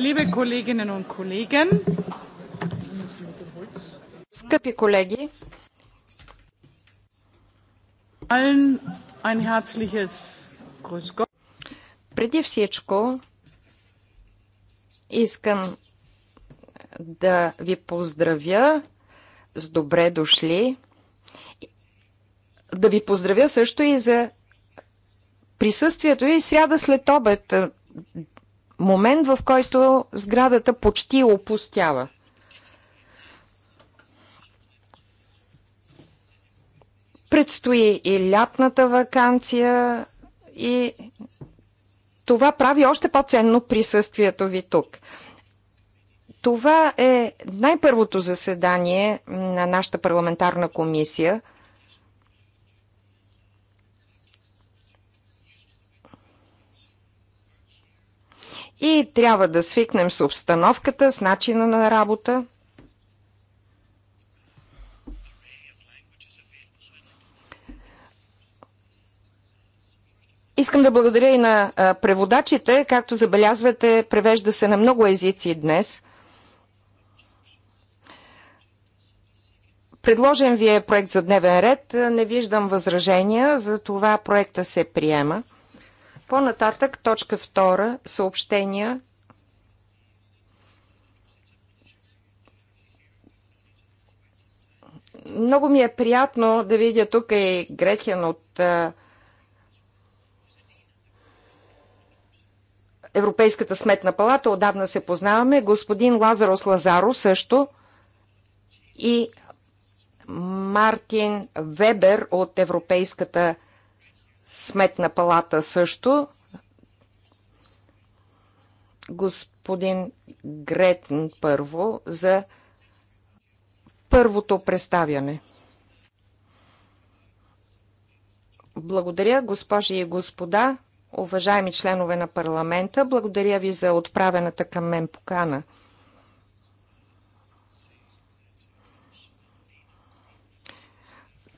Liebe Kolleginnen und Kollegen, Скъпи колеги, allen ein herzliches Grüß Gott. Преди всичко искам да ви поздравя с добре дошли. Да ви поздравя също и за присъствието и сряда след обед момент, в който сградата почти опустява. Предстои и лятната вакансия и това прави още по-ценно присъствието ви тук. Това е най-първото заседание на нашата парламентарна комисия – и трябва да свикнем с обстановката, с начина на работа. Искам да благодаря и на преводачите. Както забелязвате, превежда се на много езици днес. Предложен ви е проект за дневен ред. Не виждам възражения, за това проекта се приема. По-нататък, точка 2, съобщения. Много ми е приятно да видя тук и Гретхен от Европейската сметна палата, отдавна се познаваме, господин Лазарос Лазаро също и Мартин Вебер от Европейската Сметна палата също. Господин Гретен първо за първото представяне. Благодаря, госпожи и господа, уважаеми членове на парламента. Благодаря ви за отправената към мен покана.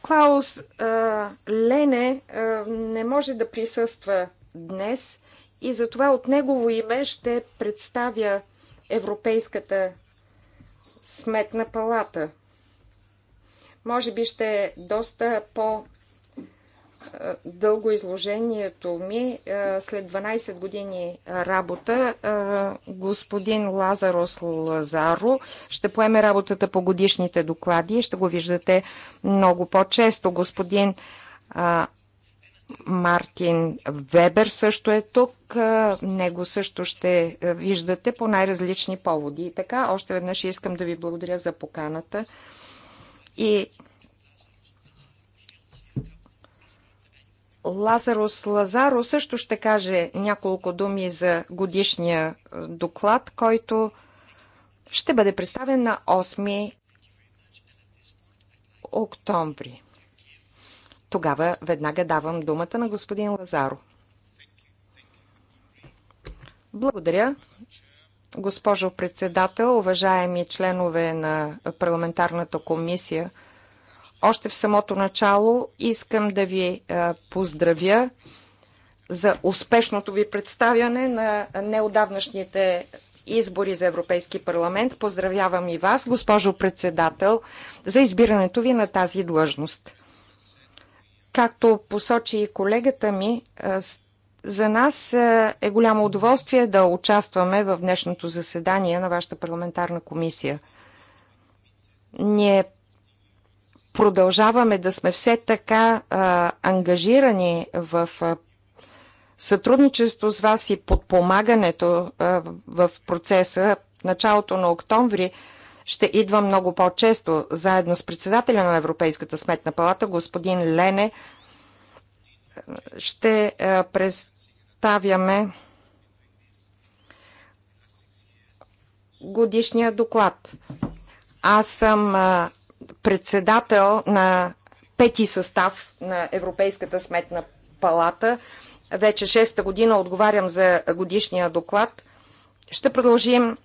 Клаус а, Лене а, не може да присъства днес и затова от негово име ще представя Европейската сметна палата. Може би ще е доста по- дълго изложението ми. След 12 години работа господин Лазарос Лазаро ще поеме работата по годишните доклади и ще го виждате много по-често. Господин Мартин Вебер също е тук. Него също ще виждате по най-различни поводи. И така, още веднъж искам да ви благодаря за поканата и Лазарус Лазаро също ще каже няколко думи за годишния е, доклад, който ще бъде представен на 8 октомври. Тогава веднага давам думата на господин Лазаро. Благодаря. Госпожо председател, уважаеми членове на парламентарната комисия, още в самото начало искам да ви поздравя за успешното ви представяне на неодавнашните избори за Европейски парламент. Поздравявам и вас, госпожо председател, за избирането ви на тази длъжност. Както посочи и колегата ми, за нас е голямо удоволствие да участваме в днешното заседание на вашата парламентарна комисия. Ние продължаваме да сме все така а, ангажирани в а, сътрудничество с вас и подпомагането а, в процеса. началото на октомври ще идва много по-често, заедно с председателя на Европейската сметна палата, господин Лене. Ще а, представяме годишния доклад. Аз съм а, председател на пети състав на Европейската сметна палата. Вече шеста година отговарям за годишния доклад. Ще продължим е,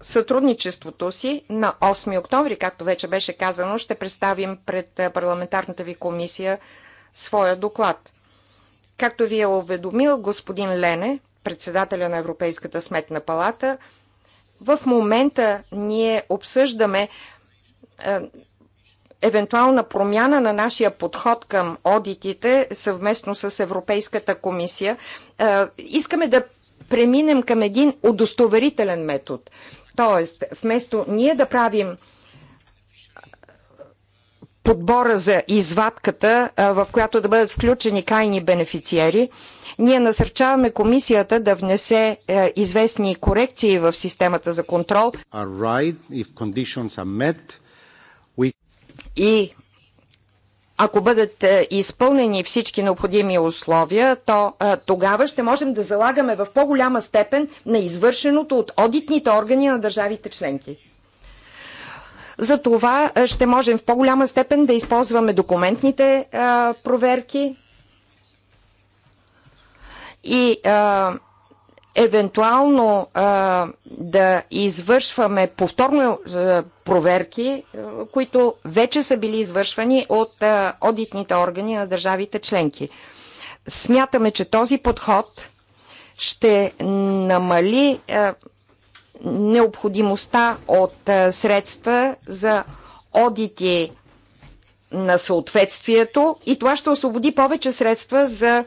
сътрудничеството си на 8 октомври, както вече беше казано, ще представим пред е, парламентарната ви комисия своя доклад. Както ви е уведомил господин Лене, председателя на Европейската сметна палата, в момента ние обсъждаме е, евентуална промяна на нашия подход към одитите съвместно с Европейската комисия. Е, искаме да преминем към един удостоверителен метод. Тоест, вместо ние да правим е, подбора за извадката, в която да бъдат включени крайни бенефициери, ние насърчаваме комисията да внесе известни корекции в системата за контрол. Right, и ако бъдат е, изпълнени всички необходими условия, то а, е, тогава ще можем да залагаме в по-голяма степен на извършеното от одитните органи на държавите членки. За това е, ще можем в по-голяма степен да използваме документните а, проверки и а, евентуално а, да извършваме повторно а, проверки, а, които вече са били извършвани от а, одитните органи на държавите членки. Смятаме, че този подход ще намали а, необходимостта от а, средства за одити на съответствието и това ще освободи повече средства за а,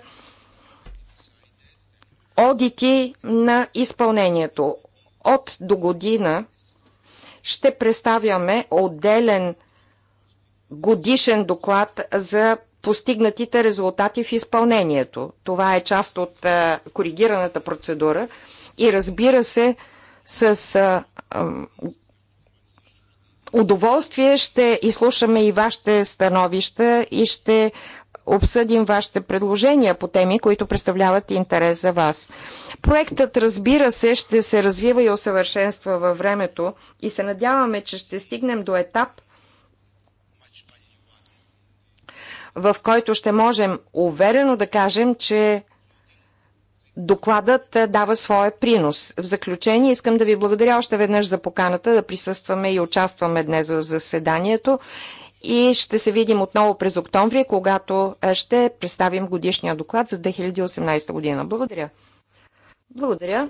одити на изпълнението. От до година ще представяме отделен годишен доклад за постигнатите резултати в изпълнението. Това е част от а, коригираната процедура и разбира се, с а, а, удоволствие ще изслушаме и вашите становища и ще обсъдим вашите предложения по теми, които представляват интерес за вас. Проектът, разбира се, ще се развива и усъвършенства във времето и се надяваме, че ще стигнем до етап, в който ще можем уверено да кажем, че докладът дава своя принос. В заключение искам да ви благодаря още веднъж за поканата да присъстваме и участваме днес в заседанието и ще се видим отново през октомври, когато е, ще представим годишния доклад за 2018 година. Благодаря. Благодаря.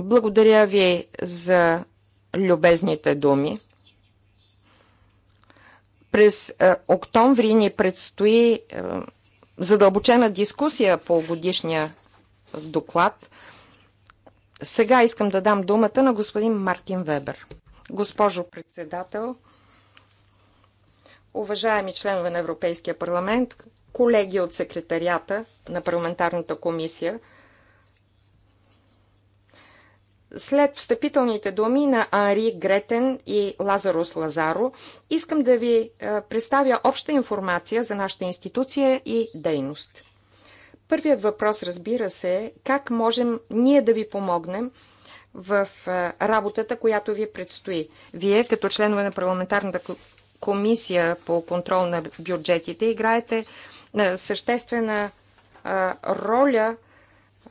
Благодаря ви за любезните думи. През е, октомври ни предстои е, задълбочена дискусия по годишния доклад – сега искам да дам думата на господин Мартин Вебер. Госпожо председател, уважаеми членове на Европейския парламент, колеги от секретарията на парламентарната комисия, след встъпителните думи на Анри Гретен и Лазарус Лазаро, искам да ви представя обща информация за нашата институция и дейност. Първият въпрос, разбира се, е как можем ние да ви помогнем в работата, която ви предстои. Вие, като членове на парламентарната комисия по контрол на бюджетите, играете съществена роля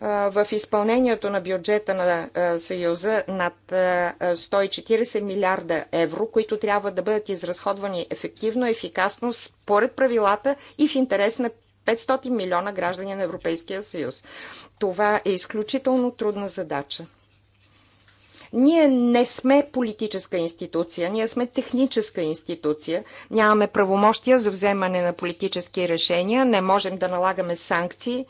в изпълнението на бюджета на Съюза над 140 милиарда евро, които трябва да бъдат изразходвани ефективно, ефикасно, според правилата и в интерес на 500 милиона граждани на Европейския съюз. Това е изключително трудна задача. Ние не сме политическа институция, ние сме техническа институция. Нямаме правомощия за вземане на политически решения, не можем да налагаме санкции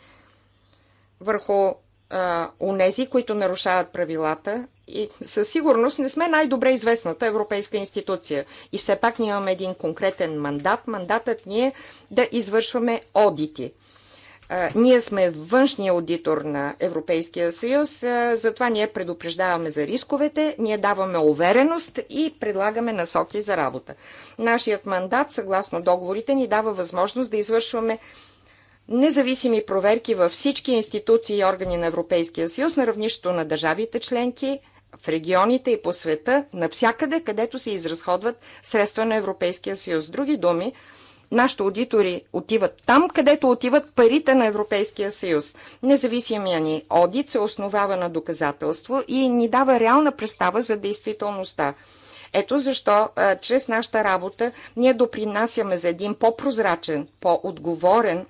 върху а, унези, които нарушават правилата и със сигурност не сме най-добре известната европейска институция. И все пак ние имаме един конкретен мандат. Мандатът ни е да извършваме одити. ние сме външния аудитор на Европейския съюз, затова ние предупреждаваме за рисковете, ние даваме увереност и предлагаме насоки за работа. Нашият мандат, съгласно договорите, ни дава възможност да извършваме независими проверки във всички институции и органи на Европейския съюз на равнището на държавите членки, в регионите и по света, навсякъде, където се изразходват средства на Европейския съюз. С други думи, нашите аудитори отиват там, където отиват парите на Европейския съюз. Независимия ни одит се основава на доказателство и ни дава реална представа за действителността. Ето защо, а, чрез нашата работа, ние допринасяме за един по-прозрачен, по-отговорен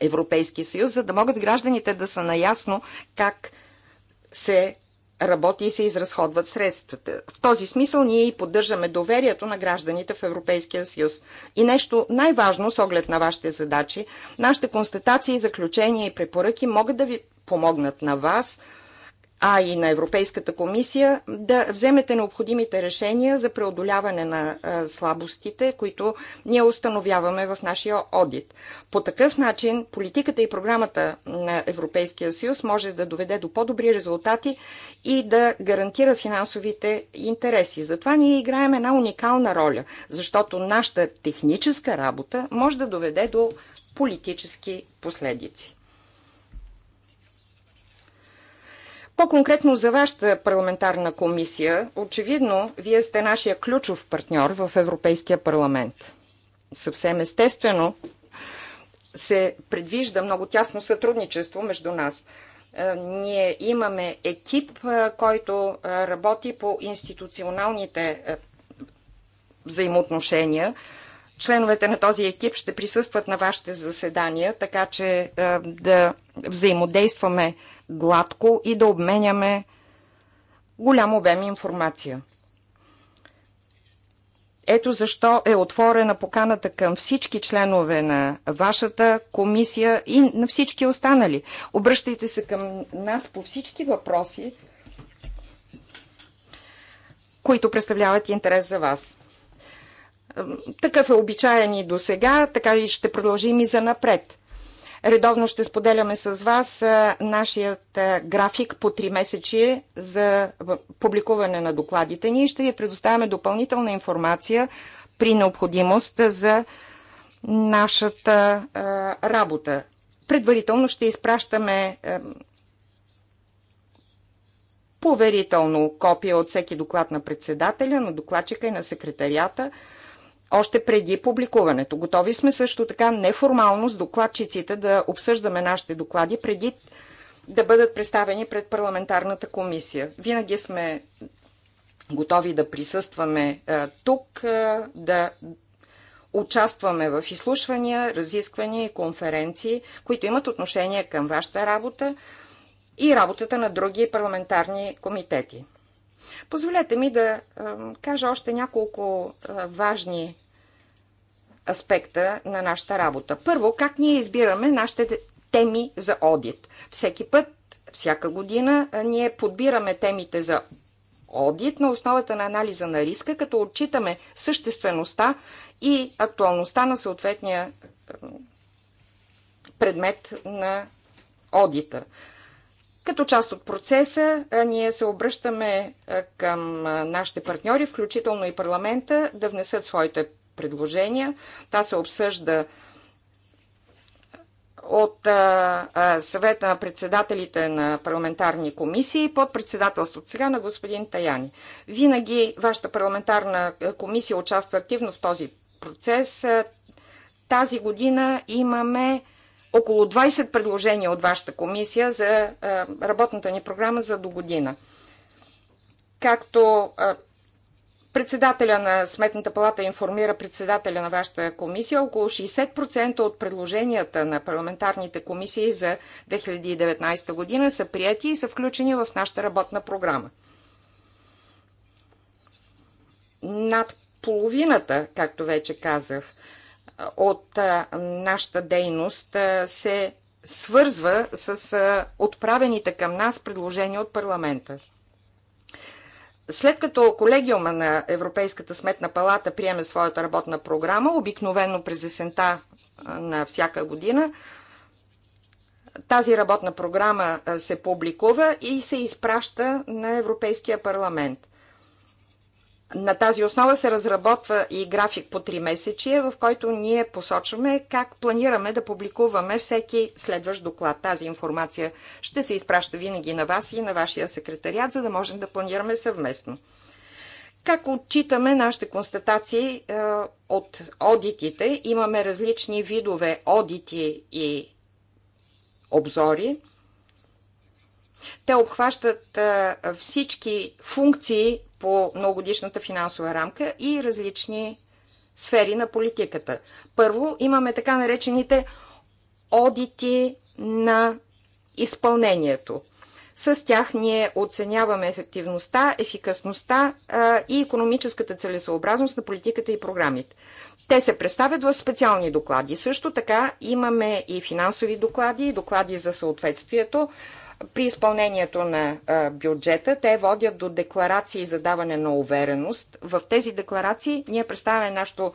Европейски съюз, за да могат гражданите да са наясно как се работи и се изразходват средствата. В този смисъл ние и поддържаме доверието на гражданите в Европейския съюз. И нещо най-важно с оглед на вашите задачи, нашите констатации, заключения и препоръки могат да ви помогнат на вас – а и на Европейската комисия, да вземете необходимите решения за преодоляване на слабостите, които ние установяваме в нашия одит. По такъв начин политиката и програмата на Европейския съюз може да доведе до по-добри резултати и да гарантира финансовите интереси. Затова ние играем една уникална роля, защото нашата техническа работа може да доведе до политически последици. По-конкретно за вашата парламентарна комисия, очевидно, вие сте нашия ключов партньор в Европейския парламент. Съвсем естествено се предвижда много тясно сътрудничество между нас. Е, ние имаме екип, е, който е, работи по институционалните взаимоотношения Членовете на този екип ще присъстват на вашите заседания, така че е, да взаимодействаме гладко и да обменяме голям обем информация. Ето защо е отворена поканата към всички членове на вашата комисия и на всички останали. Обръщайте се към нас по всички въпроси, които представляват интерес за вас. Такъв е обичаен и до сега, така и ще продължим и за напред. Редовно ще споделяме с вас нашият график по три месечи за публикуване на докладите. ни и ще ви предоставяме допълнителна информация при необходимост за нашата работа. Предварително ще изпращаме поверително копия от всеки доклад на председателя, на докладчика и на секретарията – още преди публикуването. Готови сме също така неформално с докладчиците да обсъждаме нашите доклади преди да бъдат представени пред парламентарната комисия. Винаги сме готови да присъстваме е, тук, е, да участваме в изслушвания, разисквания и конференции, които имат отношение към вашата работа и работата на други парламентарни комитети. Позволете ми да е, кажа още няколко важни аспекта на нашата работа. Първо, как ние избираме нашите теми за одит. Всеки път, всяка година, ние подбираме темите за одит на основата на анализа на риска, като отчитаме съществеността и актуалността на съответния предмет на одита. Като част от процеса ние се обръщаме към нашите партньори, включително и парламента, да внесат своите предложения. Та се обсъжда от а, а, съвета на председателите на парламентарни комисии под председателството сега на господин Таяни. Винаги вашата парламентарна комисия участва активно в този процес. Тази година имаме около 20 предложения от вашата комисия за а, работната ни програма за до година. Както а, Председателя на Сметната палата информира председателя на вашата комисия. Около 60% от предложенията на парламентарните комисии за 2019 година са прияти и са включени в нашата работна програма. Над половината, както вече казах, от нашата дейност се свързва с отправените към нас предложения от парламента след като колегиума на Европейската сметна палата приеме своята работна програма, обикновено през есента на всяка година, тази работна програма се публикува и се изпраща на Европейския парламент. На тази основа се разработва и график по 3 месечия, в който ние посочваме как планираме да публикуваме всеки следващ доклад. Тази информация ще се изпраща винаги на вас и на вашия секретариат, за да можем да планираме съвместно. Как отчитаме нашите констатации е, от одитите? Имаме различни видове одити и обзори. Те обхващат е, всички функции по многогодишната финансова рамка и различни сфери на политиката. Първо, имаме така наречените одити на изпълнението. С тях ние оценяваме ефективността, ефикасността а, и економическата целесообразност на политиката и програмите. Те се представят в специални доклади. Също така имаме и финансови доклади, доклади за съответствието, при изпълнението на бюджета те водят до декларации за даване на увереност. В тези декларации ние представяме нашето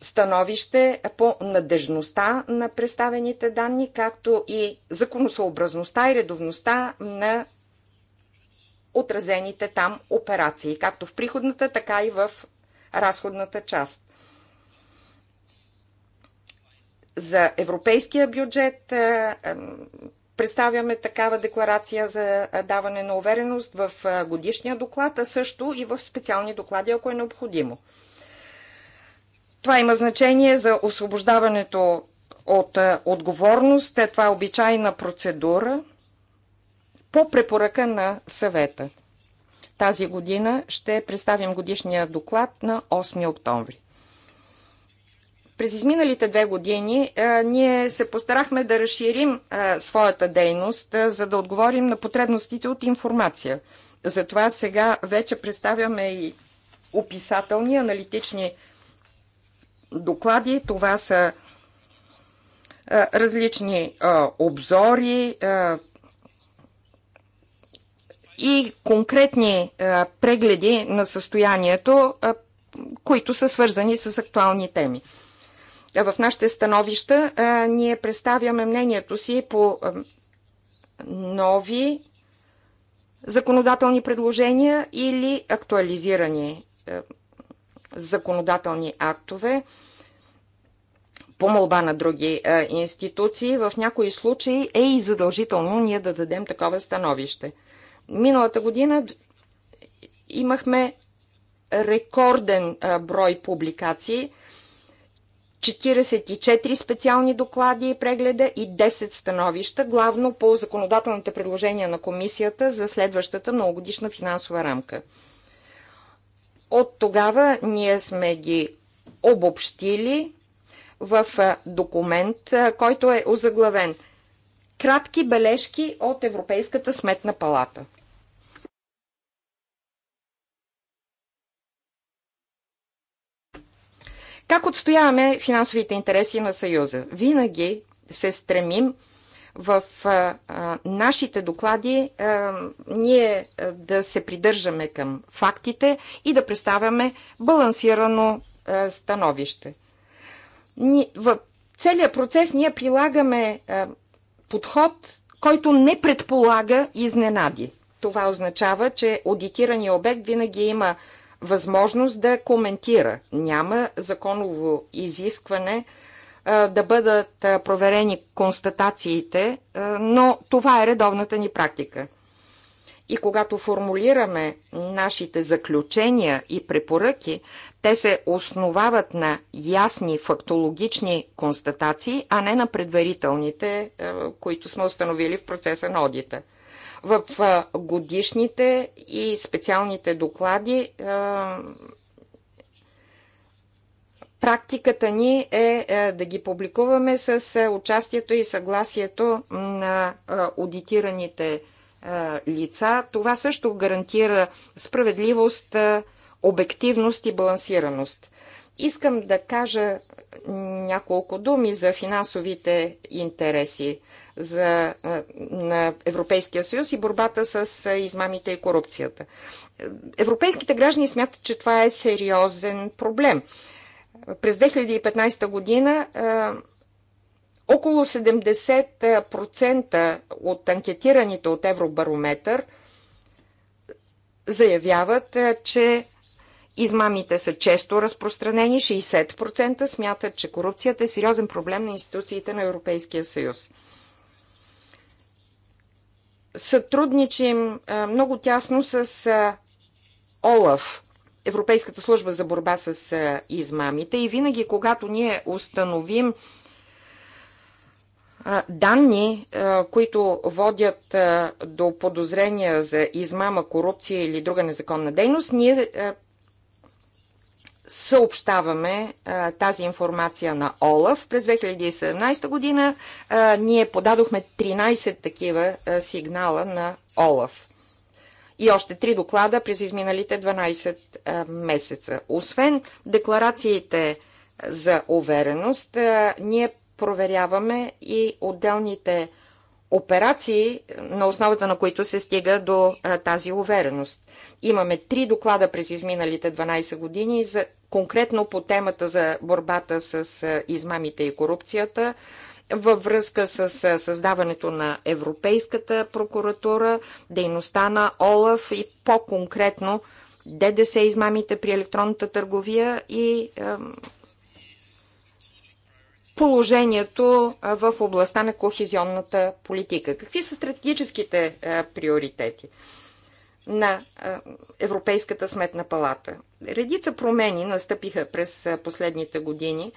становище по надежността на представените данни, както и законосъобразността и редовността на отразените там операции, както в приходната, така и в разходната част. За европейския бюджет представяме такава декларация за даване на увереност в годишния доклад, а също и в специални доклади, ако е необходимо. Това има значение за освобождаването от отговорност. Е, това е обичайна процедура по препоръка на съвета. Тази година ще представим годишния доклад на 8 октомври. През изминалите две години а, е, ние се постарахме да разширим а, е, своята дейност, а, е, за да отговорим на потребностите от информация. Затова сега вече представяме и описателни, аналитични доклади. Това са а, различни а, обзори а, и конкретни а, прегледи на състоянието, а, които са свързани с актуални теми. Е, в нашите становища е, ние представяме мнението си по е, нови законодателни предложения или актуализирани законодателни актове по молба на други институции. В някои случаи е и задължително ние да дадем такова становище. Миналата година имахме рекорден брой публикации – 44 специални доклади и прегледа и 10 становища, главно по законодателните предложения на комисията за следващата многогодишна финансова рамка. От тогава ние сме ги обобщили в документ, който е озаглавен Кратки бележки от Европейската сметна палата. Как отстояваме финансовите интереси на Съюза? Винаги се стремим в а, а, нашите доклади а, ние а, да се придържаме към фактите и да представяме балансирано а, становище. Ни, в целият процес ние прилагаме а, подход, който не предполага изненади. Това означава, че аудитирания обект винаги има възможност да коментира. Няма законово изискване да бъдат проверени констатациите, но това е редовната ни практика. И когато формулираме нашите заключения и препоръки, те се основават на ясни фактологични констатации, а не на предварителните, които сме установили в процеса на одита. В годишните и специалните доклади практиката ни е, е да ги публикуваме с е, участието и съгласието на аудитираните лица. Това също гарантира справедливост, обективност и балансираност. Искам да кажа няколко думи за финансовите интереси за, на Европейския съюз и борбата с измамите и корупцията. Европейските граждани смятат, че това е сериозен проблем. През 2015 година около 70% от анкетираните от Евробарометър заявяват, че Измамите са често разпространени, 60% смятат, че корупцията е сериозен проблем на институциите на Европейския съюз. Сътрудничим много тясно с ОЛАФ, Европейската служба за борба с измамите и винаги, когато ние установим данни, които водят до подозрения за измама, корупция или друга незаконна дейност, ние съобщаваме а, тази информация на ОЛАФ. През 2017 година а, ние подадохме 13 такива а, сигнала на ОЛАФ. И още три доклада през изминалите 12 а, месеца. Освен декларациите за увереност, а, ние проверяваме и отделните операции, на основата на които се стига до а, тази увереност. Имаме три доклада през изминалите 12 години за, конкретно по темата за борбата с а, измамите и корупцията, във връзка с а, създаването на Европейската прокуратура, дейността на ОЛАФ и по-конкретно ДДС измамите при електронната търговия и положението в областта на кохезионната политика. Какви са стратегическите приоритети на Европейската сметна палата? Редица промени настъпиха през последните години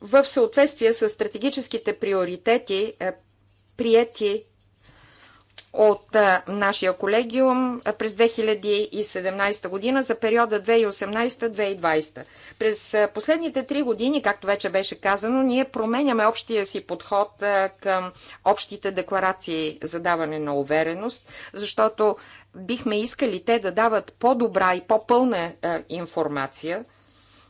в съответствие с стратегическите приоритети, прияти от нашия колегиум през 2017 година за периода 2018-2020. През последните три години, както вече беше казано, ние променяме общия си подход към общите декларации за даване на увереност, защото бихме искали те да дават по-добра и по-пълна информация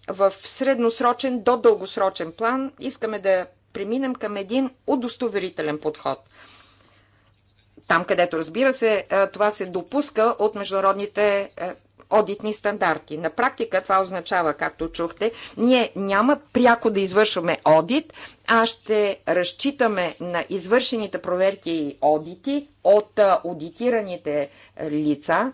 в средносрочен до дългосрочен план. Искаме да преминем към един удостоверителен подход – там където разбира се е, това се допуска от международните е, одитни стандарти. На практика това означава, както чухте, ние няма пряко да извършваме одит, а ще разчитаме на извършените проверки и одити от е, аудитираните лица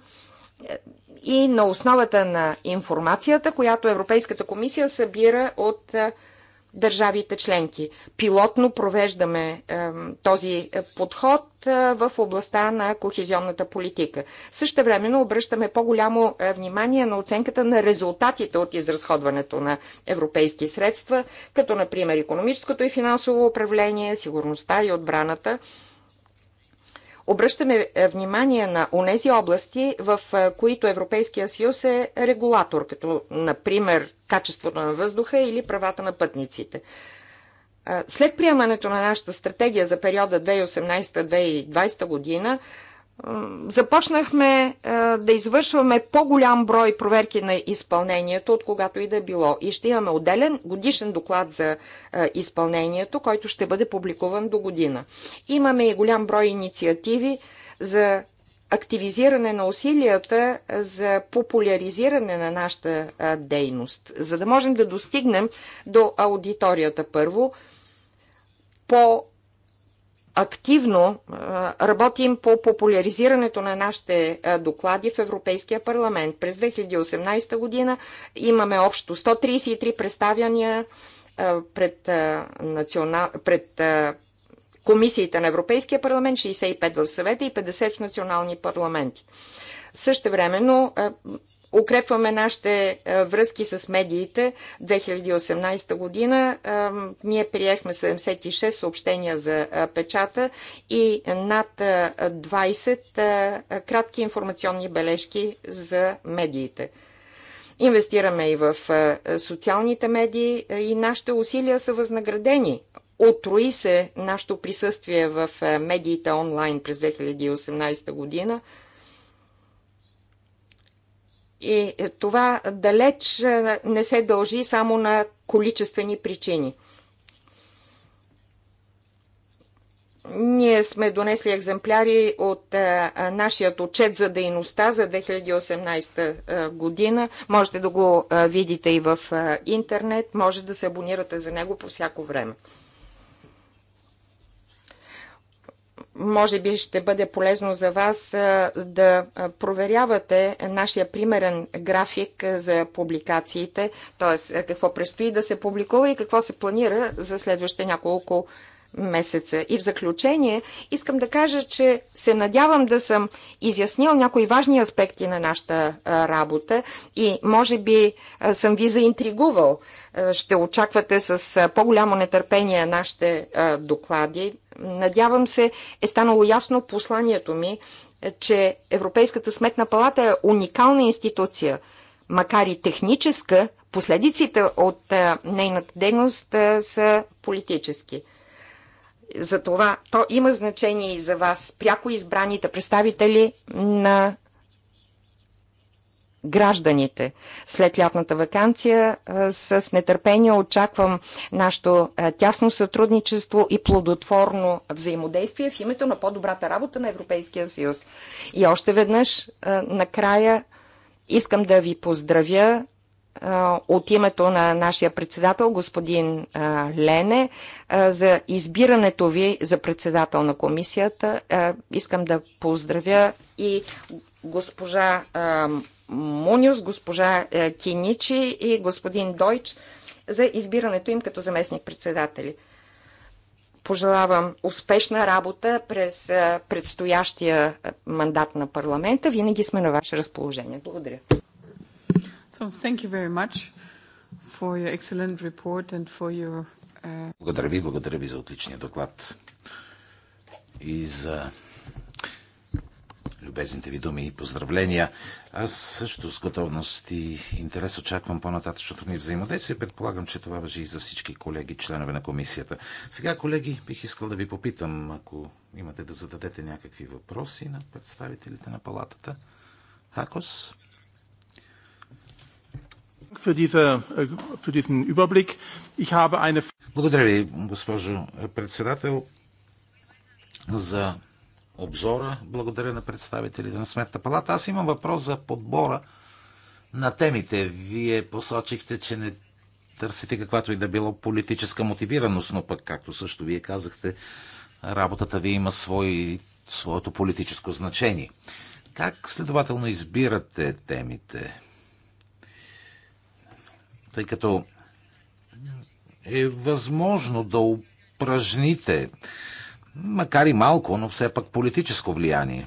и на основата на информацията, която Европейската комисия събира от държавите членки. Пилотно провеждаме е, този подход е, в областта на кохезионната политика. Също времено обръщаме по-голямо е, внимание на оценката на резултатите от изразходването на европейски средства, като например економическото и финансово управление, сигурността и отбраната – обръщаме е, внимание на унези области, в е, които Европейския съюз е регулатор, като например качеството на въздуха или правата на пътниците. Е, след приемането на нашата стратегия за периода 2018-2020 година, започнахме да извършваме по-голям брой проверки на изпълнението, от когато и да е било. И ще имаме отделен годишен доклад за изпълнението, който ще бъде публикуван до година. Имаме и голям брой инициативи за активизиране на усилията за популяризиране на нашата дейност, за да можем да достигнем до аудиторията първо по активно работим по популяризирането на нашите доклади в Европейския парламент. През 2018 година имаме общо 133 представяния пред, национал... пред комисиите на Европейския парламент, 65 в съвета и 50 в национални парламенти. Също времено Укрепваме нашите е, връзки с медиите. 2018 година е, ние приехме 76 съобщения за е, печата и над 20 кратки информационни бележки за медиите. Инвестираме и в социалните медии и нашите усилия са възнаградени. Отрои се нашето присъствие в медиите онлайн през 2018 година – и е, това далеч е, не се дължи само на количествени причини. Ние сме донесли екземпляри от е, нашия отчет за дейността за 2018 година. Можете да го видите и в интернет. Може да се абонирате за него по всяко време. може би ще бъде полезно за вас да проверявате нашия примерен график за публикациите, т.е. какво предстои да се публикува и какво се планира за следващите няколко месеца. И в заключение искам да кажа, че се надявам да съм изяснил някои важни аспекти на нашата работа и може би съм ви заинтригувал. Ще очаквате с по-голямо нетърпение нашите доклади. Надявам се е станало ясно посланието ми, е, че Европейската сметна палата е уникална институция, макар и техническа, последиците от нейната дейност са политически. Затова то има значение и за вас, пряко избраните представители на гражданите. След лятната вакансия с нетърпение очаквам нашето тясно сътрудничество и плодотворно взаимодействие в името на по-добрата работа на Европейския съюз. И още веднъж, накрая, искам да ви поздравя от името на нашия председател, господин Лене, за избирането ви за председател на комисията. Искам да поздравя и госпожа Муниус, госпожа Киничи и господин Дойч за избирането им като заместник-председатели. Пожелавам успешна работа през предстоящия мандат на парламента. Винаги сме на ваше разположение. Благодаря thank you very much for your excellent report and for your... Uh, благодаря ви, благодаря ви за отличния доклад и за любезните ви думи и поздравления. Аз също с готовност и интерес очаквам по-нататъчното ни взаимодействие. Предполагам, че това въжи и за всички колеги, членове на комисията. Сега, колеги, бих искал да ви попитам, ако имате да зададете някакви въпроси на представителите на палатата. Хакос? Äh, Благодаря ви, госпожо председател, за обзора. Благодаря на представителите на Сметната палата. Аз имам въпрос за подбора на темите. Вие посочихте, че не търсите каквато и да било политическа мотивираност, но пък, както също вие казахте, работата ви има свой, своето политическо значение. Как следователно избирате темите? тъй като е възможно да упражните, макар и малко, но все пак политическо влияние.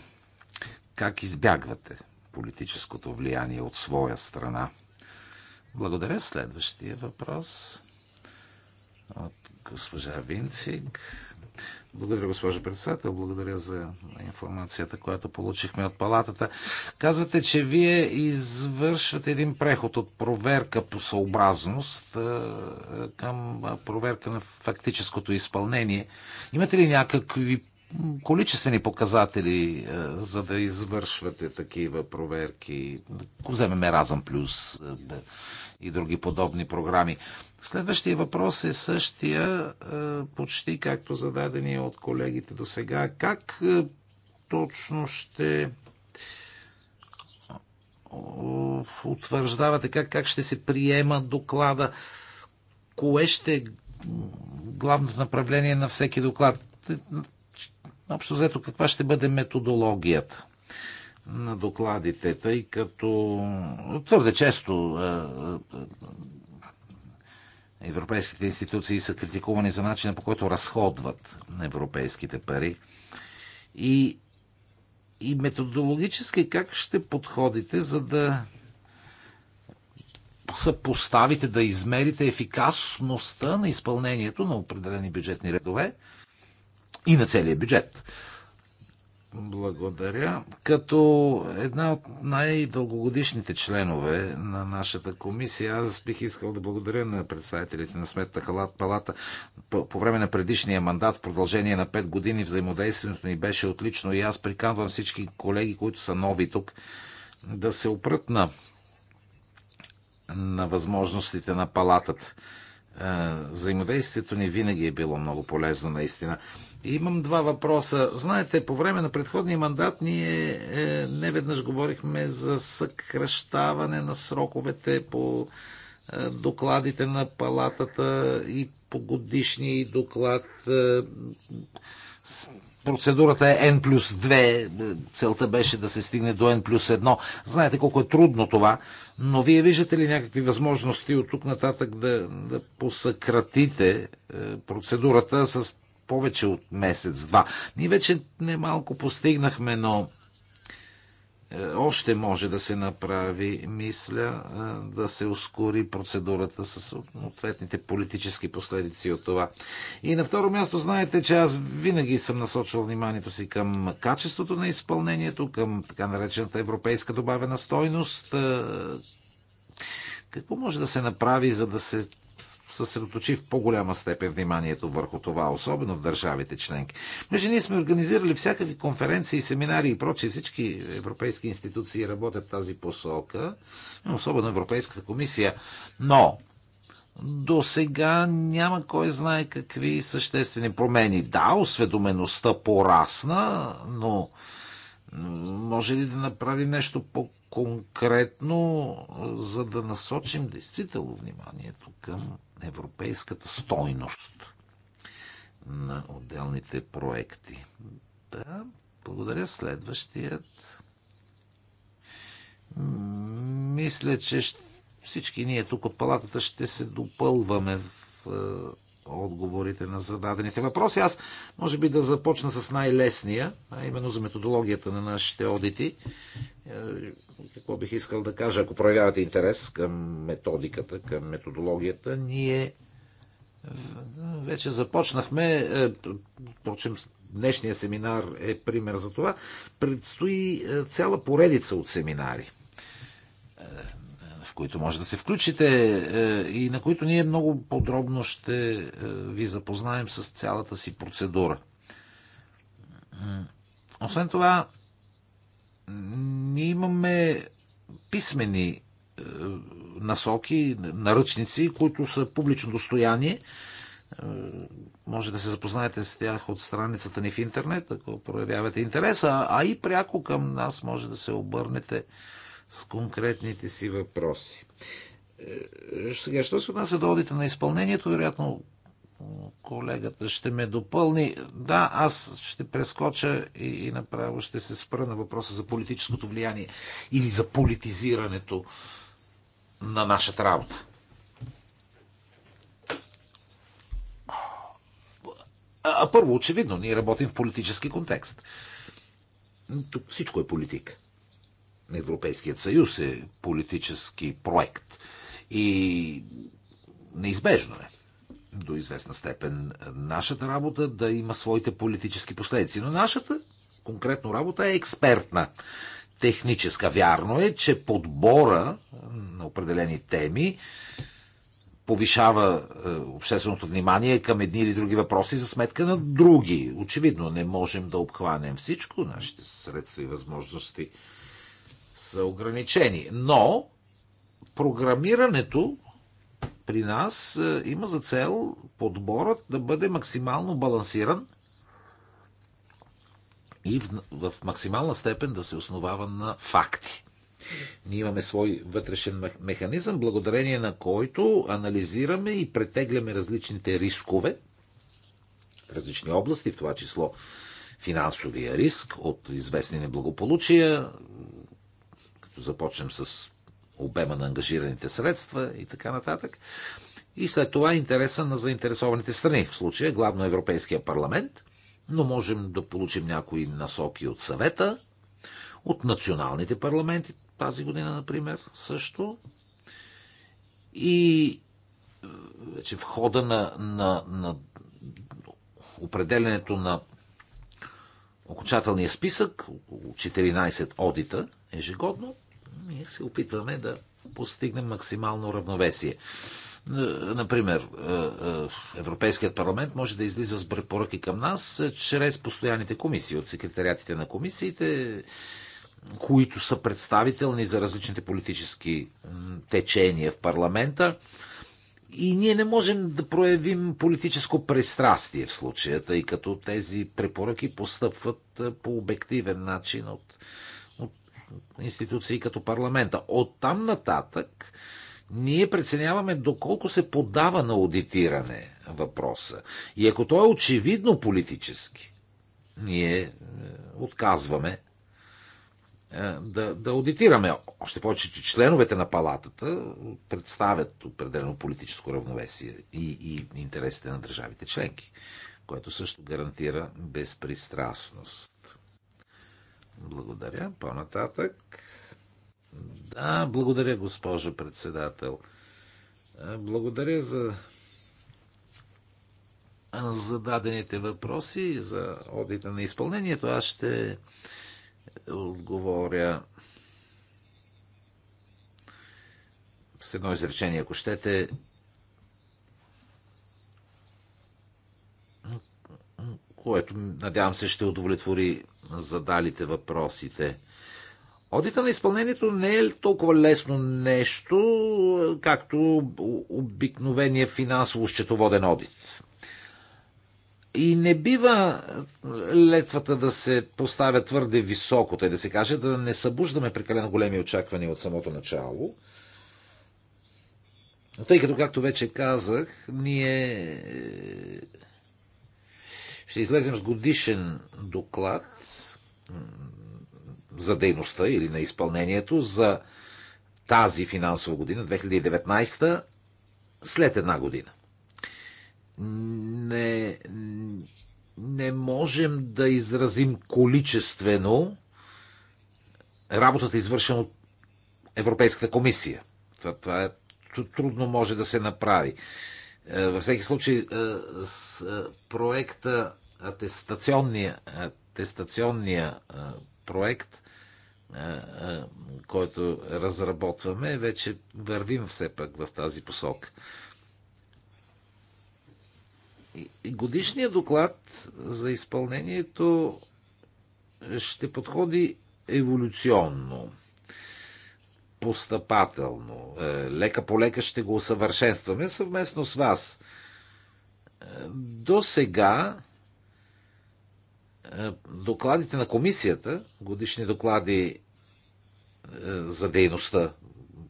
Как избягвате политическото влияние от своя страна? Благодаря. Следващия въпрос от госпожа Винцик. Благодаря, госпожо председател. Благодаря за информацията, която получихме от палатата. Казвате, че вие извършвате един преход от проверка по съобразност към проверка на фактическото изпълнение. Имате ли някакви количествени показатели, за да извършвате такива проверки? Вземеме вземем Еразъм Плюс и други подобни програми. Следващия въпрос е същия, почти както зададения от колегите до сега. Как точно ще утвърждавате, как, как ще се приема доклада, кое ще е главното направление на всеки доклад? Е, общо взето, каква ще бъде методологията? на докладите, тъй като твърде често Европейските институции са критикувани за начина по който разходват европейските пари. И, и методологически как ще подходите, за да съпоставите, да измерите ефикасността на изпълнението на определени бюджетни редове и на целия бюджет? Благодаря. Като една от най-дългогодишните членове на нашата комисия, аз бих искал да благодаря на представителите на Сметната палата. По време на предишния мандат, в продължение на 5 години, взаимодействието ни беше отлично и аз приканвам всички колеги, които са нови тук, да се опрат на, на възможностите на палатата. Е, взаимодействието ни винаги е било много полезно, наистина. Имам два въпроса. Знаете, по време на предходния мандат ние е, не веднъж говорихме за съкръщаване на сроковете по е, докладите на палатата и по годишни доклад. Е, с... Процедурата е N плюс 2. Целта беше да се стигне до N плюс 1. Знаете колко е трудно това, но вие виждате ли някакви възможности от тук нататък да, да посъкратите е, процедурата с повече от месец-два. Ние вече немалко постигнахме, но е, още може да се направи, мисля, е, да се ускори процедурата с ответните политически последици от това. И на второ място, знаете, че аз винаги съм насочвал вниманието си към качеството на изпълнението, към така наречената европейска добавена стойност. Е, какво може да се направи, за да се съсредоточи в по-голяма степен вниманието върху това, особено в държавите членки. Между ние сме организирали всякакви конференции, семинари и прочие. Всички европейски институции работят в тази посока, особено Европейската комисия. Но до сега няма кой знае какви съществени промени. Да, осведомеността порасна, но може ли да направим нещо по-конкретно, за да насочим действително вниманието към европейската стойност на отделните проекти. Да, благодаря. Следващият. Мисля, че всички ние тук от палатата ще се допълваме в отговорите на зададените въпроси. Аз може би да започна с най-лесния, а именно за методологията на нашите одити. Е, какво бих искал да кажа, ако проявявате интерес към методиката, към методологията, ние вече започнахме, е, впрочем, днешния семинар е пример за това, предстои е, цяла поредица от семинари които може да се включите е, и на които ние много подробно ще е, ви запознаем с цялата си процедура. Освен това, ние имаме писмени е, насоки, наръчници, които са публично достояние. Може да се запознаете с тях от страницата ни в интернет, ако проявявате интереса, а и пряко към нас може да се обърнете с конкретните си въпроси. Е, е, сега, що се отнася до одита на изпълнението, вероятно колегата ще ме допълни. Да, аз ще прескоча и, и направо ще се спра на въпроса за политическото влияние или за политизирането на нашата работа. А, първо, очевидно, ние работим в политически контекст. Тук всичко е политика. Европейският съюз е политически проект. И неизбежно е до известна степен нашата работа да има своите политически последици. Но нашата конкретно работа е експертна, техническа. Вярно е, че подбора на определени теми повишава е, общественото внимание към едни или други въпроси за сметка на други. Очевидно, не можем да обхванем всичко. Нашите средства и възможности са ограничени. Но програмирането при нас е, има за цел подборът да бъде максимално балансиран и в, в максимална степен да се основава на факти. Ние имаме свой вътрешен механизъм, благодарение на който анализираме и претегляме различните рискове в различни области, в това число финансовия риск от известни неблагополучия, като започнем с обема на ангажираните средства и така нататък. И след това интереса на заинтересованите страни, в случая главно Европейския парламент, но можем да получим някои насоки от съвета, от националните парламенти, тази година, например, също. И е, вече в хода на, на, на определенето на окончателния списък, 14 одита, ежегодно, ние се опитваме да постигнем максимално равновесие. Например, е, е, Европейският парламент може да излиза с препоръки към нас е, чрез постоянните комисии от секретариатите на комисиите, които са представителни за различните политически течения в парламента. И ние не можем да проявим политическо пристрастие в случая, тъй като тези препоръки постъпват по обективен начин от институции като парламента. От там нататък ние преценяваме доколко се подава на аудитиране въпроса. И ако то е очевидно политически, ние е, отказваме е, да, да аудитираме. Още повече, че членовете на палатата представят определено политическо равновесие и, и интересите на държавите членки, което също гарантира безпристрастност. Благодаря. По-нататък. Да, благодаря, госпожо председател. Благодаря за зададените въпроси и за одита на изпълнението. Аз ще отговоря с едно изречение, ако щете. Което, надявам се, ще удовлетвори задалите въпросите. Одита на изпълнението не е толкова лесно нещо, както обикновения финансово-счетоводен одит. И не бива летвата да се поставя твърде високо, тъй да се каже, да не събуждаме прекалено големи очаквания от самото начало. Тъй като, както вече казах, ние е, ще излезем с годишен доклад за дейността или на изпълнението за тази финансова година, 2019, след една година. Не, не можем да изразим количествено работата, извършена от Европейската комисия. Това, това е, трудно може да се направи. Е, във всеки случай, е, с е, проекта, атестационния Тестационния проект, който разработваме, вече вървим все пак в тази посока. Годишният доклад за изпълнението ще подходи еволюционно, постъпателно. Е, лека по лека ще го усъвършенстваме съвместно с вас. Е, до сега е, докладите на комисията, годишни доклади е, за дейността,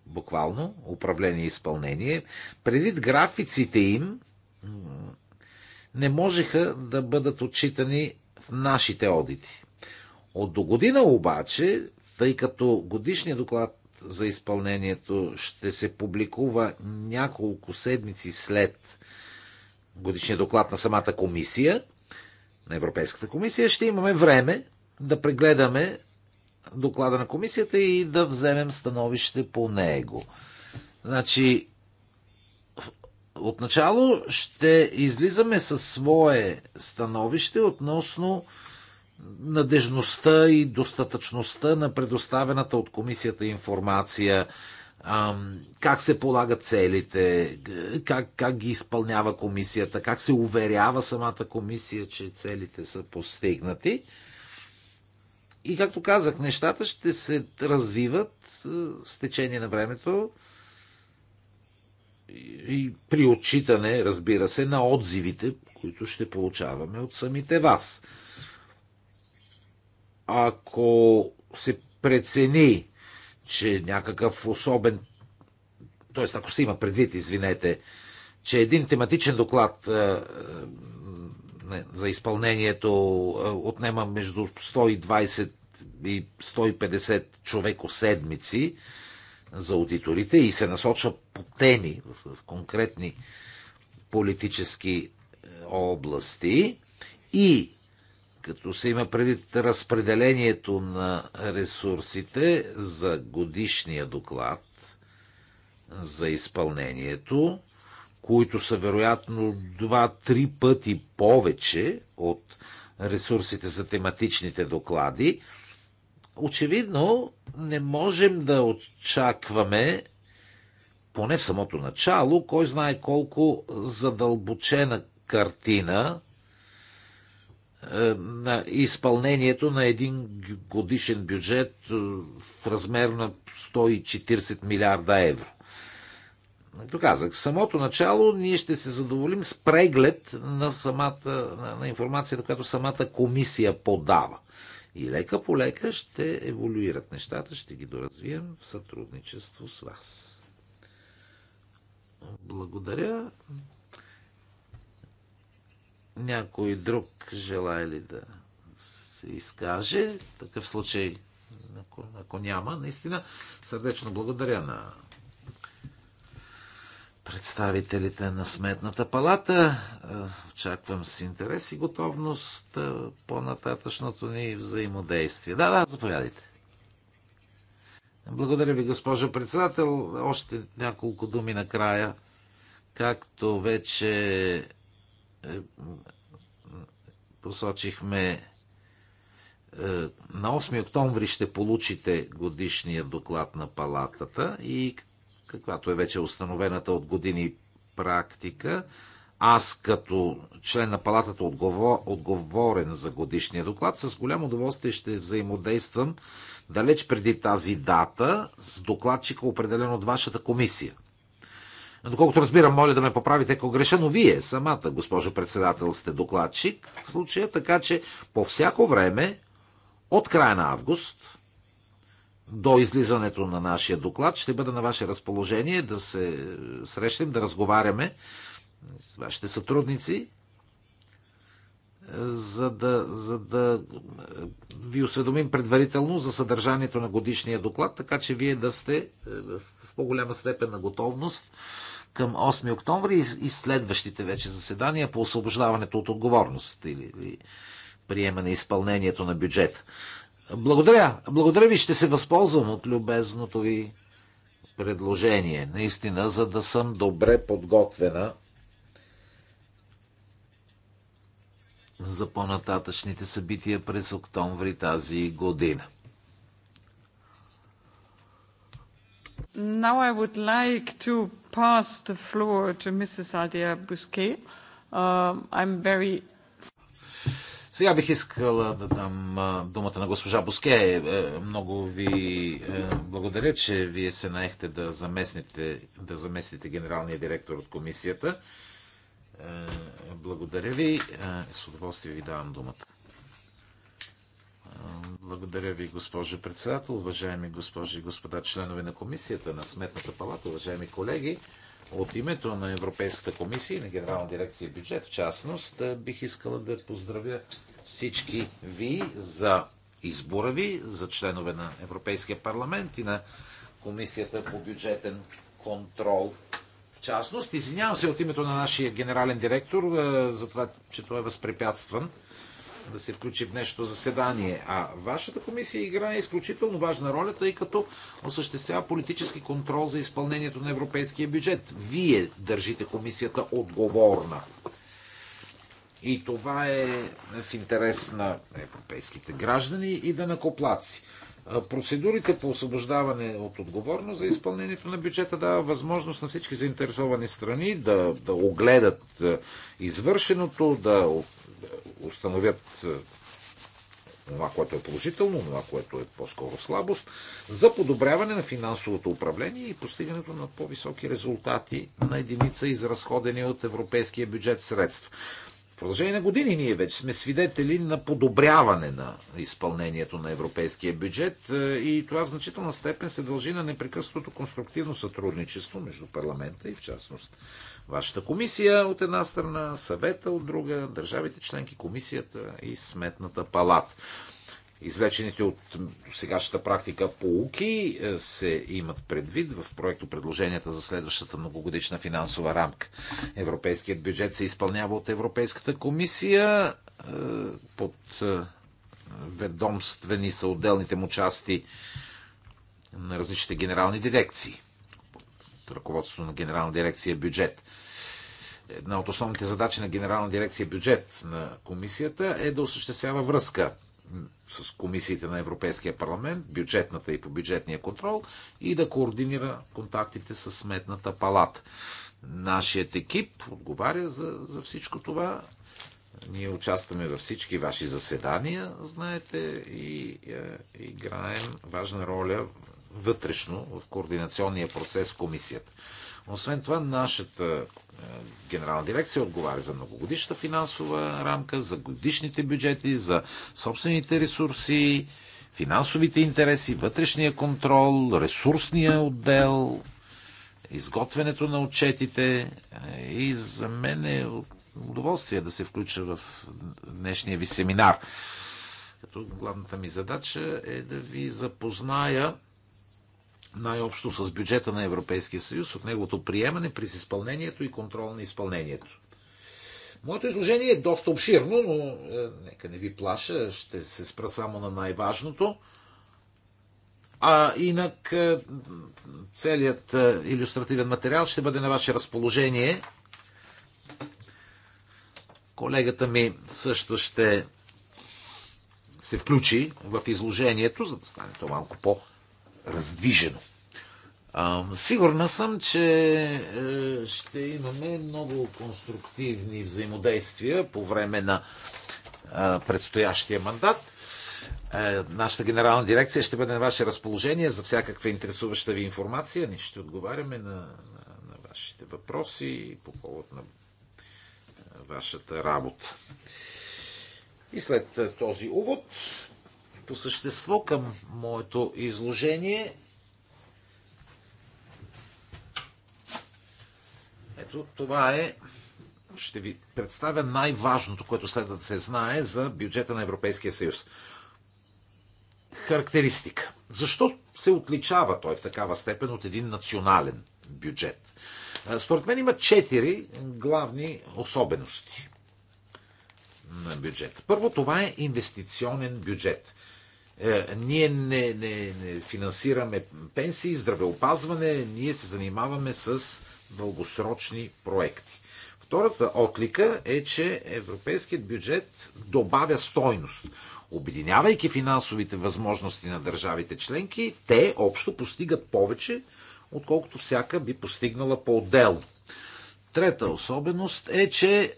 буквално, управление и изпълнение, предвид графиците им, не можеха да бъдат отчитани в нашите одити. От до година обаче, тъй като годишният доклад за изпълнението ще се публикува няколко седмици след годишния доклад на самата комисия, на Европейската комисия, ще имаме време да прегледаме доклада на комисията и да вземем становище по него. Значи, отначало ще излизаме със свое становище относно надежността и достатъчността на предоставената от комисията информация как се полагат целите, как, как ги изпълнява комисията, как се уверява самата комисия, че целите са постигнати. И както казах, нещата ще се развиват е, с течение на времето и при отчитане, разбира се, на отзивите, които ще получаваме от самите вас. Ако се прецени, че някакъв особен. Тоест, ако се има предвид, извинете, че един тематичен доклад е, е, за изпълнението е, отнема между 120 и 150 човеко седмици за аудиторите и се насочва по теми в конкретни политически области и като се има преди разпределението на ресурсите за годишния доклад за изпълнението, които са вероятно два-три пъти повече от ресурсите за тематичните доклади, очевидно не можем да очакваме поне в самото начало, кой знае колко задълбочена картина е, на изпълнението на един годишен бюджет е, в размер на 140 милиарда евро. Доказах, в самото начало ние ще се задоволим с преглед на, самата, на информацията, която самата комисия подава. И лека по лека ще еволюират нещата, ще ги доразвием в сътрудничество с вас. Благодаря. Някой друг желая ли да се изкаже? В такъв случай, ако, ако няма, наистина сърдечно благодаря на представителите на Сметната палата. Е, очаквам с интерес и готовност е, по-нататъчното ни взаимодействие. Да, да, заповядайте. Благодаря ви, госпожо председател. Още няколко думи накрая. Както вече е, посочихме е, на 8 октомври ще получите годишния доклад на палатата и каквато е вече установената от години практика, аз като член на палатата отговорен за годишния доклад, с голямо удоволствие ще взаимодействам далеч преди тази дата с докладчика, определен от вашата комисия. Доколкото разбирам, моля да ме поправите, ако греша, но вие самата, госпожо председател, сте докладчик в случая, така че по всяко време, от края на август до излизането на нашия доклад, ще бъда на ваше разположение да се срещнем, да разговаряме с вашите сътрудници, за да, за да ви осведомим предварително за съдържанието на годишния доклад, така че вие да сте е, в по-голяма степен на готовност към 8 октомври и, следващите вече заседания по освобождаването от отговорност или, или приемане изпълнението на бюджета. Благодаря. Благодаря ви. Ще се възползвам от любезното ви предложение. Наистина, за да съм добре подготвена за по-нататъчните събития през октомври тази година. Now I would like to pass the floor to Mrs. Adia Busquet. Uh, um, I'm very сега бих искала да дам думата на госпожа Буске. Е, е, много ви е, благодаря, че вие се наехте да заместите, да заместите генералния директор от комисията. Благодаря ви. С удоволствие ви давам думата. Благодаря ви, госпожо председател, уважаеми госпожи и господа членове на комисията, на Сметната палата, уважаеми колеги. От името на Европейската комисия и на Генерална дирекция бюджет, в частност, бих искала да поздравя всички ви за избора ви за членове на Европейския парламент и на Комисията по бюджетен контрол. В частност, извинявам се от името на нашия генерален директор за това, че той е възпрепятстван да се включи в днешното заседание. А вашата комисия играе изключително важна роля, тъй като осъществява политически контрол за изпълнението на европейския бюджет. Вие държите комисията отговорна. И това е в интерес на европейските граждани и да накоплаци. Процедурите по освобождаване от отговорност за изпълнението на бюджета дава възможност на всички заинтересовани страни да, да огледат извършеното, да установят е, това, което е положително, това, което е по-скоро слабост, за подобряване на финансовото управление и постигането на по-високи резултати на единица изразходени от европейския бюджет средства. В продължение на години ние вече сме свидетели на подобряване на изпълнението на европейския бюджет е, и това в значителна степен се дължи на непрекъснатото конструктивно сътрудничество между парламента и в частност вашата комисия от една страна, съвета от друга, държавите членки, комисията и сметната палата. Извлечените от сегашната практика полуки е, се имат предвид в проекто предложенията за следващата многогодишна финансова рамка. Европейският бюджет се изпълнява от Европейската комисия е, под е, ведомствени са отделните му части на различните генерални дирекции. Ръководството на генерална дирекция бюджет една от основните задачи на Генерална дирекция бюджет на комисията е да осъществява връзка с комисиите на Европейския парламент, бюджетната и по бюджетния контрол и да координира контактите с Сметната палата. Нашият екип отговаря за, за всичко това. Ние участваме във всички ваши заседания, знаете, и е, играем важна роля вътрешно в координационния процес в комисията. Освен това, нашата генерална дирекция отговаря за многогодишната финансова рамка, за годишните бюджети, за собствените ресурси, финансовите интереси, вътрешния контрол, ресурсния отдел, изготвянето на отчетите. И за мен е удоволствие да се включа в днешния ви семинар. Като главната ми задача е да ви запозная най-общо с бюджета на Европейския съюз, от неговото приемане през изпълнението и контрол на изпълнението. Моето изложение е доста обширно, но е, нека не ви плаша, ще се спра само на най-важното. А инак е, целият е, иллюстративен материал ще бъде на ваше разположение. Колегата ми също ще се включи в изложението, за да стане то малко по- раздвижено. А, сигурна съм, че е, ще имаме много конструктивни взаимодействия по време на е, предстоящия мандат. Е, нашата генерална дирекция ще бъде на ваше разположение за всякаква интересуваща ви информация. Ние ще отговаряме на, на, на вашите въпроси по повод на е, вашата работа. И след е, този увод по същество към моето изложение. Ето това е. Ще ви представя най-важното, което следва да се знае за бюджета на Европейския съюз. Характеристика. Защо се отличава той в такава степен от един национален бюджет? Според мен има четири главни особености на бюджет. Първо, това е инвестиционен бюджет. Е, ние не, не, не финансираме пенсии, здравеопазване, ние се занимаваме с дългосрочни проекти. Втората отлика е, че европейският бюджет добавя стойност. Обединявайки финансовите възможности на държавите членки, те общо постигат повече, отколкото всяка би постигнала по-отделно. Трета особеност е, че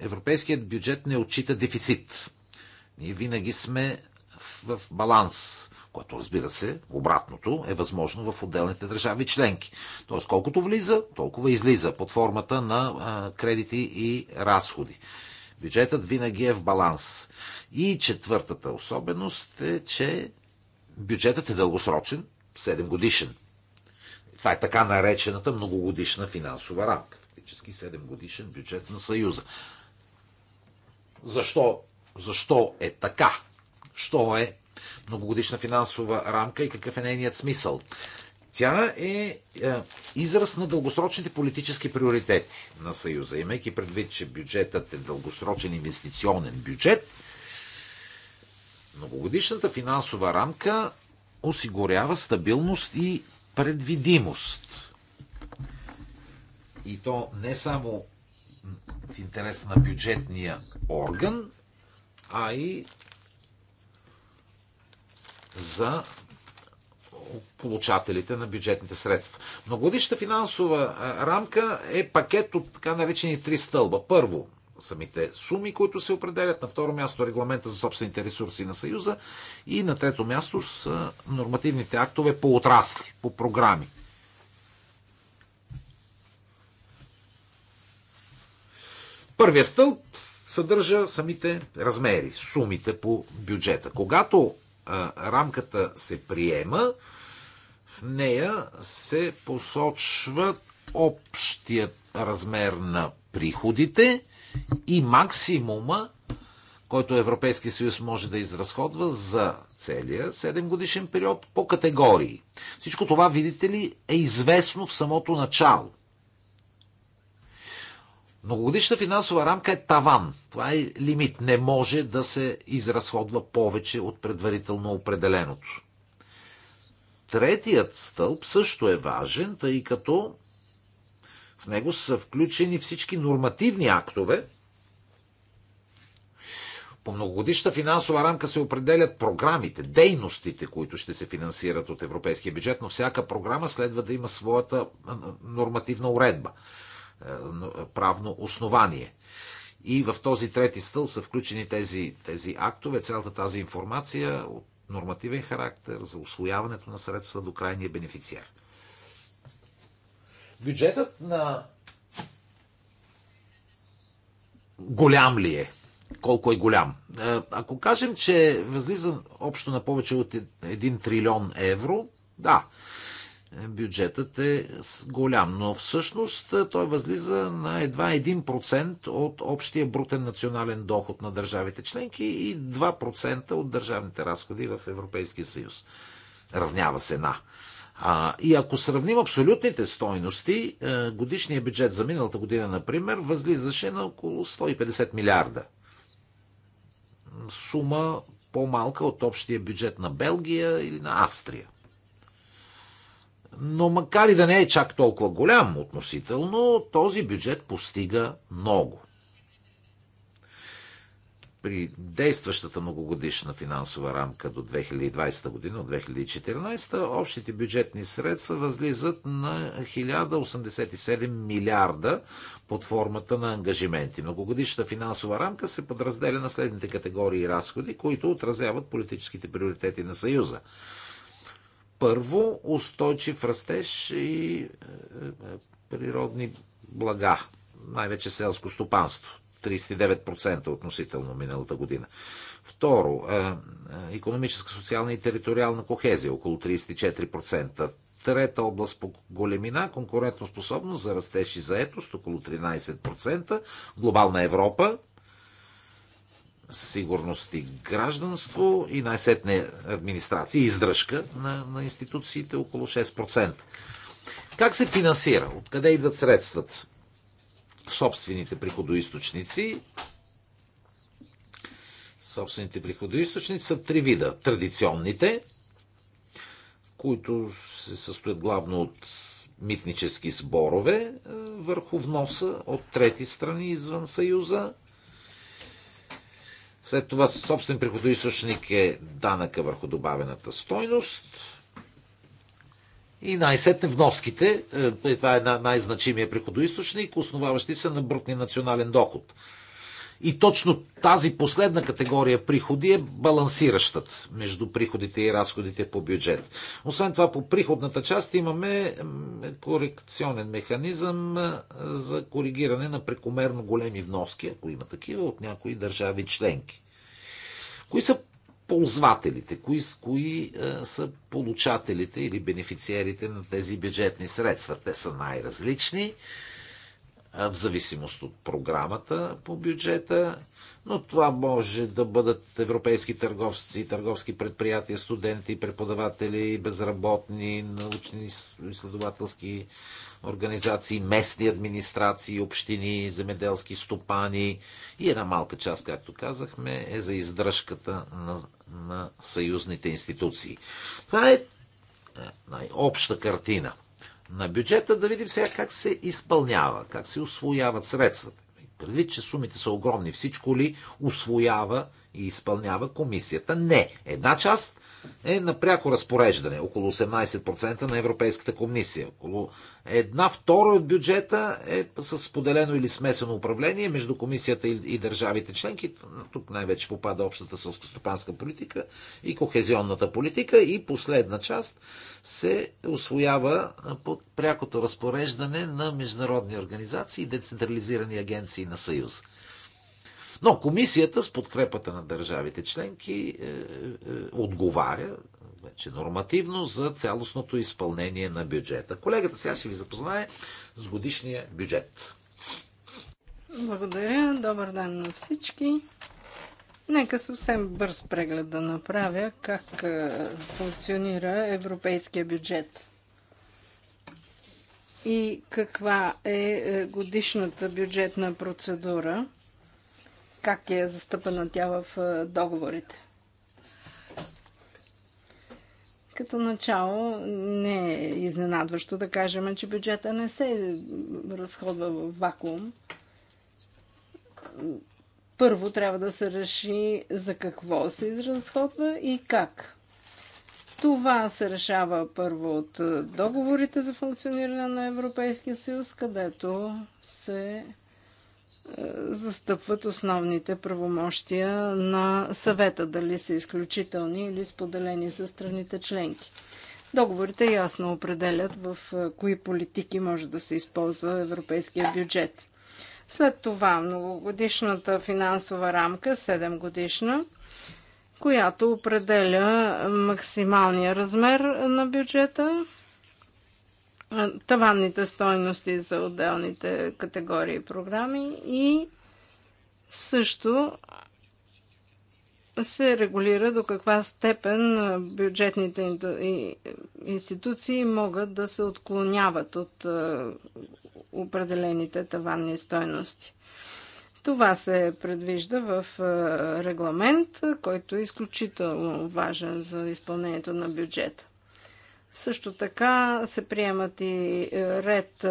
европейският бюджет не отчита дефицит. Ние винаги сме в баланс, което разбира се, обратното е възможно в отделните държави членки. Тоест, колкото влиза, толкова излиза под формата на а, кредити и разходи. Бюджетът винаги е в баланс. И четвъртата особеност е, че бюджетът е дългосрочен, 7 годишен. Това е така наречената многогодишна финансова рамка. Фактически 7 годишен бюджет на Съюза. Защо? Защо е така? що е многогодишна финансова рамка и какъв е нейният смисъл. Тя е, е израз на дългосрочните политически приоритети на Съюза, имайки предвид, че бюджетът е дългосрочен инвестиционен бюджет. Многогодишната финансова рамка осигурява стабилност и предвидимост. И то не само в интерес на бюджетния орган, а и за получателите на бюджетните средства. Многодишната финансова рамка е пакет от така наречени три стълба. Първо, самите суми, които се определят. На второ място регламента за собствените ресурси на Съюза. И на трето място с нормативните актове по отрасли, по програми. Първия стълб съдържа самите размери, сумите по бюджета. Когато рамката се приема, в нея се посочва общият размер на приходите и максимума, който Европейския съюз може да изразходва за целия 7 годишен период по категории. Всичко това, видите ли, е известно в самото начало. Многогодишна финансова рамка е таван. Това е лимит. Не може да се изразходва повече от предварително определеното. Третият стълб също е важен, тъй като в него са включени всички нормативни актове. По многогодишна финансова рамка се определят програмите, дейностите, които ще се финансират от европейския бюджет, но всяка програма следва да има своята нормативна уредба. Е, е, правно основание. И в този трети стълб са включени тези, тези актове, цялата тази информация от нормативен характер за освояването на средства до крайния бенефициар. Бюджетът на голям ли е? Колко е голям? Е, ако кажем, че възлиза общо на повече от 1 трилион евро, да, бюджетът е голям. Но всъщност е, той възлиза на едва 1% от общия брутен национален доход на държавите членки и 2% от държавните разходи в Европейския съюз. Равнява се на. А, и ако сравним абсолютните стойности, е, годишният бюджет за миналата година, например, възлизаше на около 150 милиарда. Сума по-малка от общия бюджет на Белгия или на Австрия но макар и да не е чак толкова голям относително, този бюджет постига много. При действащата многогодишна финансова рамка до 2020 година, от 2014, общите бюджетни средства възлизат на 1087 милиарда под формата на ангажименти. Многогодишната финансова рамка се подразделя на следните категории разходи, които отразяват политическите приоритети на Съюза – първо, устойчив растеж и е, е, природни блага, най-вече селско стопанство. 39% относително миналата година. Второ, економическа, е, социална и териториална кохезия, около 34%. Трета област по големина, конкурентоспособност за растеж и заетост, около 13%. Глобална Европа, сигурност и гражданство и най-сетне администрация, издръжка на, на институциите около 6%. Как се финансира? Откъде идват средствата? Собствените приходоисточници. Собствените приходоисточници са три вида. Традиционните, които се състоят главно от митнически сборове върху вноса от трети страни извън Съюза – след това собствен приходоисточник е данъка върху добавената стойност. И най-сетне вноските, е, е, това е най-значимия приходоисточник, основаващи се на брутния национален доход – и точно тази последна категория приходи е балансиращата между приходите и разходите по бюджет. Освен това, по приходната част имаме корекционен механизъм за коригиране на прекомерно големи вноски, ако има такива, от някои държави членки. Кои са ползвателите, кои, кои е, са получателите или бенефициерите на тези бюджетни средства? Те са най-различни в зависимост от програмата по бюджета, но това може да бъдат европейски търговци, търговски предприятия, студенти, преподаватели, безработни, научни изследователски организации, местни администрации, общини, земеделски стопани и една малка част, както казахме, е за издръжката на, на съюзните институции. Това е, е най-обща картина – на бюджета, да видим сега как се изпълнява, как се освояват средствата. Предвид, че сумите са огромни, всичко ли освоява и изпълнява комисията? Не. Една част е на пряко разпореждане, около 18% на Европейската комисия. Около една втора от бюджета е с поделено или смесено управление между комисията и държавите членки. Тук най-вече попада общата сълскостопанска политика и кохезионната политика. И последна част се освоява под прякото разпореждане на международни организации и децентрализирани агенции на Съюз. Но комисията с подкрепата на държавите членки е, е, е отговаря вече значи, нормативно за цялостното изпълнение на бюджета. Колегата сега ще ви запознае с годишния бюджет. Благодаря. Добър ден на всички. Нека съвсем бърз преглед да направя как е, функционира европейския бюджет и каква е, е годишната бюджетна процедура как е застъпена тя в е, договорите. Като начало не е изненадващо да кажем, че бюджета не се разходва в вакуум. Първо трябва да се реши за какво се изразходва и как. Това се решава първо от е, договорите за функциониране на Европейския съюз, където се застъпват основните правомощия на съвета, дали са изключителни или споделени за страните членки. Договорите ясно определят в кои политики може да се използва европейския бюджет. След това многогодишната финансова рамка, 7 годишна, която определя максималния размер на бюджета, таванните стойности за отделните категории програми и също се регулира до каква степен бюджетните институции могат да се отклоняват от определените таванни стойности. Това се предвижда в регламент, който е изключително важен за изпълнението на бюджета. Също така се приемат и е, ред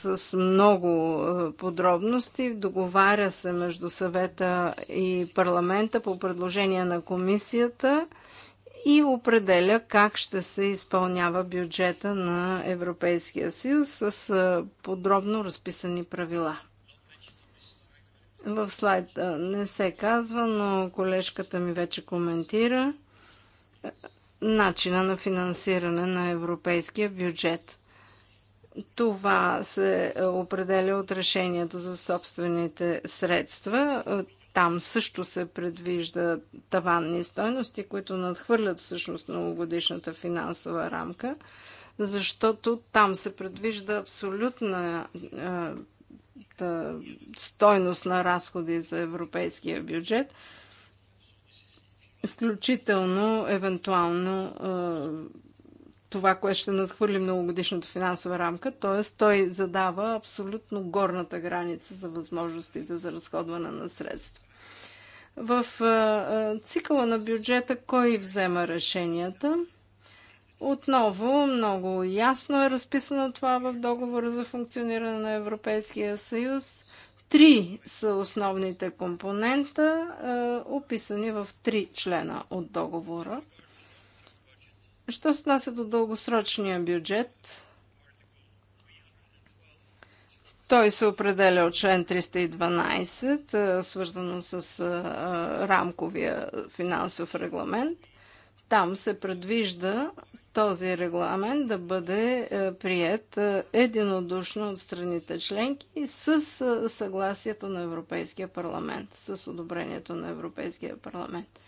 с много е, подробности. Договаря се между съвета и парламента по предложение на комисията и определя как ще се изпълнява бюджета на Европейския съюз с е, подробно разписани правила. В слайда не се казва, но колежката ми вече коментира е, начина на финансиране на европейския бюджет. Това се е, определя от решението за собствените средства. Е, там също се предвижда таванни стойности, които надхвърлят всъщност новогодишната финансова рамка, защото там се предвижда абсолютна е, стойност на разходи за европейския бюджет, включително евентуално това, което ще надхвърли многогодишната финансова рамка, т.е. той задава абсолютно горната граница за възможностите за разходване на средства. В цикъла на бюджета кой взема решенията? Отново много ясно е разписано това в договора за функциониране на Европейския съюз. Три са основните компонента, описани в три члена от договора – Що се отнася до дългосрочния бюджет, той се определя от член 312, свързано с рамковия финансов регламент. Там се предвижда този регламент да бъде прият единодушно от страните членки с съгласието на Европейския парламент, с одобрението на Европейския парламент.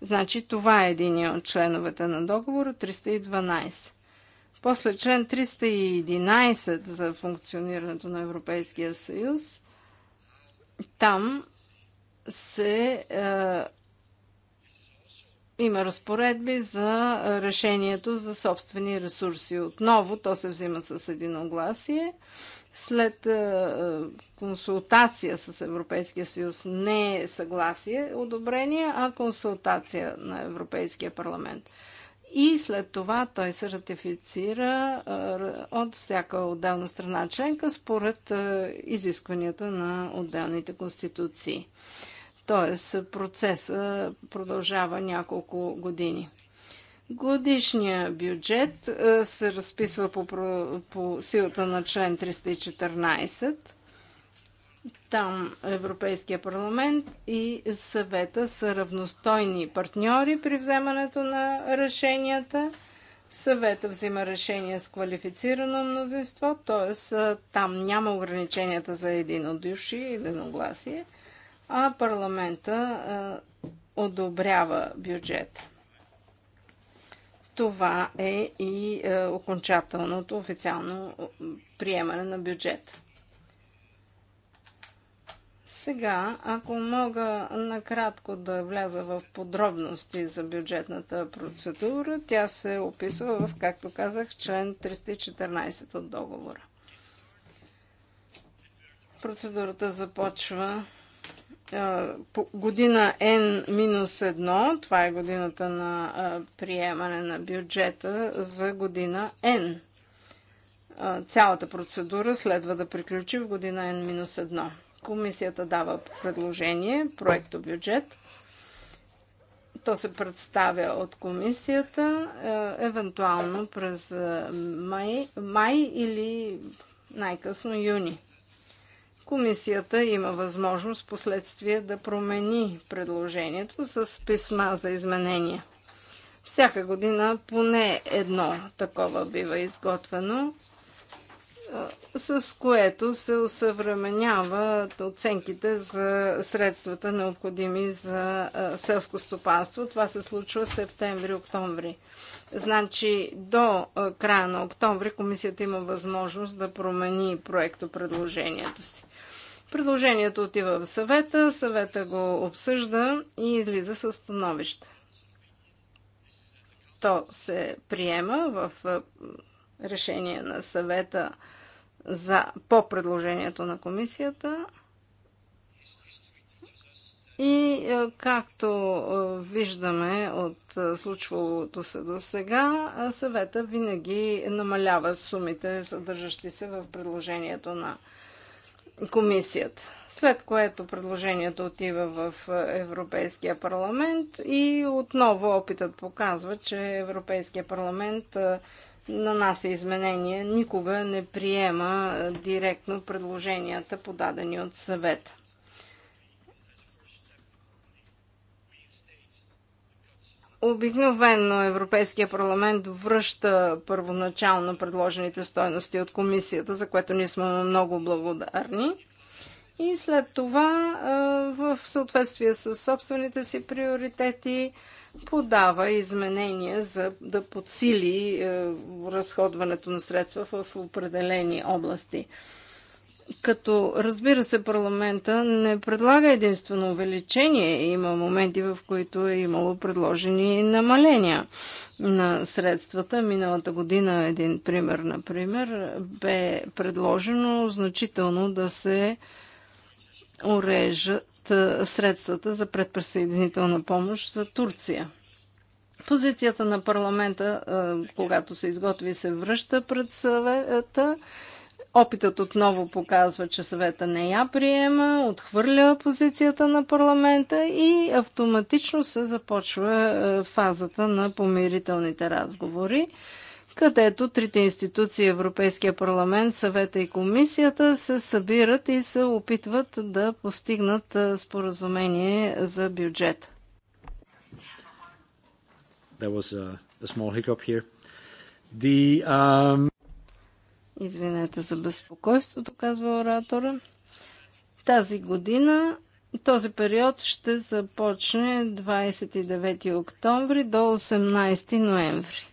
Значи това е един от членовете на договора, 312. После член 311 за функционирането на Европейския съюз, там се е, има разпоредби за решението за собствени ресурси. Отново то се взима с единогласие. гласие след е, е, консултация с Европейския съюз, не е съгласие, одобрение, а консултация на Европейския парламент. И след това той се ратифицира е, от всяка отделна страна членка според изискванията на отделните конституции. Тоест процесът продължава няколко години. Годишния бюджет е, се разписва по, по силата на член 314. Там Европейския парламент и съвета са равностойни партньори при вземането на решенията. Съвета взима решение с квалифицирано мнозинство, т.е. Е, там няма ограниченията за единодуши и единогласие, а парламента е, одобрява бюджета това е и е, окончателното официално е, приемане на бюджет. Сега, ако мога накратко да вляза в подробности за бюджетната процедура, тя се описва в, както казах, член 314 от договора. Процедурата започва година N-1, това е годината на приемане на бюджета за година N. Цялата процедура следва да приключи в година N-1. Комисията дава предложение, проекто бюджет. То се представя от комисията, евентуално през май, май или най-късно юни. Комисията има възможност последствие да промени предложението с писма за изменения. Всяка година поне едно такова бива изготвено, с което се усъвременяват оценките за средствата необходими за селско стопанство. Това се случва септември-октомври. Значи до края на октомври комисията има възможност да промени проекто предложението си. Предложението отива в съвета, съвета го обсъжда и излиза със становище. То се приема в решение на съвета за, по предложението на комисията. И както виждаме от случвалото се до сега, съвета винаги намалява сумите, съдържащи се в предложението на комисията комисията. След което предложението отива в е, Европейския парламент и отново опитът показва, че Европейския парламент е, нанася изменения, никога не приема е, директно предложенията, подадени от съвета. Обикновено Европейския парламент връща първоначално предложените стойности от комисията, за което ние сме много благодарни. И след това, в съответствие с собствените си приоритети, подава изменения за да подсили е, разходването на средства в определени области. Като разбира се, парламента не предлага единствено увеличение. Има моменти, в които е имало предложени намаления на средствата. Миналата година един пример, например, бе предложено значително да се орежат средствата за предприсъединителна помощ за Турция. Позицията на парламента, когато се изготви и се връща пред съвета, Опитът отново показва, че съвета не я приема, отхвърля позицията на парламента и автоматично се започва е, фазата на помирителните разговори, където трите институции Европейския парламент, съвета и комисията се събират и се опитват да постигнат е, споразумение за бюджет. There was a, a small hiccup here. The, um... Извинете за безпокойството, казва оратора. Тази година този период ще започне 29 октомври до 18 ноември.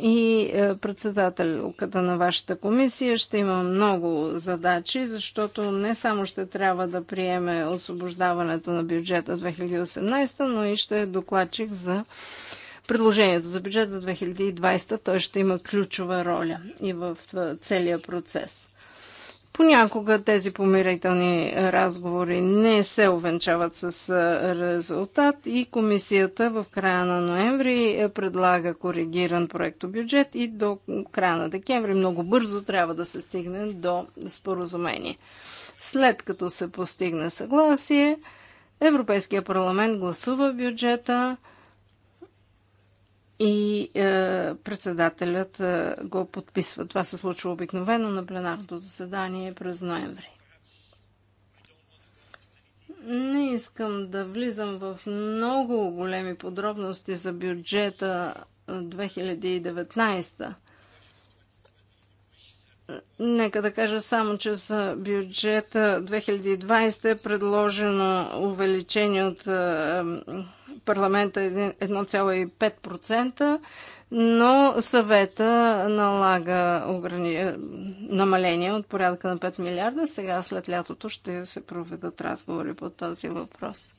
И е, председателката на вашата комисия ще има много задачи, защото не само ще трябва да приеме освобождаването на бюджета 2018, но и ще е докладчик за предложението за бюджет за 2020, той ще има ключова роля и в целия процес. Понякога тези помирителни разговори не се овенчават с резултат и комисията в края на ноември е, предлага коригиран бюджет и до края на декември много бързо трябва да се стигне до споразумение. След като се постигне съгласие, Европейския парламент гласува бюджета – и е, председателят е, го подписва. Това се случва обикновено на пленарното заседание през ноември. Не искам да влизам в много големи подробности за бюджета 2019. Нека да кажа само, че за бюджета 2020 е предложено увеличение от е, парламента 1,5%, е но съвета налага ограни... Е, намаление от порядка на 5 милиарда. Сега след лятото ще се проведат разговори по този въпрос.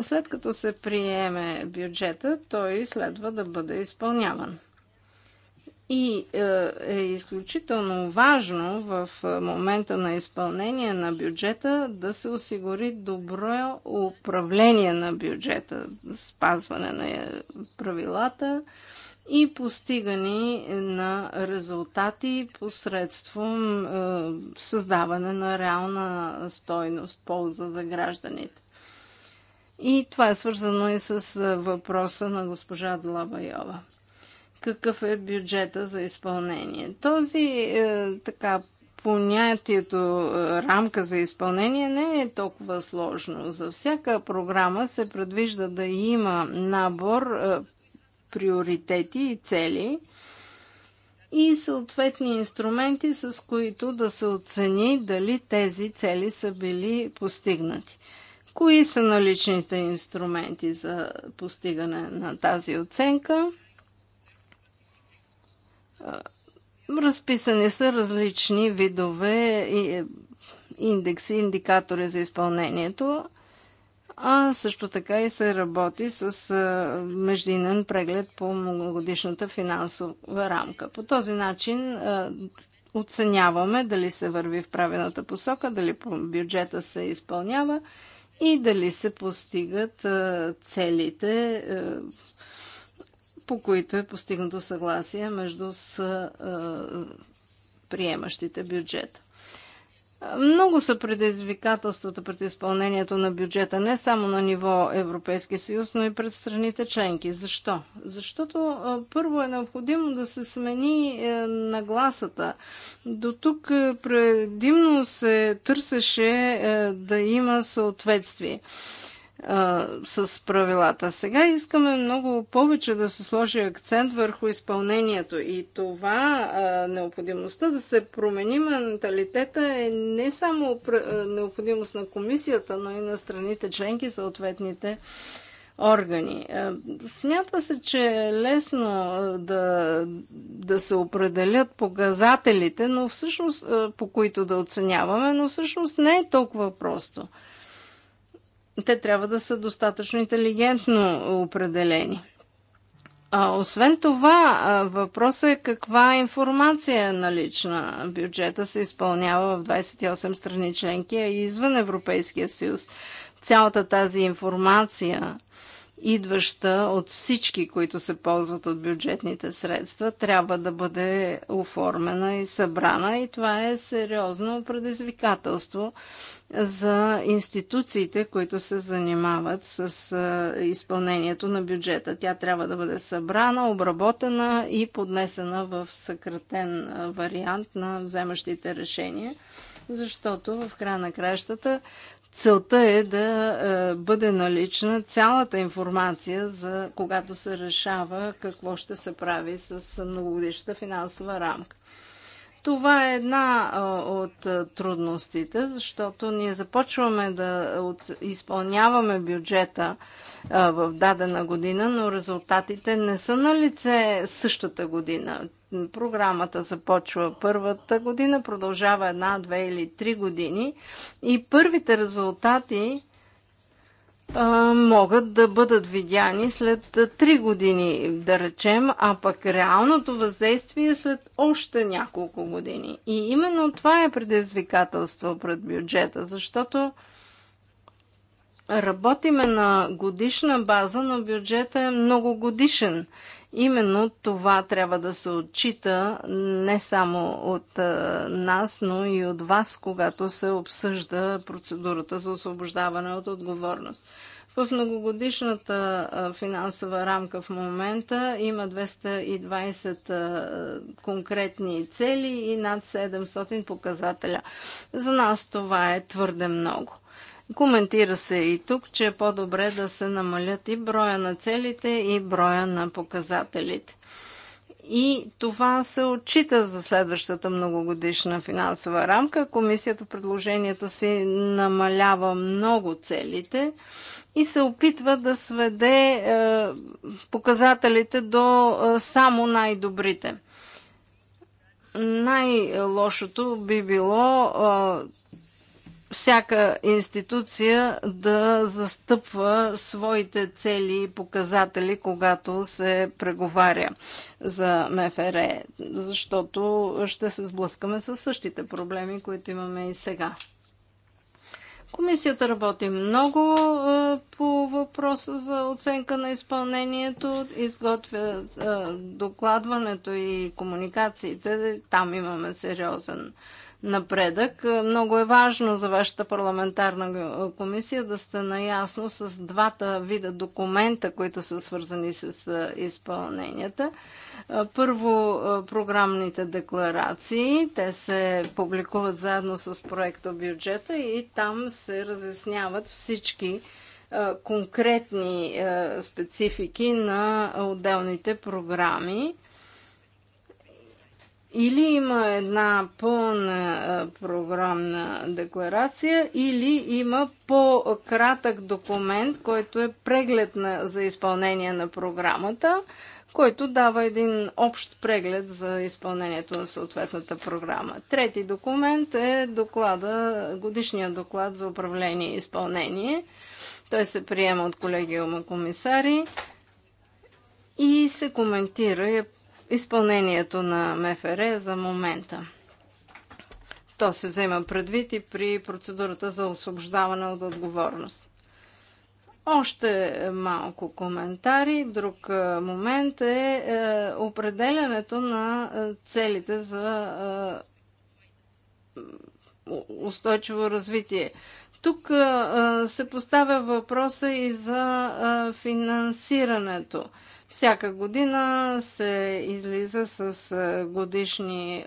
След като се приеме бюджета, той следва да бъде изпълняван. И е, е изключително важно в е, момента на изпълнение на бюджета да се осигури добро управление на бюджета, спазване на е, правилата и постигане на резултати посредством създаване на реална стойност, полза за гражданите. И това е свързано и с въпроса на госпожа Длабайова какъв е бюджета за изпълнение. Този е, така понятието е, рамка за изпълнение не е толкова сложно. За всяка програма се предвижда да има набор е, приоритети и цели и съответни инструменти, с които да се оцени дали тези цели са били постигнати. Кои са наличните инструменти за постигане на тази оценка? Разписани са различни видове е, индекси, индикатори за изпълнението, а също така и се работи с междинен преглед по многогодишната финансова рамка. По този начин оценяваме дали се върви в правилната посока, дали бюджета се изпълнява и дали се постигат целите по които е постигнато съгласие между с приемащите бюджет. Много са предизвикателствата пред изпълнението на бюджета, не само на ниво Европейски съюз, но и пред страните членки. Защо? Защото първо е необходимо да се смени е, нагласата. До тук е, предимно се търсеше е, да има съответствие а, с правилата. Сега искаме много повече да се сложи акцент върху изпълнението и това а, необходимостта да се промени менталитета е не само необходимост на комисията, но и на страните членки, съответните органи. Смята се, че е лесно да, да се определят показателите, но всъщност, по които да оценяваме, но всъщност не е толкова просто те трябва да са достатъчно интелигентно определени. А, освен това, въпросът е каква информация налична бюджета се изпълнява в 28 страни членки, а и извън Европейския съюз. Цялата тази информация, идваща от всички, които се ползват от бюджетните средства, трябва да бъде оформена и събрана и това е сериозно предизвикателство за институциите, които се занимават с изпълнението на бюджета. Тя трябва да бъде събрана, обработена и поднесена в съкратен вариант на вземащите решения, защото в края на кращата целта е да бъде налична цялата информация за когато се решава какво ще се прави с многогодишната финансова рамка. Това е една от трудностите, защото ние започваме да изпълняваме бюджета в дадена година, но резултатите не са на лице същата година. Програмата започва първата година, продължава една, две или три години и първите резултати могат да бъдат видяни след 3 години, да речем, а пък реалното въздействие е след още няколко години. И именно това е предизвикателство пред бюджета, защото работиме на годишна база, но бюджета е много годишен Именно това трябва да се отчита не само от нас, но и от вас, когато се обсъжда процедурата за освобождаване от отговорност. В многогодишната финансова рамка в момента има 220 конкретни цели и над 700 показателя. За нас това е твърде много. Коментира се и тук, че е по-добре да се намалят и броя на целите, и броя на показателите. И това се отчита за следващата многогодишна финансова рамка. Комисията в предложението си намалява много целите и се опитва да сведе е, показателите до е, само най-добрите. Най-лошото би било е, всяка институция да застъпва своите цели и показатели, когато се преговаря за МФР, защото ще се сблъскаме с същите проблеми, които имаме и сега. Комисията работи много по въпроса за оценка на изпълнението, изготвя докладването и комуникациите. Там имаме сериозен проблем напредък. Много е важно за вашата парламентарна комисия да сте наясно с двата вида документа, които са свързани с изпълненията. Първо, програмните декларации. Те се публикуват заедно с проекта бюджета и там се разясняват всички конкретни специфики на отделните програми. Или има една пълна програмна декларация, или има по-кратък документ, който е преглед на, за изпълнение на програмата, който дава един общ преглед за изпълнението на съответната програма. Трети документ е доклада, годишния доклад за управление и изпълнение. Той се приема от колегиума комисари и се коментира изпълнението на МФР за момента. То се взема предвид и при процедурата за освобождаване от отговорност. Още малко коментари. Друг е, момент е, е определянето на е, целите за устойчиво развитие. Тук се поставя въпроса и за финансирането. Всяка година се излиза с годишни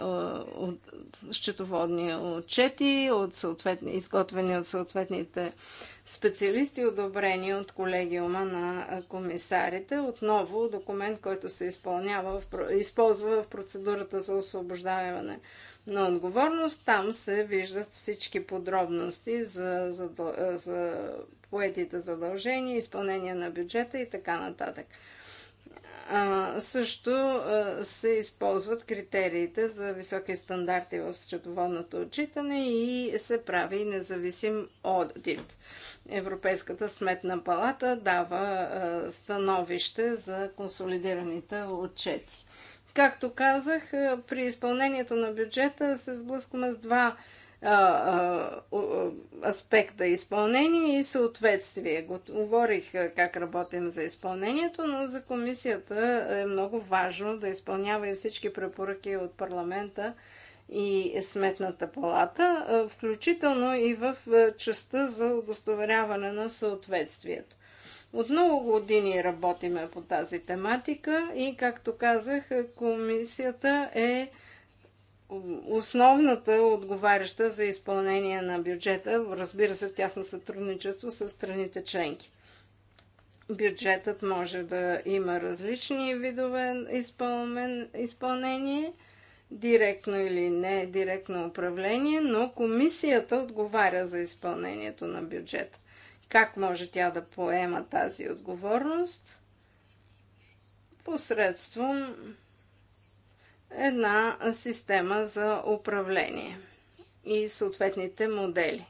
счетоводни отчети, от съответни, изготвени от съответните специалисти, одобрени от колегиума на комисарите. Отново документ, който се изпълнява, използва в процедурата за освобождаване на отговорност. Там се виждат всички подробности за, за, за поетите задължения, изпълнение на бюджета и така нататък. А, също се използват критериите за високи стандарти в счетоводното отчитане и се прави независим одит. Европейската сметна палата дава становище за консолидираните отчети. Както казах, при изпълнението на бюджета се сблъскваме с два аспекта изпълнение и съответствие. Говорих как работим за изпълнението, но за комисията е много важно да изпълнява и всички препоръки от парламента и Сметната палата, включително и в частта за удостоверяване на съответствието. От много години работиме по тази тематика и, както казах, комисията е основната отговаряща за изпълнение на бюджета, разбира се, в тясно сътрудничество с страните членки. Бюджетът може да има различни видове изпълнен, изпълнение, директно или не директно управление, но комисията отговаря за изпълнението на бюджета. Как може тя да поема тази отговорност? Посредством една система за управление и съответните модели.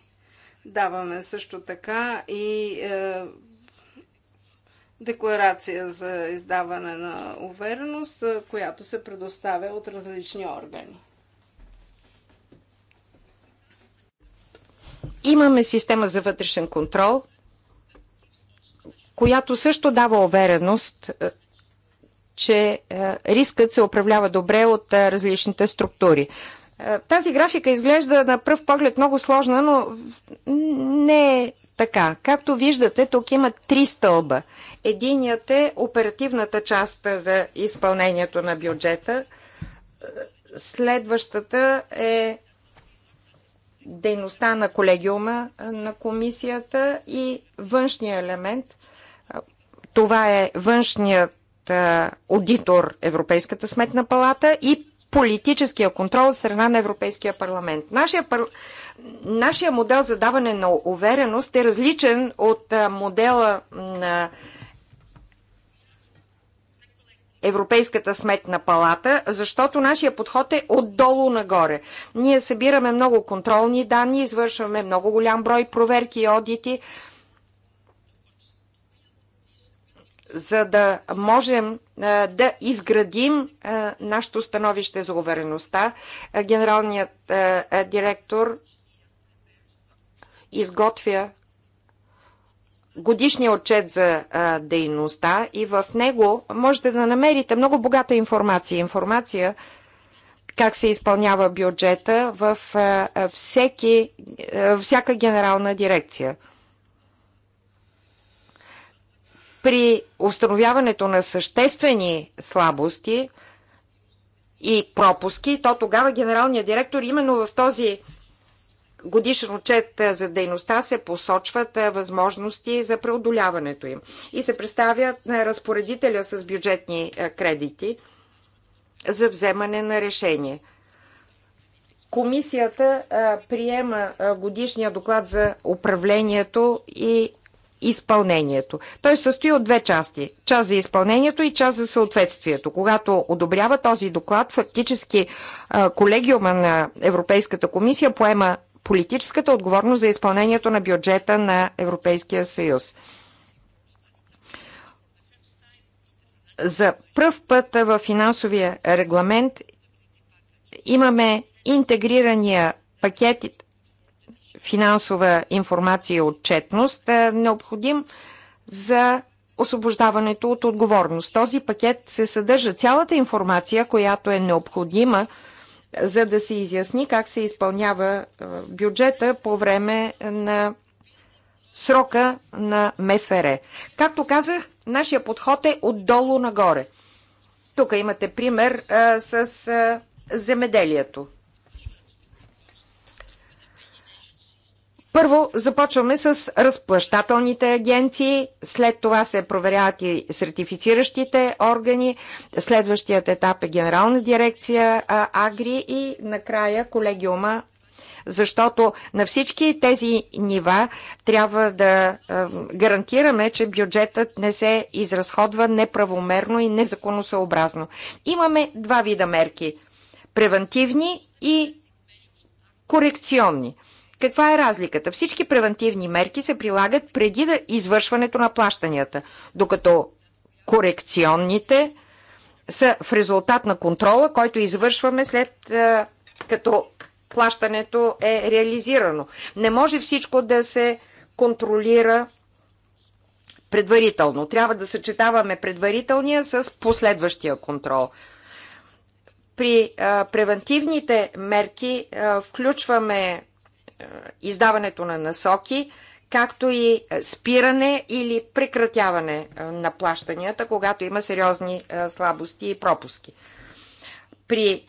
Даваме също така и е, декларация за издаване на увереност, е, която се предоставя от различни органи. Имаме система за вътрешен контрол, която също дава увереност е, че е, рискът се управлява добре от е, различните структури. Е, тази графика изглежда на пръв поглед много сложна, но не е така. Както виждате, тук има три стълба. Единият е оперативната част за изпълнението на бюджета. Следващата е дейността на колегиума на комисията и външния елемент. Това е външният аудитор Европейската сметна палата и политическия контрол от страна на Европейския парламент. Нашия, пар... Нашия модел за даване на увереност е различен от модела на Европейската сметна палата, защото нашия подход е отдолу нагоре. Ние събираме много контролни данни, извършваме много голям брой проверки и одити, за да можем да изградим нашето становище за увереността. Генералният директор изготвя годишния отчет за дейността и в него можете да намерите много богата информация. Информация как се изпълнява бюджета в всеки, всяка генерална дирекция. при установяването на съществени слабости и пропуски, то тогава генералният директор именно в този годишен отчет за дейността се посочват възможности за преодоляването им и се представят на разпоредителя с бюджетни кредити за вземане на решение. Комисията приема годишния доклад за управлението и изпълнението. Той състои от две части. Част за изпълнението и част за съответствието. Когато одобрява този доклад, фактически колегиума на Европейската комисия поема политическата отговорност за изпълнението на бюджета на Европейския съюз. За пръв път в финансовия регламент имаме интегрирания пакет финансова информация и отчетност, е, необходим за освобождаването от отговорност. Този пакет се съдържа цялата информация, която е необходима, за да се изясни как се изпълнява е, бюджета по време на срока на МФР. Както казах, нашия подход е отдолу нагоре. Тук имате пример а, е, с а, земеделието. Първо започваме с разплащателните агенции, след това се проверяват и сертифициращите органи, следващият етап е Генерална дирекция а, Агри и накрая колегиума, защото на всички тези нива трябва да гарантираме, че бюджетът не се изразходва неправомерно и незаконосъобразно. Имаме два вида мерки – превентивни и корекционни – каква е разликата? Всички превентивни мерки се прилагат преди да извършването на плащанията, докато корекционните са в резултат на контрола, който извършваме след е, като плащането е реализирано. Не може всичко да се контролира предварително. Трябва да съчетаваме предварителния с последващия контрол. При а, е, превентивните мерки а, е, включваме е, издаването на насоки, както и е, спиране или прекратяване е, на плащанията, когато има сериозни слабости и пропуски. При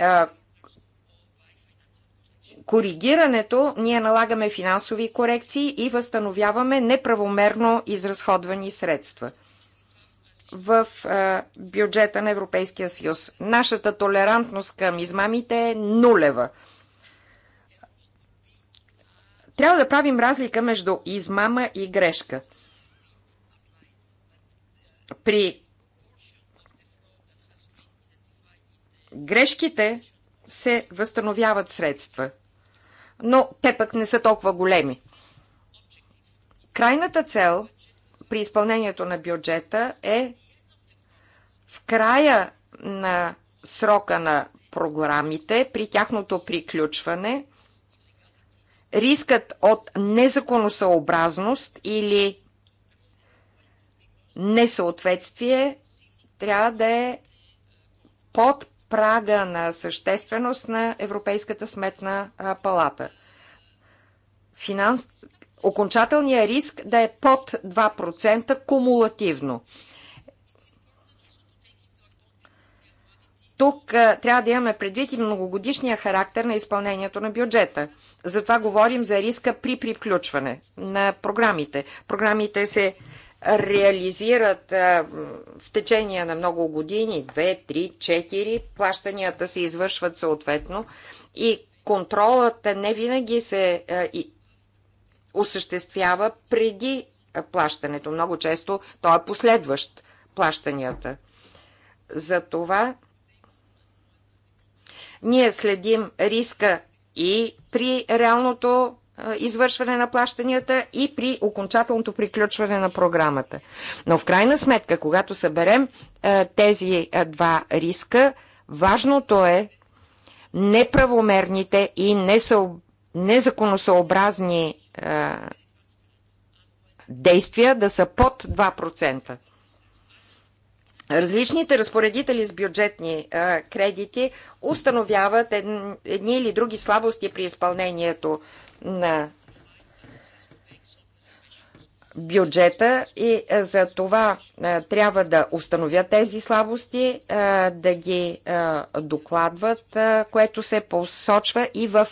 коригирането ние налагаме финансови корекции и възстановяваме неправомерно изразходвани средства в бюджета на Европейския съюз. Нашата толерантност към измамите е нулева – трябва да правим разлика между измама и грешка. При грешките се възстановяват средства, но те пък не са толкова големи. Крайната цел при изпълнението на бюджета е в края на срока на програмите, при тяхното приключване, рискът от незаконосъобразност или несъответствие трябва да е под прага на същественост на Европейската сметна палата. Финанс... Окончателният риск да е под 2% кумулативно. Тук а, трябва да имаме предвид и многогодишния характер на изпълнението на бюджета. Затова говорим за риска при приключване на програмите. Програмите се реализират а, в течение на много години, 2, 3, 4, плащанията се извършват съответно и контролът не винаги се а, и, осъществява преди плащането. Много често той е последващ плащанията. За това ние следим риска и при реалното извършване на плащанията и при окончателното приключване на програмата. Но в крайна сметка, когато съберем тези два риска, важното е неправомерните и несъоб... незаконосъобразни действия да са под 2%. Различните разпоредители с бюджетни а, е, кредити установяват ед, едни или други слабости при изпълнението на бюджета и е, за това а, е, трябва да установят тези слабости, а, да ги а, докладват, което се посочва и в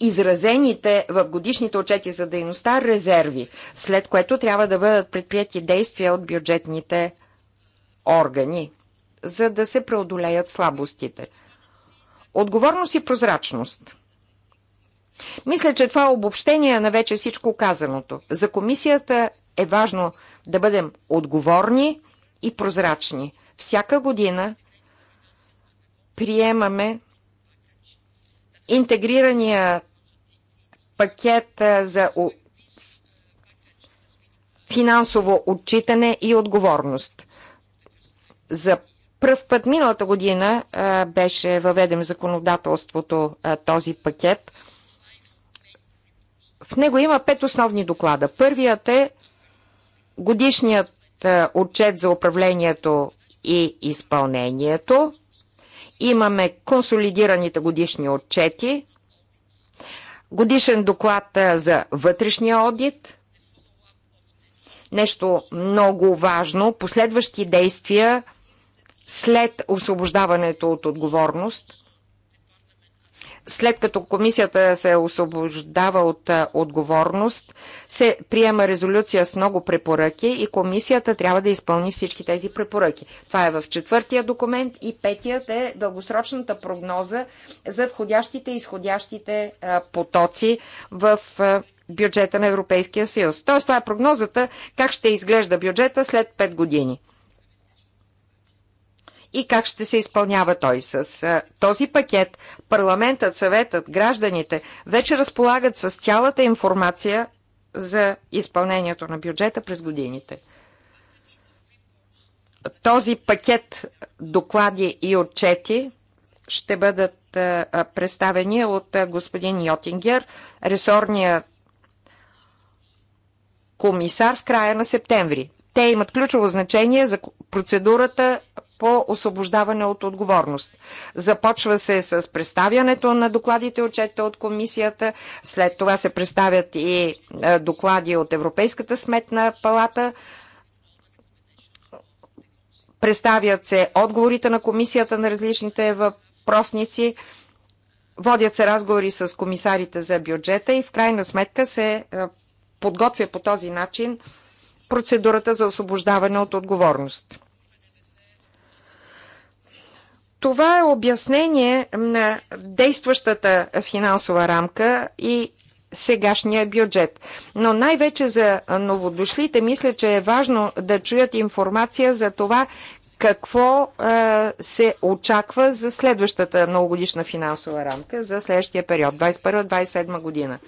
изразените в годишните отчети за дейността резерви, след което трябва да бъдат предприяти действия от бюджетните органи, за да се преодолеят слабостите. Отговорност и прозрачност. Мисля, че това е обобщение на вече всичко казаното. За комисията е важно да бъдем отговорни и прозрачни. Всяка година приемаме интегрирания пакет за финансово отчитане и отговорност. За пръв път миналата година а, беше въведен законодателството а, този пакет. В него има пет основни доклада. Първият е годишният а, отчет за управлението и изпълнението. Имаме консолидираните годишни отчети, годишен доклад за вътрешния одит, нещо много важно, последващи действия – след освобождаването от отговорност, след като комисията се освобождава от отговорност, се приема резолюция с много препоръки и комисията трябва да изпълни всички тези препоръки. Това е в четвъртия документ и петият е дългосрочната прогноза за входящите и изходящите потоци в бюджета на Европейския съюз. Тоест, това е прогнозата как ще изглежда бюджета след 5 години и как ще се изпълнява той. С този пакет парламентът, съветът, гражданите вече разполагат с цялата информация за изпълнението на бюджета през годините. Този пакет доклади и отчети ще бъдат представени от господин Йотингер, ресорния комисар в края на септември. Те имат ключово значение за процедурата по освобождаване от отговорност. Започва се с представянето на докладите и отчета от комисията, след това се представят и е, доклади от Европейската сметна палата, представят се отговорите на комисията на различните въпросници, водят се разговори с комисарите за бюджета и в крайна сметка се е, подготвя по този начин процедурата за освобождаване от отговорност. Това е обяснение на действащата финансова рамка и сегашния бюджет. Но най-вече за новодошлите мисля, че е важно да чуят информация за това какво е, се очаква за следващата многогодишна финансова рамка, за следващия период, 21-27 година.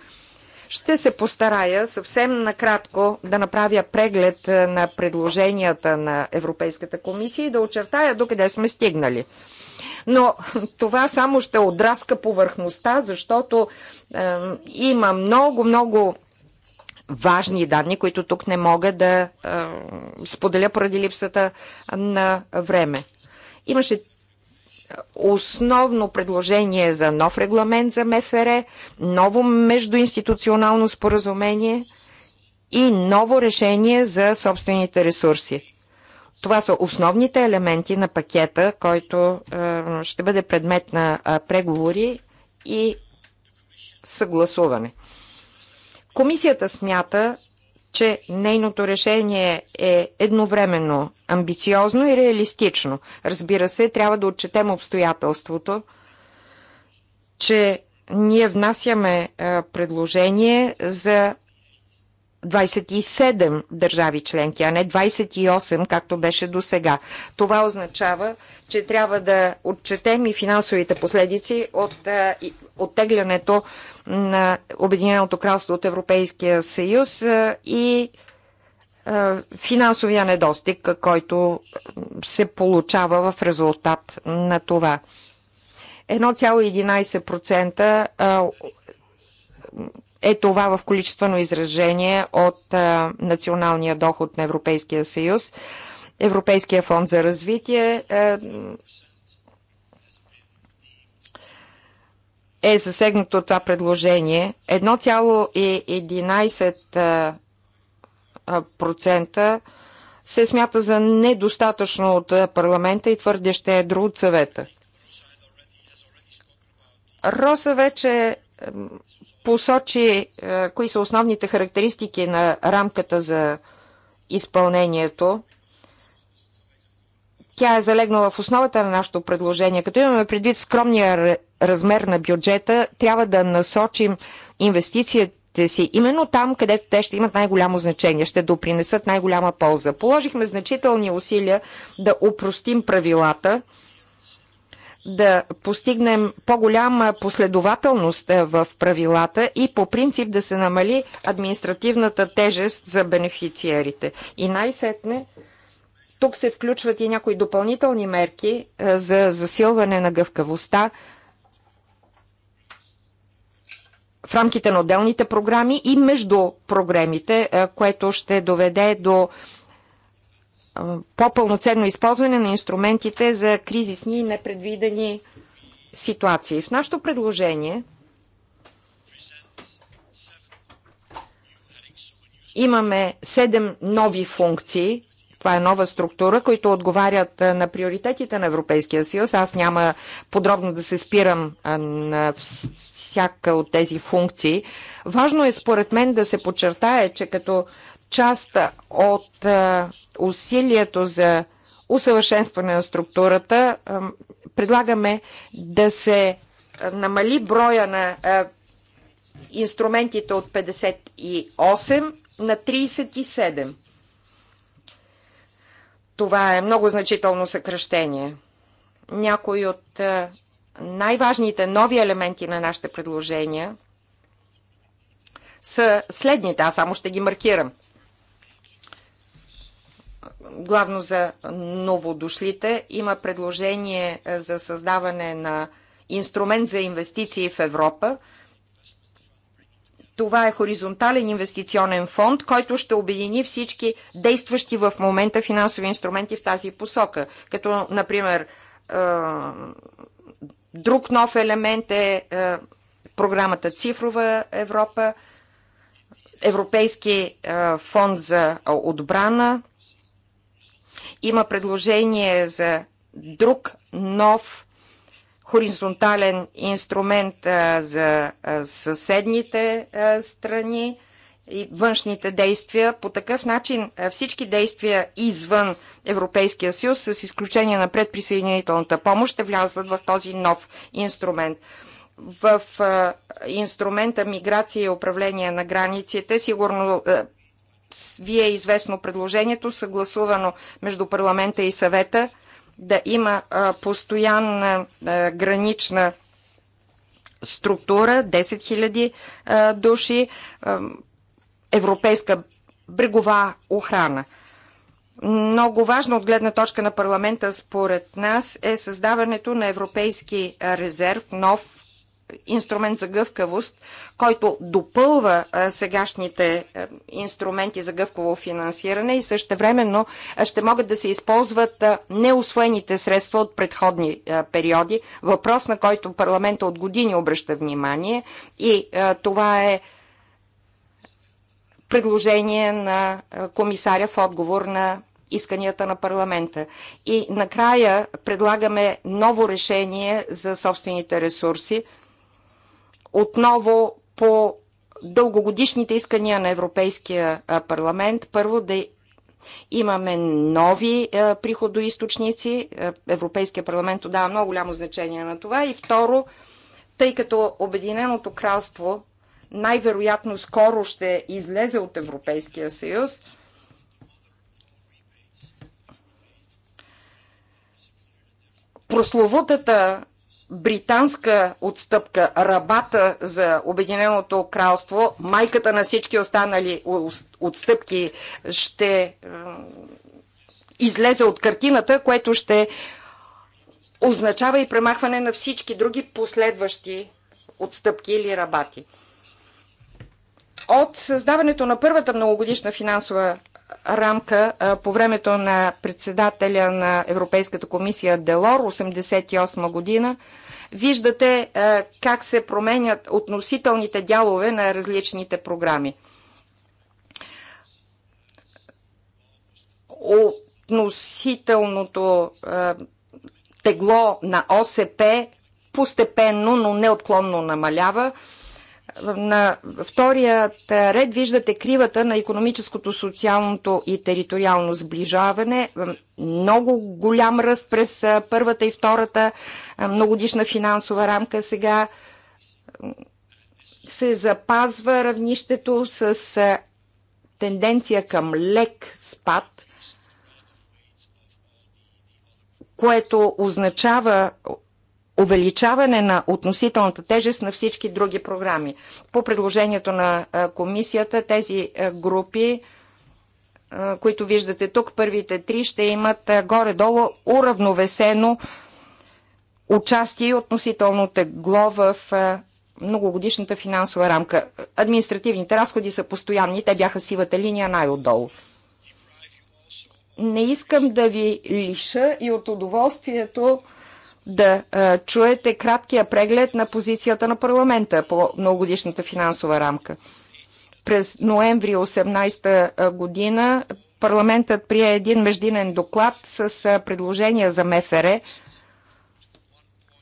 Ще се постарая съвсем накратко да направя преглед на предложенията на Европейската комисия и да очертая докъде сме стигнали но това само ще отраска повърхността, защото е, има много, много важни данни, които тук не мога да е, споделя поради липсата на време. Имаше основно предложение за нов регламент за МФР, ново междуинституционално споразумение и ново решение за собствените ресурси. Това са основните елементи на пакета, който е, ще бъде предмет на е, преговори и съгласуване. Комисията смята, че нейното решение е едновременно амбициозно и реалистично. Разбира се, трябва да отчетем обстоятелството, че ние внасяме е, предложение за 27 държави членки, а не 28, както беше до сега. Това означава, че трябва да отчетем и финансовите последици от е, оттеглянето на Обединеното кралство от Европейския съюз е, и е, финансовия недостиг, който се получава в резултат на това. 1,11% е това в количествено изражение от а, националния доход на Европейския съюз. Европейския фонд за развитие а, е, е засегнато това предложение. 1,11% се смята за недостатъчно от парламента и твърде ще е друго от съвета. Роса вече посочи е, кои са основните характеристики на рамката за изпълнението. Тя е залегнала в основата на нашето предложение. Като имаме предвид скромния размер на бюджета, трябва да насочим инвестициите си именно там, където те ще имат най-голямо значение, ще допринесат най-голяма полза. Положихме значителни усилия да упростим правилата – да постигнем по-голяма последователност е, в правилата и по принцип да се намали административната тежест за бенефициерите. И най-сетне, тук се включват и някои допълнителни мерки е, за засилване на гъвкавостта в рамките на отделните програми и между програмите, е, което ще доведе до по-пълноценно използване на инструментите за кризисни и непредвидени ситуации. В нашето предложение имаме 7 нови функции. Това е нова структура, които отговарят на приоритетите на Европейския съюз. Аз няма подробно да се спирам на всяка от тези функции. Важно е, според мен, да се подчертае, че като част от усилието за усъвършенстване на структурата предлагаме да се намали броя на инструментите от 58 на 37. Това е много значително съкръщение. Някои от най-важните нови елементи на нашите предложения са следните. Аз само ще ги маркирам – главно за новодошлите. Има предложение е, за създаване на инструмент за инвестиции в Европа. Това е хоризонтален инвестиционен фонд, който ще обедини всички действащи в момента финансови инструменти в тази посока, като, например, е, друг нов елемент е, е програмата Цифрова Европа, Европейски фонд за отбрана, има предложение за друг нов хоризонтален инструмент а, за а, съседните а, страни и външните действия. По такъв начин всички действия извън Европейския съюз, с изключение на предприсъединителната помощ, ще влязат в този нов инструмент. В инструмента миграция и управление на границите сигурно ви е известно предложението, съгласувано между парламента и съвета, да има постоянна гранична структура, 10 000 души, европейска брегова охрана. Много важно от гледна точка на парламента, според нас, е създаването на европейски резерв, нов инструмент за гъвкавост, който допълва сегашните инструменти за гъвково финансиране и същевременно ще могат да се използват неосвоените средства от предходни периоди. Въпрос, на който парламента от години обръща внимание и това е предложение на комисаря в отговор на исканията на парламента. И накрая предлагаме ново решение за собствените ресурси – отново по дългогодишните искания на Европейския парламент. Първо да имаме нови приходоисточници. Европейския парламент дава много голямо значение на това. И второ, тъй като Обединеното кралство най-вероятно скоро ще излезе от Европейския съюз, прословутата британска отстъпка, рабата за Обединеното кралство, майката на всички останали отстъпки ще излезе от картината, което ще означава и премахване на всички други последващи отстъпки или рабати. От създаването на първата многогодишна финансова рамка по времето на председателя на Европейската комисия Делор 88 година. Виждате как се променят относителните дялове на различните програми. Относителното тегло на ОСП постепенно, но неотклонно намалява – на вторият ред виждате кривата на економическото, социалното и териториално сближаване. Много голям ръст през първата и втората многодишна финансова рамка. Сега се запазва равнището с тенденция към лек спад, което означава увеличаване на относителната тежест на всички други програми. По предложението на комисията тези групи, които виждате тук, първите три ще имат горе-долу уравновесено участие и относително тегло в многогодишната финансова рамка. Административните разходи са постоянни, те бяха сивата линия най-отдолу. Не искам да ви лиша и от удоволствието да чуете краткия преглед на позицията на парламента по многогодишната финансова рамка. През ноември 18 година парламентът прие един междинен доклад с предложения за МФР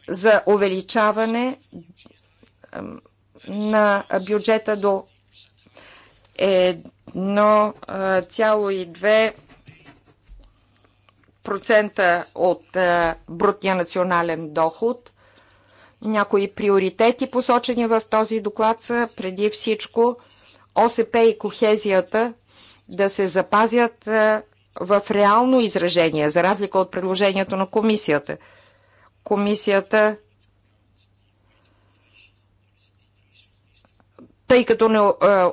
за увеличаване на бюджета до 1,2 процента от е, брутния национален доход. Някои приоритети, посочени в този доклад, са преди всичко ОСП и кохезията да се запазят е, в реално изражение, за разлика от предложението на комисията. Комисията тъй като не е,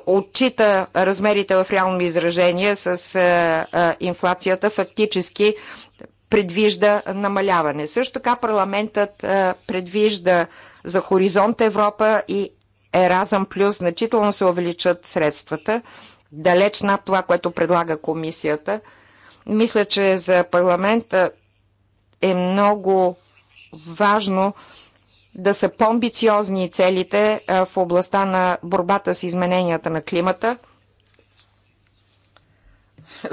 отчита размерите в реално изражение с е, е, инфлацията, фактически предвижда намаляване. Също така парламентът предвижда за Хоризонт Европа и Еразъм Плюс значително се увеличат средствата, далеч над това, което предлага комисията. Мисля, че за парламента е много важно да са по-амбициозни целите в областта на борбата с измененията на климата.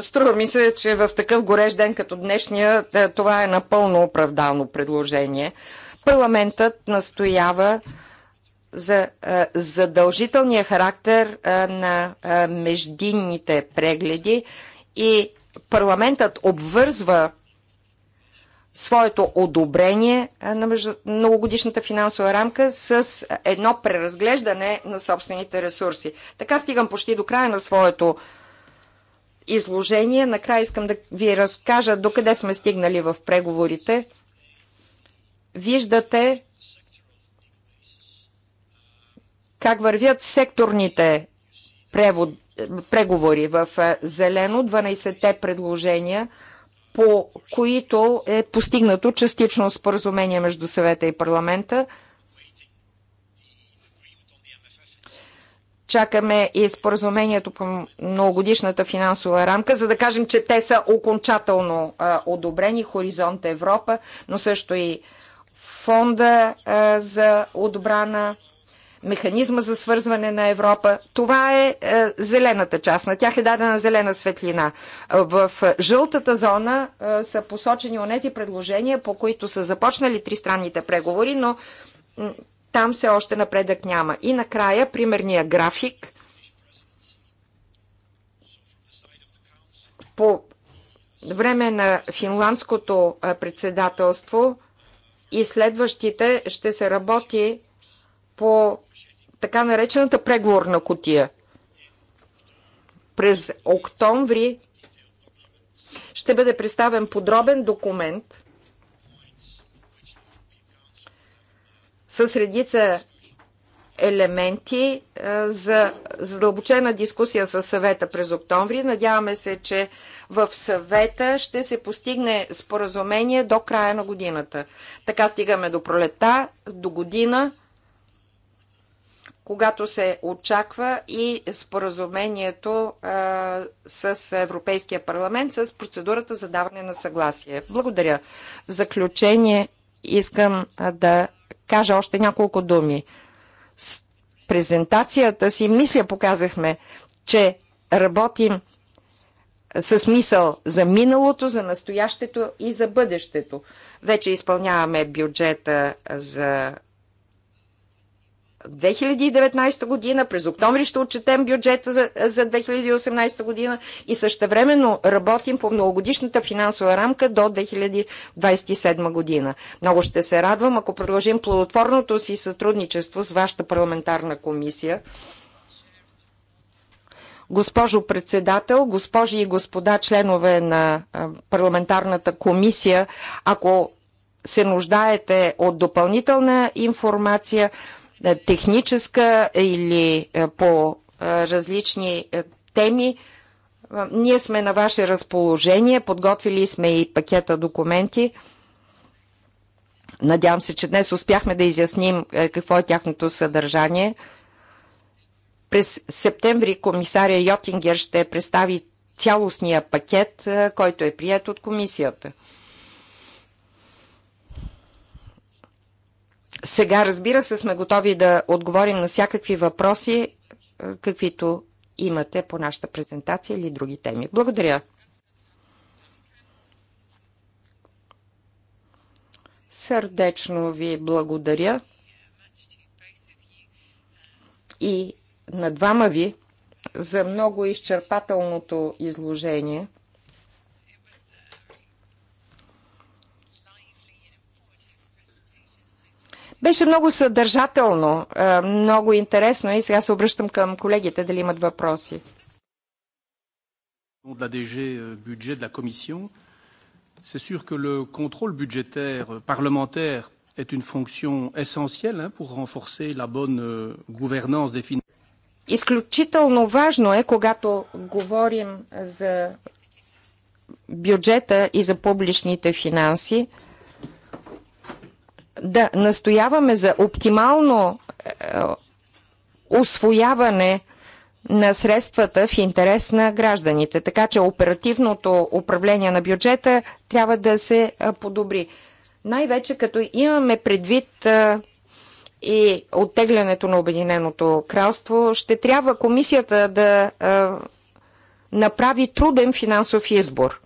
Струва ми се, че в такъв горещ ден като днешния е, това е напълно оправдано предложение. Парламентът настоява за е, задължителния характер е, на междинните прегледи и парламентът обвързва своето одобрение на многогодишната финансова рамка с едно преразглеждане на собствените ресурси. Така стигам почти до края на своето изложение. Накрая искам да ви разкажа докъде сме стигнали в преговорите. Виждате как вървят секторните превод, преговори в зелено 12-те предложения – по които е постигнато частично споразумение между съвета и парламента. Чакаме и споразумението по многогодишната финансова рамка, за да кажем, че те са окончателно а, одобрени. Хоризонт Европа, но също и фонда а, за отбрана механизма за свързване на Европа. Това е, е зелената част. На тях е дадена зелена светлина. В е, жълтата зона е, са посочени онези предложения, по които са започнали тристранните преговори, но там все още напредък няма. И накрая примерния график по време на финландското е, председателство и следващите ще се работи по така наречената преговорна котия. През октомври ще бъде представен подробен документ с редица елементи е, за задълбочена дискусия с съвета през октомври. Надяваме се, че в съвета ще се постигне споразумение до края на годината. Така стигаме до пролета, до година когато се очаква и споразумението а, с Европейския парламент с процедурата за даване на съгласие. Благодаря. В заключение искам да кажа още няколко думи. С презентацията си, мисля, показахме, че работим с мисъл за миналото, за настоящето и за бъдещето. Вече изпълняваме бюджета за 2019 година, през октомври ще отчетем бюджета за, за 2018 година и същевременно работим по многогодишната финансова рамка до 2027 година. Много ще се радвам, ако продължим плодотворното си сътрудничество с вашата парламентарна комисия. Госпожо председател, госпожи и господа членове на парламентарната комисия, ако се нуждаете от допълнителна информация, е, техническа или е, по е, различни теми, ние сме на ваше разположение, подготвили сме и пакета документи. Надявам се, че днес успяхме да изясним какво е тяхното съдържание. През септември комисаря Йотингер ще представи цялостния пакет, който е прият от комисията. Сега, разбира се, сме готови да отговорим на всякакви въпроси, е, каквито имате по нашата презентация или други теми. Благодаря. Сърдечно ви благодаря и на двама ви за много изчерпателното изложение – Беше много съдържателно, много интересно и сега се обръщам към колегите дали имат въпроси. de la DG budget de la Commission. C'est sûr que le contrôle budgétaire parlementaire est une fonction essentielle hein, pour renforcer la bonne gouvernance des finances. Изключително важно е, когато говорим за бюджета и за публичните финанси, да настояваме за оптимално е, е, освояване на средствата в интерес на гражданите. Така че оперативното управление на бюджета трябва да се е, подобри. Най-вече като имаме предвид и оттеглянето на Обединеното кралство, ще трябва комисията да направи труден финансов избор.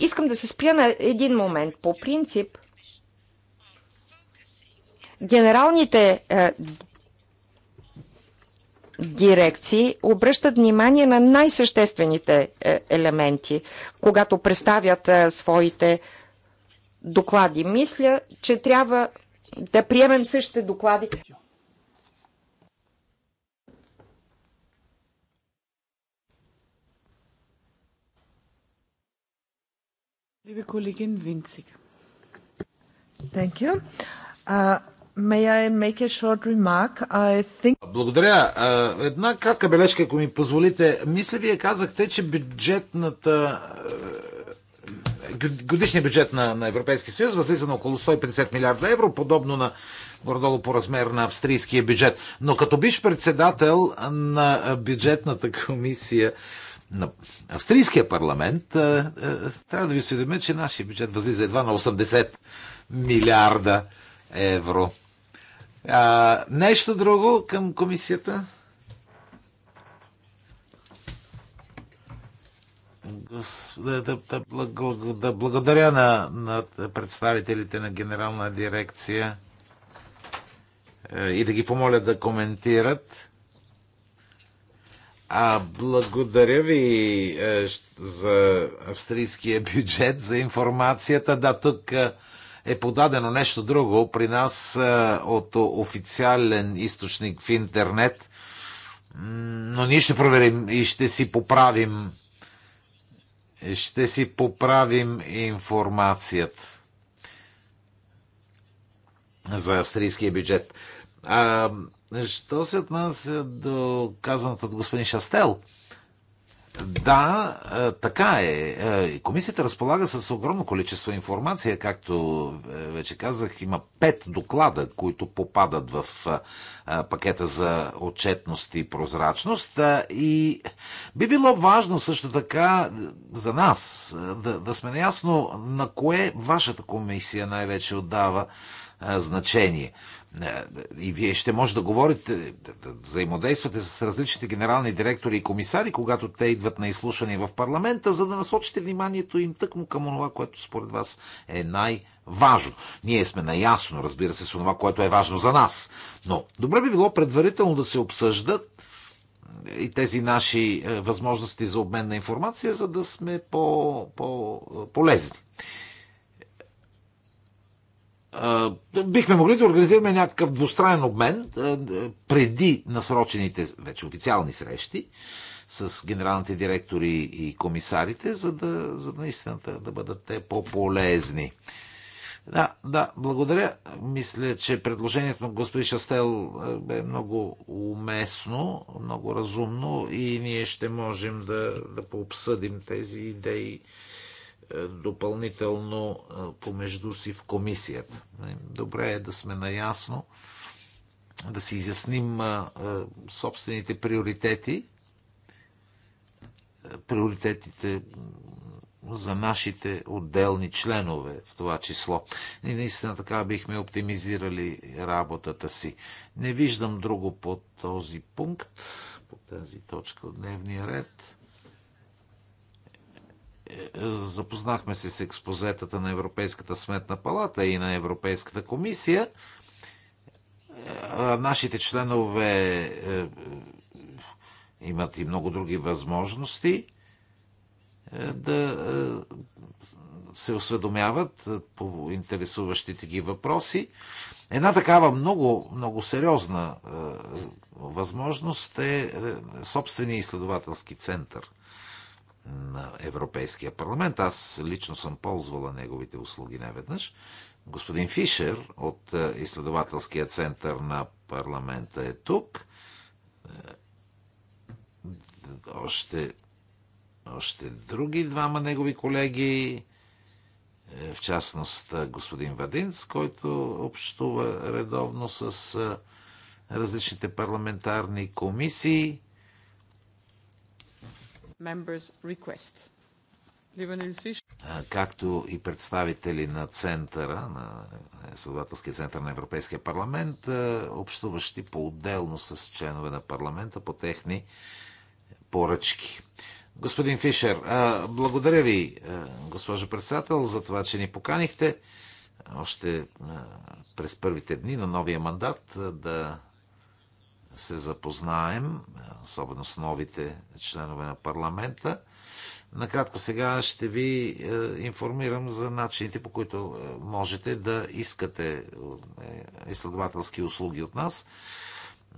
Искам да се спря на един момент. По принцип, Генералните е, дирекции обръщат внимание на най-съществените е, елементи, когато представят е, своите доклади. Мисля, че трябва да приемем същите доклади. Liebe колегин Winzig. Thank you. Uh, May I make a short remark? I think... Благодаря. Една кратка бележка, ако ми позволите. Мисля, вие казахте, че бюджетната годишният бюджет на, на Европейския съюз възлиза на около 150 милиарда евро, подобно на гордолу по размер на австрийския бюджет. Но като биш председател на бюджетната комисия на австрийския парламент, трябва да ви осведомя, че нашия бюджет възлиза едва на 80 милиарда евро. А, нещо друго към комисията? Да, да, да, да благодаря на, на представителите на генерална дирекция е, и да ги помоля да коментират. А благодаря ви е, за австрийския бюджет, за информацията. Да, тук е, е подадено нещо друго при нас е, от официален източник в интернет. Но ние ще проверим и ще си поправим. Ще си поправим информацията за австрийския бюджет. А, що се отнася до казаното от господин Шастел? Да, е, така е. е комисията разполага с огромно количество информация, както е, вече казах, има пет доклада, които попадат в пакета за отчетност и прозрачност. И би било важно също така за нас да, да сме наясно на кое вашата комисия най-вече отдава значение. И вие ще може да говорите, да взаимодействате с различните генерални директори и комисари, когато те идват на изслушане в парламента, за да насочите вниманието им тъкмо към това, което според вас е най- важно. Ние сме наясно, разбира се, с това, което е важно за нас. Но добре би било предварително да се обсъждат е, и тези наши е, възможности за обмен на информация, за да сме по-полезни. -по е, бихме могли да организираме някакъв двустранен обмен преди насрочените вече официални срещи с генералните директори и комисарите, за да, за наистина да бъдат те по-полезни. Да, да, благодаря. Мисля, че предложението на господин Шастел е много уместно, много разумно и ние ще можем да, да пообсъдим тези идеи е, допълнително е, помежду си в комисията. Е, добре е да сме наясно, да си изясним собствените приоритети, приоритетите за нашите отделни членове в това число. И наистина така бихме оптимизирали работата си. Не виждам друго по този пункт, по тази точка от дневния ред запознахме се с експозетата на Европейската сметна палата и на Европейската комисия. Нашите членове е, е, имат и много други възможности е, да се осведомяват по интересуващите ги въпроси. Една такава много, много сериозна възможност е собствения изследователски център – на Европейския парламент. Аз лично съм ползвала неговите услуги неведнъж. Господин Фишер от е, изследователския център на парламента е тук. Е, още, още други двама негови колеги, е, в частност господин Вадинц, който общува редовно с различните парламентарни комисии. Както и представители на центъра, на изследователския център на Европейския парламент, общуващи по-отделно с членове на парламента по техни поръчки. Господин Фишер, благодаря ви, госпожо председател, за това, че ни поканихте още през първите дни на новия мандат да се запознаем, особено с новите членове на парламента. Накратко сега ще ви е, информирам за начините, по които е, можете да искате е, изследователски услуги от нас,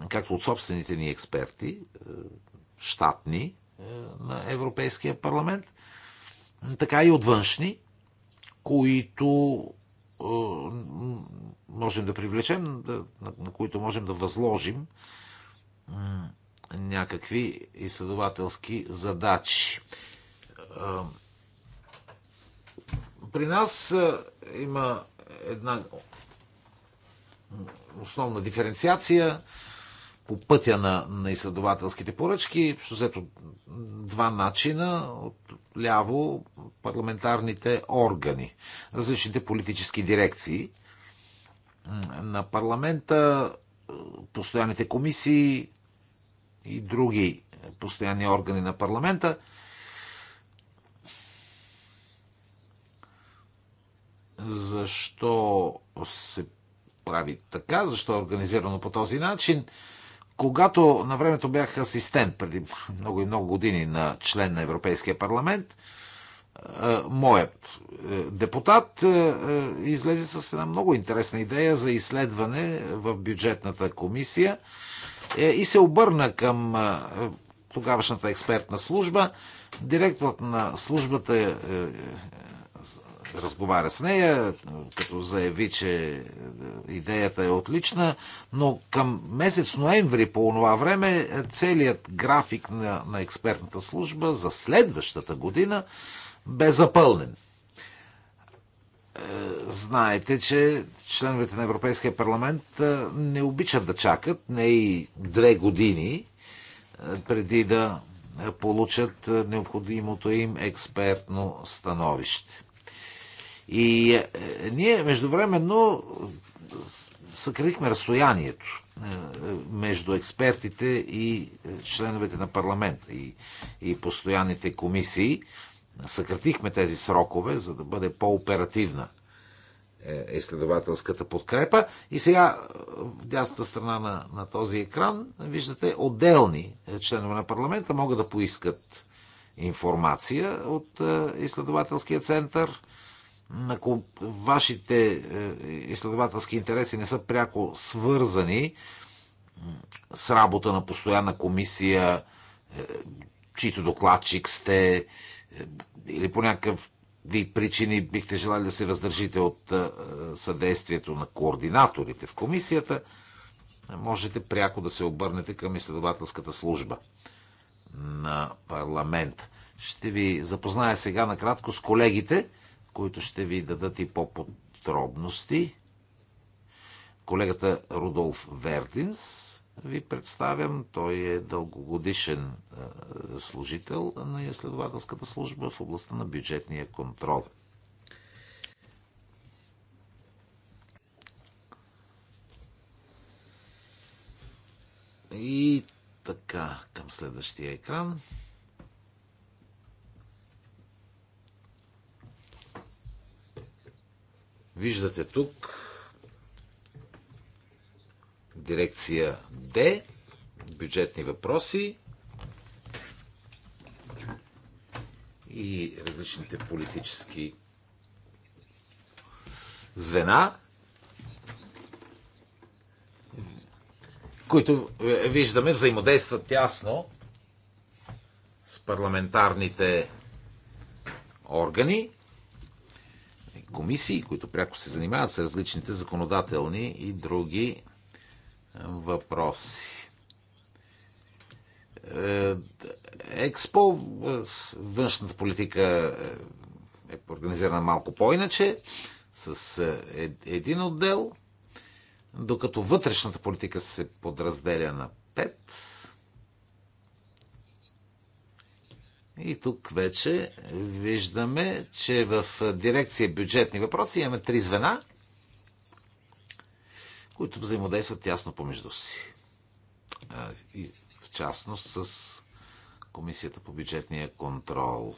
както от собствените ни експерти, щатни на Европейския парламент, така и от външни, които можем да привлечем, на които можем да възложим някакви изследователски задачи. При нас има една основна диференциация по пътя на, на изследователските поръчки. Що взето два начина от ляво парламентарните органи, различните политически дирекции на парламента, постоянните комисии, и други постоянни органи на парламента. Защо се прави така? Защо е организирано по този начин? Когато на времето бях асистент преди много и много години на член на Европейския парламент, е, моят е, депутат е, излезе с една много интересна идея за изследване в бюджетната комисия – е, и се обърна към тогавашната експертна служба. Директорът на службата е, е, разговаря с нея, като заяви, че идеята е отлична, но към месец ноември по това време целият график на, на експертната служба за следващата година бе запълнен знаете, че членовете на Европейския парламент не обичат да чакат, не и две години преди да получат необходимото им експертно становище. И е, е, ние междувременно съкрихме разстоянието между експертите и е, членовете на парламента и, и постоянните комисии съкратихме тези срокове, за да бъде по-оперативна е, изследователската подкрепа. И сега е, в дясната страна на, на този екран виждате отделни е, членове на парламента могат да поискат информация от изследователския център. Ако вашите изследователски интереси не са пряко свързани с работа на постоянна комисия, чието докладчик сте, или по някакъв ви причини бихте желали да се въздържите от съдействието на координаторите в комисията, можете пряко да се обърнете към изследователската служба на парламент. Ще ви запозная сега накратко с колегите, които ще ви дадат и по-подробности. Колегата Рудолф Вертинс, ви представям. Той е дългогодишен е, служител на изследователската служба в областта на бюджетния контрол. И така, към следващия екран. Виждате тук дирекция Д, бюджетни въпроси и различните политически звена, които е, виждаме взаимодействат тясно с парламентарните органи, комисии, които пряко се занимават с различните законодателни и други въпроси. Е, Експо, е, външната политика е, е организирана малко по-иначе, с един отдел, докато вътрешната политика се подразделя на пет. И тук вече виждаме, че в дирекция бюджетни въпроси имаме три звена – които взаимодействат тясно помежду си. И в частност с Комисията по бюджетния контрол.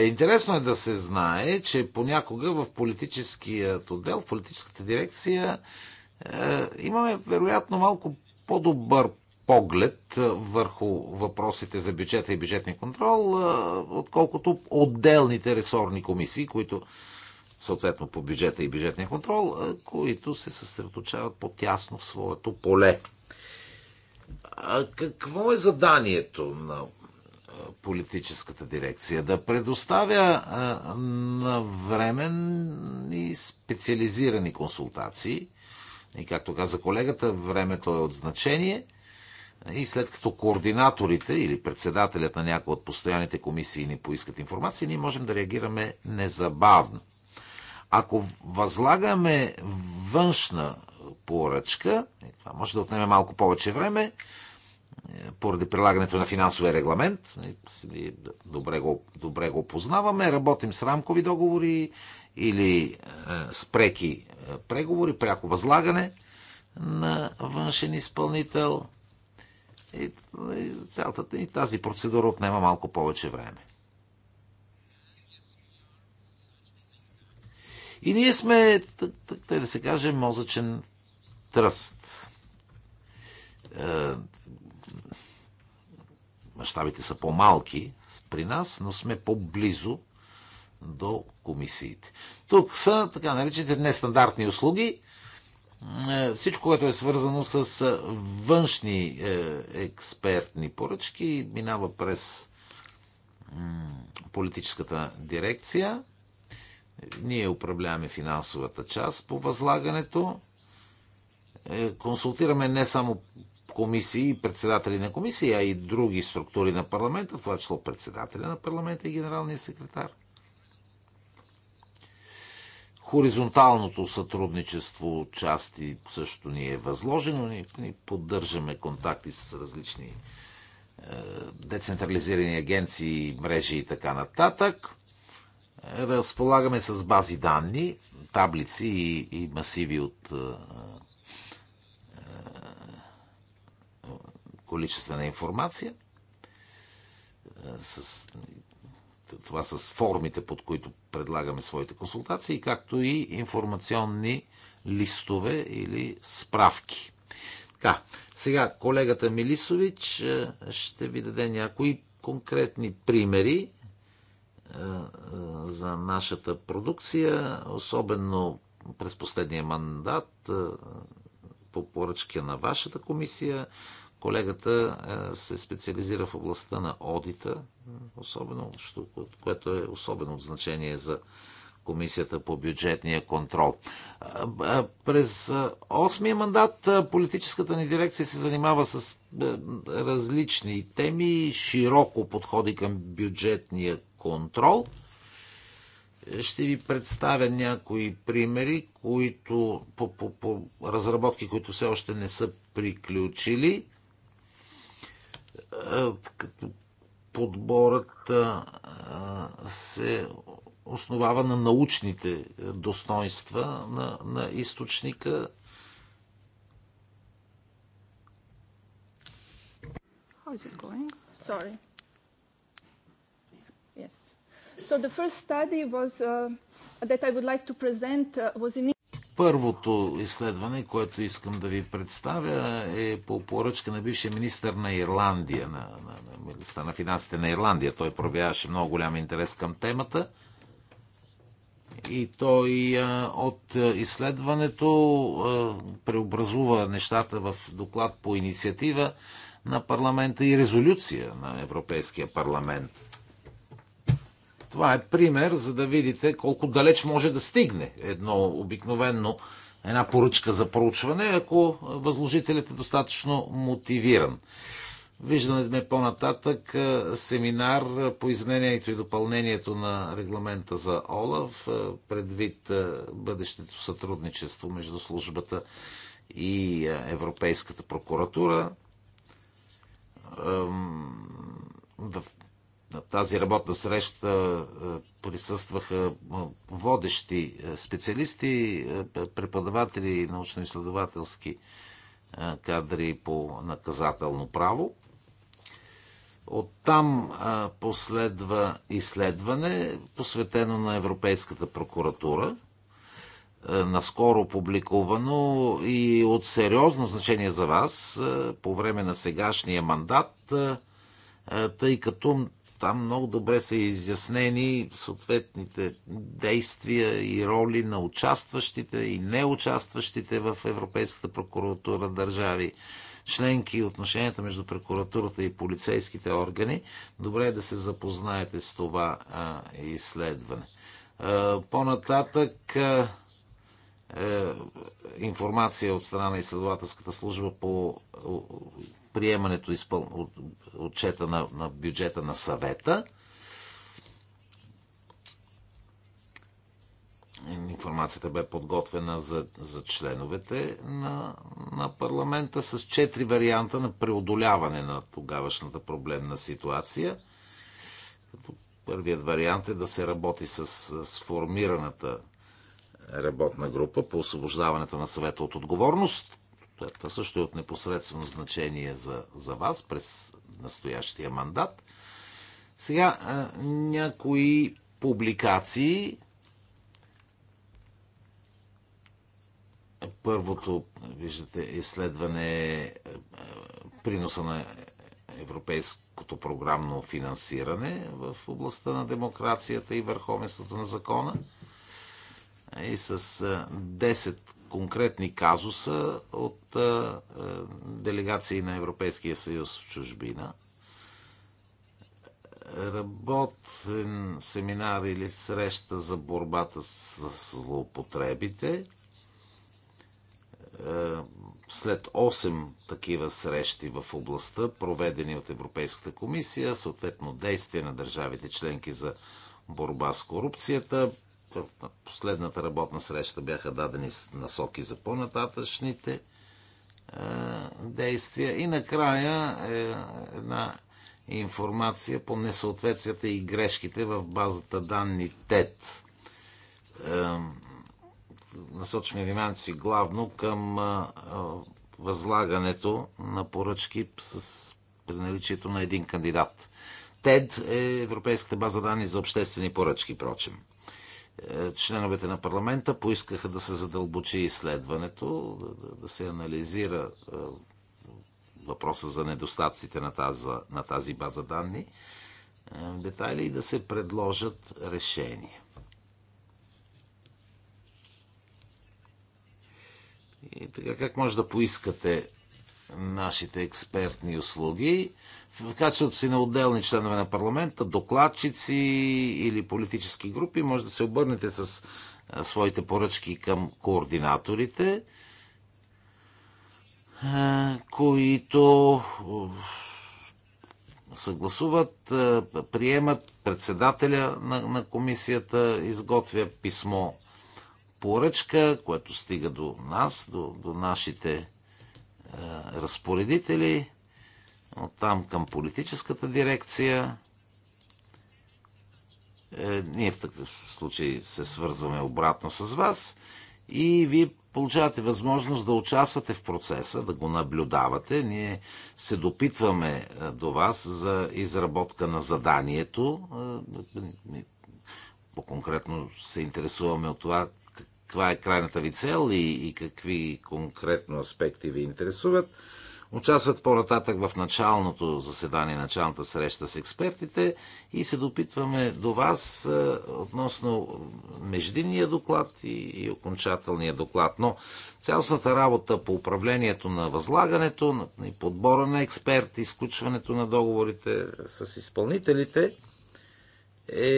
Интересно е да се знае, че понякога в политическият отдел, в политическата дирекция, имаме вероятно малко по-добър поглед върху въпросите за бюджета и бюджетния контрол, отколкото отделните ресорни комисии, които съответно по бюджета и бюджетния контрол, които се съсредоточават по-тясно в своето поле. А какво е заданието на политическата дирекция? Да предоставя на временни специализирани консултации. И както каза колегата, времето е от значение – и след като координаторите или председателят на някои от постоянните комисии ни поискат информация, ние можем да реагираме незабавно. Ако възлагаме външна поръчка, това може да отнеме малко повече време, е, поради прилагането на финансовия регламент, нали, добре го, добре го познаваме, работим с рамкови договори или е, с преки е, преговори, пряко възлагане на външен изпълнител. И, и цялата и тази процедура отнема малко повече време. И ние сме, така да се каже, мозъчен тръст. Е, мащабите са по-малки при нас, но сме по-близо до комисиите. Тук са така наречените нестандартни услуги. Е, всичко, което е свързано с е, външни експертни поръчки, минава през политическата дирекция. Ние управляваме финансовата част по възлагането. Е, консултираме не само комисии, и председатели на комисии, а и други структури на парламента, в това число председателя на парламента и генералния секретар. Хоризонталното сътрудничество части също ни е възложено. Ние, поддържаме контакти с различни е, децентрализирани агенции, мрежи и така нататък разполагаме с бази данни, таблици и, и масиви от е, е, количествена информация. Е, с, това с формите, под които предлагаме своите консултации, както и информационни листове или справки. Така, сега колегата Милисович ще ви даде някои конкретни примери е, е, за нашата продукция, особено през последния мандат е, по поръчки на вашата комисия. Колегата се специализира в областта на одита, особено, което е особено от значение за Комисията по бюджетния контрол. През 8-я мандат политическата ни дирекция се занимава с различни теми, широко подходи към бюджетния контрол. Ще ви представя някои примери, които, по, по, по разработки, които все още не са приключили. Е, подборът е, се основава на научните достоинства на, на източника. How is it going? Sorry. So the first study was, uh, that I would like to present uh, was in Първото изследване, което искам да ви представя, е по поръчка на бившия министр на Ирландия, на, на, на министра на финансите на Ирландия. Той проявяваше много голям интерес към темата. И той а, от изследването а, преобразува нещата в доклад по инициатива на парламента и резолюция на Европейския парламент това е пример, за да видите колко далеч може да стигне едно обикновено една поръчка за проучване, ако възложителят е достатъчно мотивиран. Виждаме по-нататък е, семинар по изменението и допълнението на регламента за ОЛАВ, е, предвид е, бъдещето сътрудничество между службата и Европейската прокуратура. В на тази работна среща е, присъстваха е, водещи е, специалисти, преподаватели и научно-изследователски кадри по наказателно право. Оттам последва изследване, посветено на Европейската прокуратура, наскоро публикувано и от сериозно значение за вас по време на сегашния мандат, тъй като там много добре са изяснени съответните действия и роли на участващите и неучастващите в Европейската прокуратура държави членки и отношенията между прокуратурата и полицейските органи. Добре е да се запознаете с това а, изследване. А, по-нататък а, е, информация от страна на изследователската служба по приемането изпъл... отчета на, на бюджета на съвета. Информацията бе подготвена за, за членовете на, на парламента с четири варианта на преодоляване на тогавашната проблемна ситуация. Първият вариант е да се работи с, с формираната работна група по освобождаването на съвета от отговорност, това е- също е от непосредствено значение за, за вас през настоящия мандат. Сега някои публикации. Първото, виждате, изследване е, е приноса на европейското програмно финансиране в областта на демокрацията и върховенството на закона. И с 10 конкретни казуса от делегации на Европейския съюз в чужбина. Работен семинар или среща за борбата с злоупотребите. След 8 такива срещи в областта, проведени от Европейската комисия, съответно действия на държавите членки за борба с корупцията, на последната работна среща бяха дадени насоки за по-нататъчните е, действия. И накрая е една информация по несъответствията и грешките в базата данни ТЕД. Е, насочваме вниманието си главно към е, възлагането на поръчки с при наличието на един кандидат. ТЕД е Европейската база данни за обществени поръчки, прочим членовете на парламента поискаха да се задълбочи изследването, да се анализира е, въпроса за недостатците на тази, на тази база данни е, детайли и да се предложат решения. И така, как може да поискате нашите експертни услуги? в качеството си на отделни членове на парламента, докладчици или политически групи, може да се обърнете с своите поръчки към координаторите, които съгласуват, приемат председателя на, на комисията, изготвя писмо поръчка, което стига до нас, до, до нашите е, разпоредители оттам към политическата дирекция. Е, ние в такъв случай се свързваме обратно с вас и вие получавате възможност да участвате в процеса, да го наблюдавате. Ние се допитваме е, до вас за изработка на заданието. Е, по-конкретно се интересуваме от това каква е крайната ви цел и, и какви конкретно аспекти ви интересуват. Участват по-нататък в началното заседание, началната среща с експертите и се допитваме до вас е, относно междинния доклад и, окончателния доклад. Но цялостната работа по управлението на възлагането, и подбора на експерти, изключването на договорите с изпълнителите е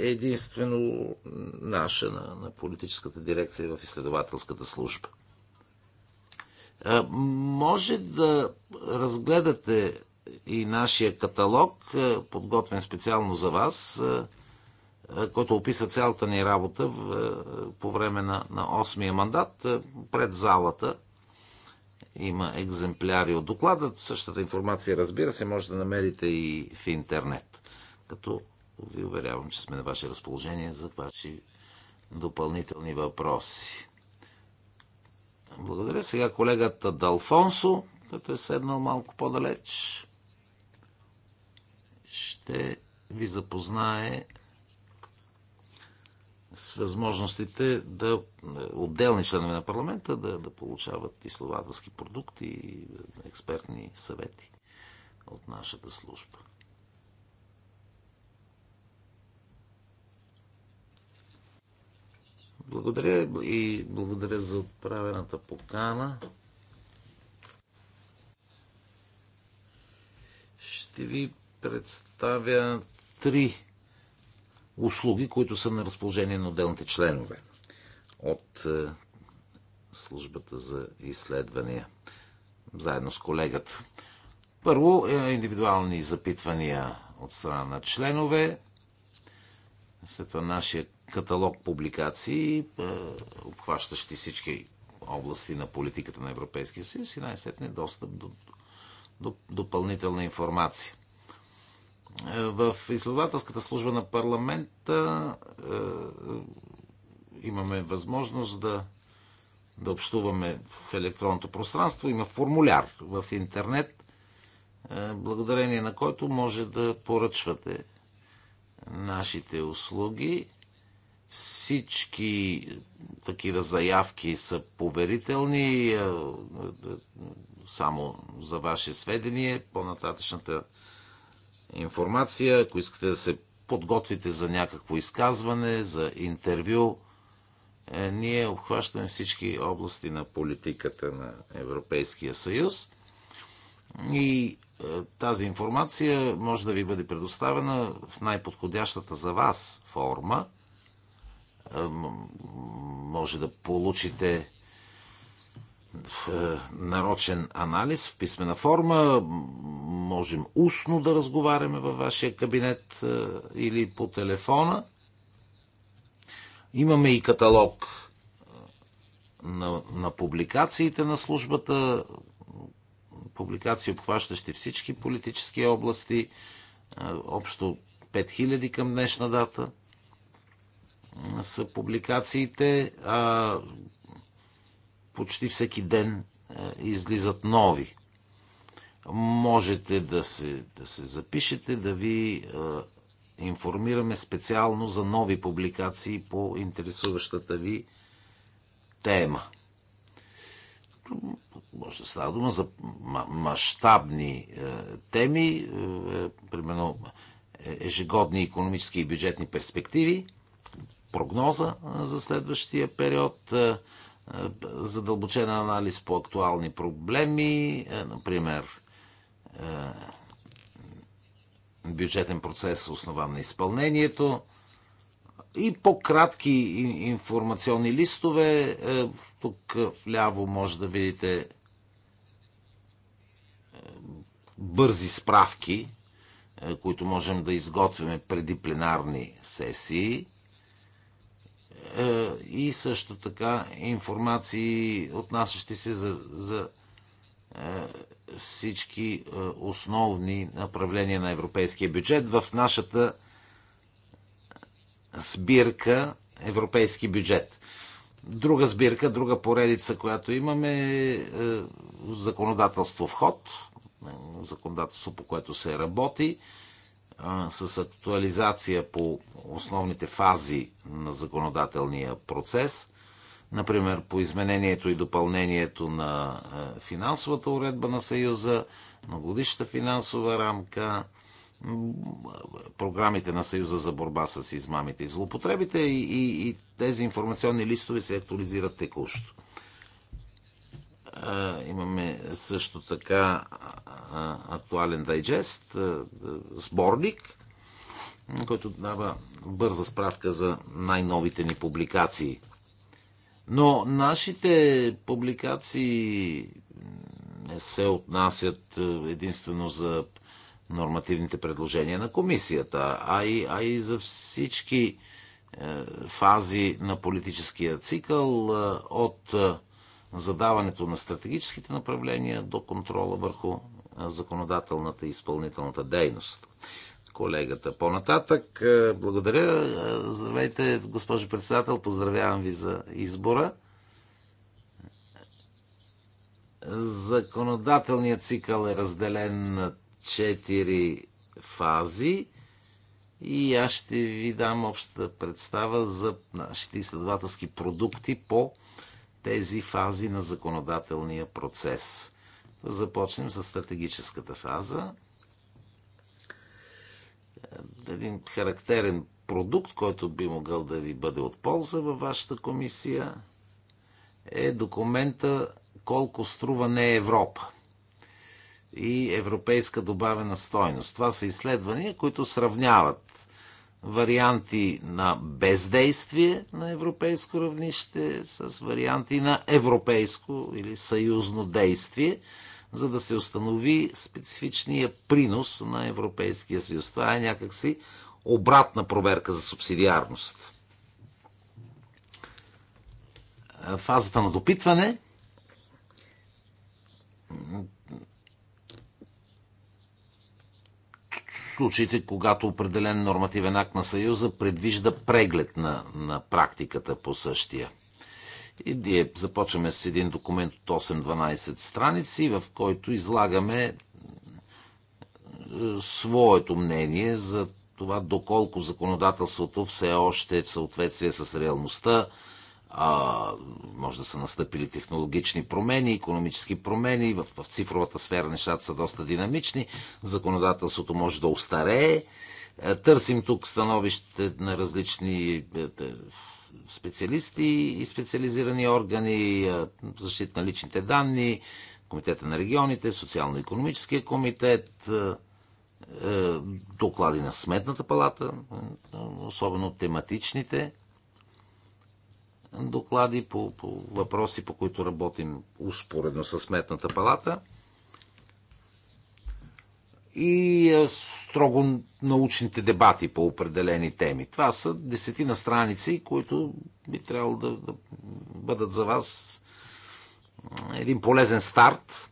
единствено наша на, на политическата дирекция в изследователската служба. Може да разгледате и нашия каталог, подготвен специално за вас, който описа цялата ни работа по време на, на 8-я мандат пред залата. Има екземпляри от доклада. Същата информация, разбира се, може да намерите и в интернет. Като ви уверявам, че сме на ваше разположение за ваши допълнителни въпроси. Благодаря. Сега колегата Далфонсо, като е седнал малко по-далеч, ще ви запознае с възможностите да отделни членове на парламента да, да получават изследователски продукти и експертни съвети от нашата служба. Благодаря и благодаря за отправената покана. Ще ви представя три услуги, които са на разположение на отделните членове от е, службата за изследвания, заедно с колегата. Първо, е, индивидуални запитвания от страна на членове. След това нашия каталог публикации, обхващащи всички области на политиката на Европейския съюз и най-сетне достъп до, до допълнителна информация. Е, в изследователската служба на парламента е, имаме възможност да, да общуваме в електронното пространство. Има формуляр в интернет, е, благодарение на който може да поръчвате нашите услуги всички такива заявки са поверителни. Е, е, само за ваше сведение, по-нататъчната информация, ако искате да се подготвите за някакво изказване, за интервю, е, ние обхващаме всички области на политиката на Европейския съюз. И тази информация може да ви бъде предоставена в най-подходящата за вас форма – може да получите е, нарочен анализ в писмена форма. Можем устно да разговаряме във вашия кабинет е, или по телефона. Имаме и каталог е, на, на публикациите на службата, публикации обхващащи всички политически области, общо 5000 към днешна дата – са публикациите, а почти всеки ден е, излизат нови. Можете да се, да се запишете, да ви информираме специално за нови публикации по интересуващата ви тема. Може да става дума за мащабни е, теми, е, примерно ежегодни економически и бюджетни перспективи прогноза за следващия период, задълбочен анализ по актуални проблеми, е, например е, бюджетен процес, основан на изпълнението, и по-кратки информационни листове. Е, тук вляво може да видите бързи справки, които можем да изготвяме преди пленарни сесии. Е, и също така информации, отнасящи се за, за е, всички е, основни направления на европейския бюджет. В нашата сбирка европейски бюджет. Друга сбирка, друга поредица, която имаме е законодателство в ход, законодателство по което се работи с актуализация по основните фази на законодателния процес, например по изменението и допълнението на финансовата уредба на Съюза, годишната финансова рамка, програмите на Съюза за борба с измамите и злоупотребите и, и, и тези информационни листове се актуализират текущо. Имаме също така актуален дайджест, сборник, който дава бърза справка за най-новите ни публикации. Но нашите публикации не се отнасят единствено за нормативните предложения на комисията, а и, а и за всички фази на политическия цикъл от задаването на стратегическите направления до контрола върху законодателната и изпълнителната дейност. Колегата по-нататък. Благодаря. Здравейте, госпожо председател. Поздравявам ви за избора. Законодателният цикъл е разделен на четири фази и аз ще ви дам обща представа за нашите изследователски продукти по тези фази на законодателния процес. Да започнем с стратегическата фаза. Един характерен продукт, който би могъл да ви бъде от полза във вашата комисия, е документа Колко струва не Европа и европейска добавена стойност. Това са изследвания, които сравняват варианти на бездействие на европейско равнище с варианти на европейско или съюзно действие, за да се установи специфичния принос на Европейския съюз. Това е някакси обратна проверка за субсидиарност. Фазата на допитване случаите, когато определен нормативен акт на Съюза предвижда преглед на, на практиката по същия. И ние започваме с един документ от 8-12 страници, в който излагаме е, своето мнение за това доколко законодателството все още е в съответствие с реалността, а, може да са настъпили технологични промени, економически промени, в, в цифровата сфера нещата са доста динамични, законодателството може да остарее. Е, търсим тук становище на различни е, е, специалисти и специализирани органи, защита на личните данни, Комитета на регионите, Социално-економическия комитет, доклади на Сметната палата, особено тематичните доклади по, по въпроси, по които работим успоредно с Сметната палата. И е, строго научните дебати по определени теми. Това са десетина страници, които би трябвало да, да бъдат за вас е, един полезен старт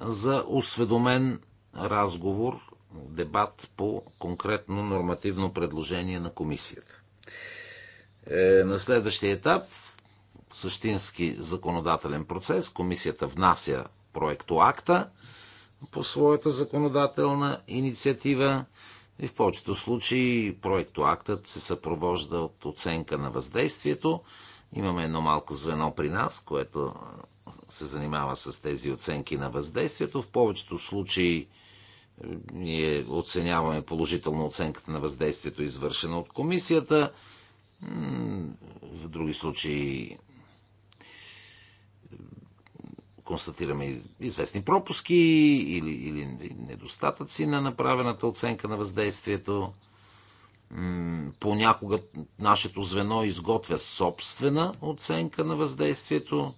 за осведомен разговор, дебат по конкретно нормативно предложение на комисията. Е, на следващия етап същински законодателен процес. Комисията внася проектоакта по своята законодателна инициатива и в повечето случаи проектоактът се съпровожда от оценка на въздействието. Имаме едно малко звено при нас, което се занимава с тези оценки на въздействието. В повечето случаи е, ние оценяваме положително оценката на въздействието, извършено от комисията в други случаи констатираме известни пропуски или, или недостатъци на направената оценка на въздействието. Понякога нашето звено изготвя собствена оценка на въздействието.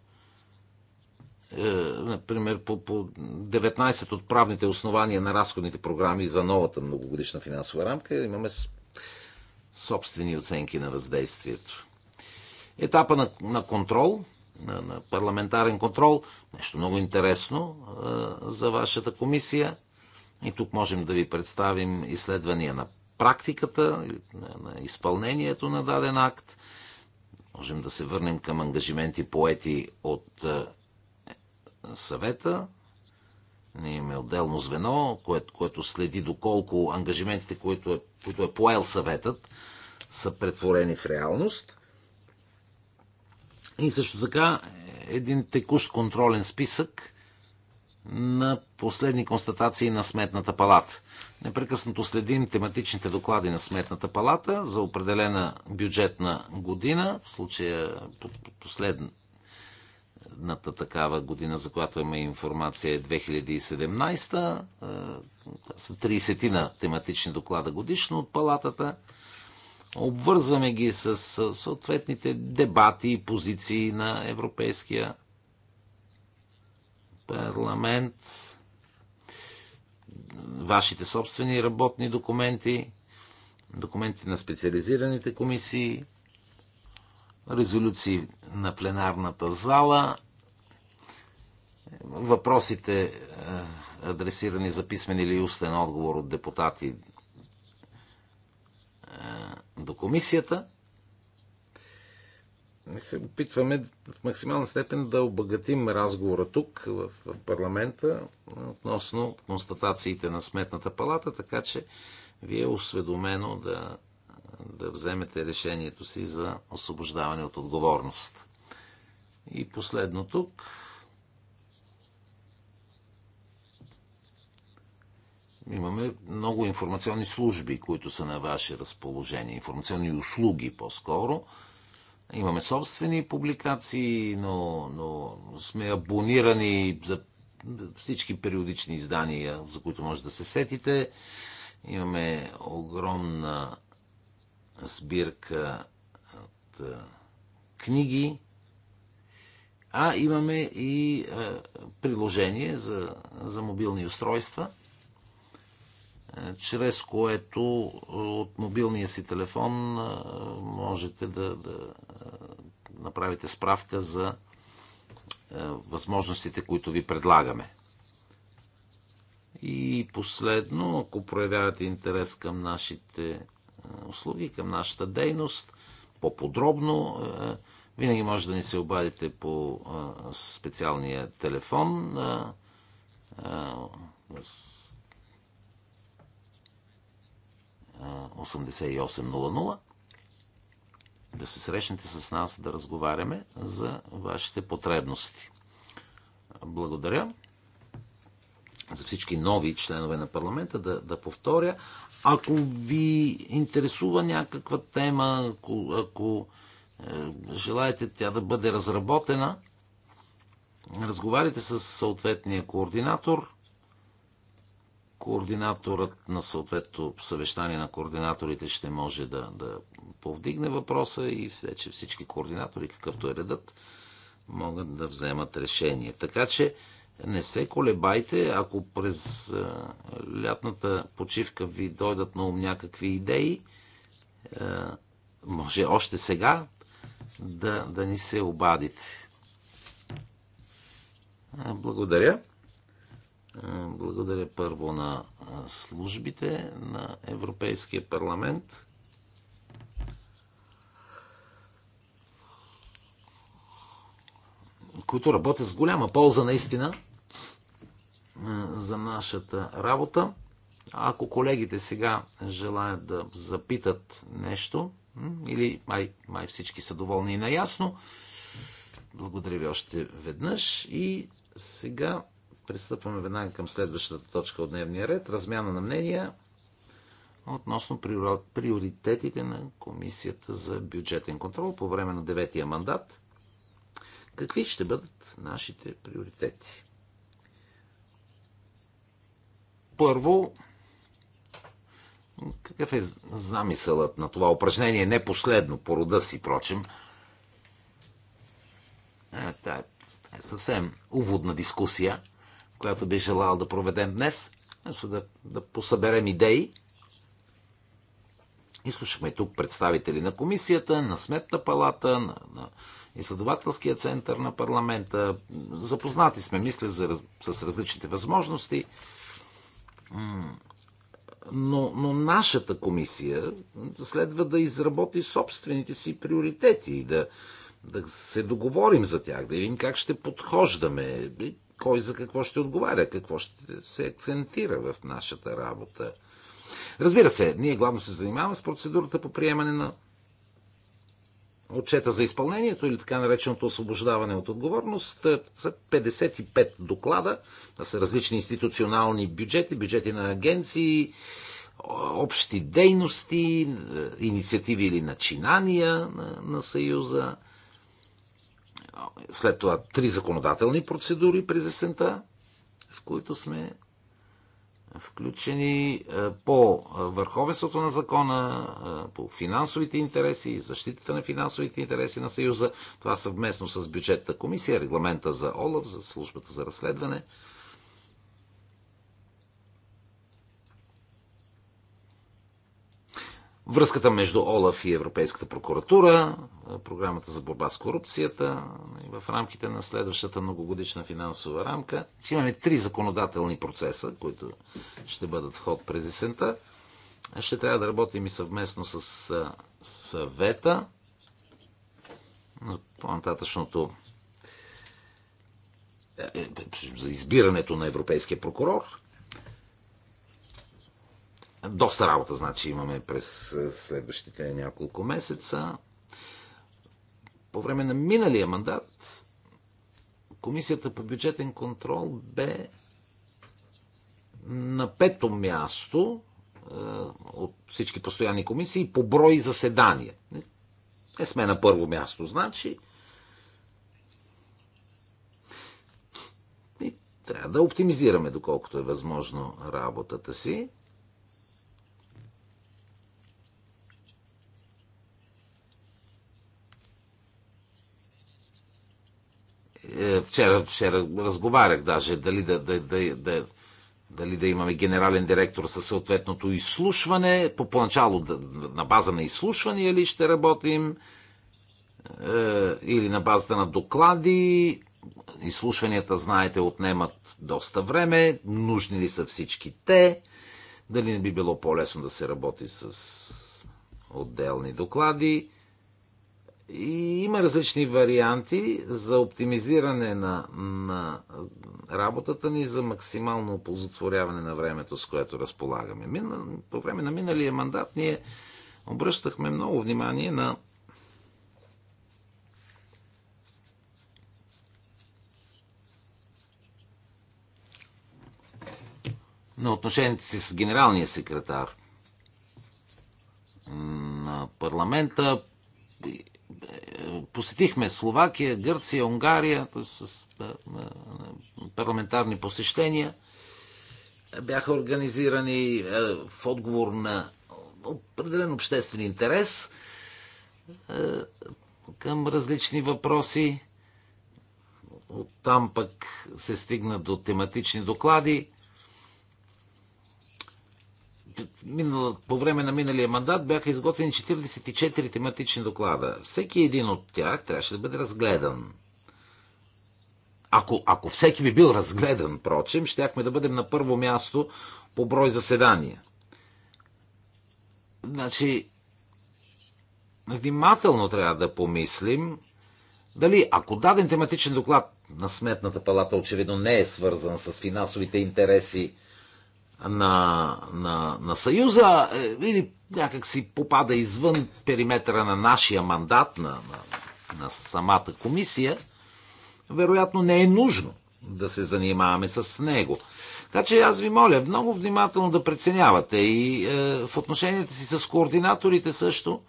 Е, например, по, по 19 от правните основания на разходните програми за новата многогодишна финансова рамка имаме собствени оценки на въздействието. Етапа на, на контрол, на, на парламентарен контрол, нещо много интересно а, за вашата комисия. И тук можем да ви представим изследвания на практиката, на изпълнението на даден акт. Можем да се върнем към ангажименти поети от съвета ние имаме отделно звено, което, което следи доколко ангажиментите, които е, които е поел съветът, са претворени в реалност. И също така един текущ контролен списък на последни констатации на Сметната палата. Непрекъснато следим тематичните доклади на Сметната палата за определена бюджетна година, в случая последната Последната такава година, за която има информация е 2017. Е, са 30 на тематични доклада годишно от палатата. Обвързваме ги с съответните дебати и позиции на Европейския парламент, вашите собствени работни документи, документи на специализираните комисии, резолюции на пленарната зала Въпросите, адресирани за писмен или устен отговор от депутати до комисията, се опитваме в максимална степен да обогатим разговора тук, в, в парламента, относно констатациите на Сметната палата, така че вие осведомено да, да вземете решението си за освобождаване от отговорност. И последно тук, Имаме много информационни служби, които са на ваше разположение, информационни услуги по-скоро. Имаме собствени публикации, но, но сме абонирани за всички периодични издания, за които може да се сетите. Имаме огромна сбирка от книги, а имаме и приложение за, за мобилни устройства – е, чрез което е, от мобилния си телефон е, можете да, да направите справка за възможностите, които ви предлагаме. И последно, ако проявявате интерес към нашите услуги, към нашата дейност, по-подробно, винаги може да ни се обадите по специалния телефон 8800. Да се срещнете с нас, да разговаряме за вашите потребности. Благодаря за всички нови членове на парламента да, да повторя. Ако ви интересува някаква тема, ако, ако е, желаете тя да бъде разработена, разговаряйте с съответния координатор координаторът на съответното съвещание на координаторите ще може да, да повдигне въпроса и вече всички координатори, какъвто е редът, могат да вземат решение. Така че не се колебайте, ако през а, лятната почивка ви дойдат на ум някакви идеи, а, може още сега да, да ни се обадите. Благодаря. Е, благодаря първо на е, службите на Европейския парламент. които работят с голяма полза наистина е, за нашата работа. Ако колегите сега желаят да запитат нещо, или май, май всички са доволни и наясно, благодаря ви още веднъж и сега Пристъпваме веднага към следващата точка от дневния ред. Размяна на мнения относно приоритетите на Комисията за бюджетен контрол по време на деветия мандат. Какви ще бъдат нашите приоритети? Първо, какъв е замисълът на това упражнение? Не последно, по рода си, прочим. Та е, е съвсем уводна дискусия която би желал да проведем днес, да, да посъберем идеи. И слушахме тук представители на комисията, на Сметна палата, на, на изследователския център на парламента. Запознати сме, мисля, за, с различните възможности. Но, но нашата комисия следва да изработи собствените си приоритети и да, да се договорим за тях, да видим как ще подхождаме кой за какво ще отговаря, какво ще се акцентира в нашата работа. Разбира се, ние главно се занимаваме с процедурата по приемане на отчета за изпълнението или така нареченото освобождаване от отговорност са 55 доклада. на са различни институционални бюджети, бюджети на агенции, общи дейности, инициативи или начинания на, на Съюза – след това три законодателни процедури през есента, в които сме включени е, по върховенството на закона, е, по финансовите интереси и защитата на финансовите интереси на Съюза. Това съвместно с бюджетната комисия, регламента за ОЛАВ, за службата за разследване – Връзката между ОЛАФ и Европейската прокуратура, програмата за борба с корупцията в рамките на следващата многогодишна финансова рамка. Ще имаме три законодателни процеса, които ще бъдат в ход през есента. Ще трябва да работим и съвместно с съвета. По-нататъчното е, е, за избирането на европейския прокурор, доста работа, значи, имаме през е, следващите няколко месеца. По време на миналия мандат Комисията по бюджетен контрол бе на пето място е, от всички постоянни комисии по брой заседания. Не сме на първо място, значи. И трябва да оптимизираме, доколкото е възможно, работата си. Вчера, вчера разговарях даже дали да, да, да, да, дали да имаме генерален директор със съответното изслушване, по поначало на база на изслушвания ли ще работим, е, или на базата на доклади. Изслушванията, знаете, отнемат доста време. Нужни ли са всички те? Дали не би било по-лесно да се работи с отделни доклади? И има различни варианти за оптимизиране на, на работата ни за максимално оползотворяване на времето, с което разполагаме. по време на миналия мандат ние обръщахме много внимание на на отношението си с генералния секретар на парламента посетихме Словакия, Гърция, Унгария с парламентарни посещения. Бяха организирани в отговор на определен обществен интерес към различни въпроси. Оттам пък се стигна до тематични доклади минало, по време на миналия мандат бяха изготвени 44 тематични доклада. Всеки един от тях трябваше да бъде разгледан. Ако, ако всеки би бил разгледан, прочим, щяхме да бъдем на първо място по брой заседания. Значи, внимателно трябва да помислим дали ако даден тематичен доклад на Сметната палата очевидно не е свързан с финансовите интереси на, на, на Съюза е, или някак си попада извън периметъра на нашия мандат, на, на, на самата комисия, вероятно не е нужно да се занимаваме с него. Така че аз ви моля много внимателно да преценявате и е, в отношенията си с координаторите също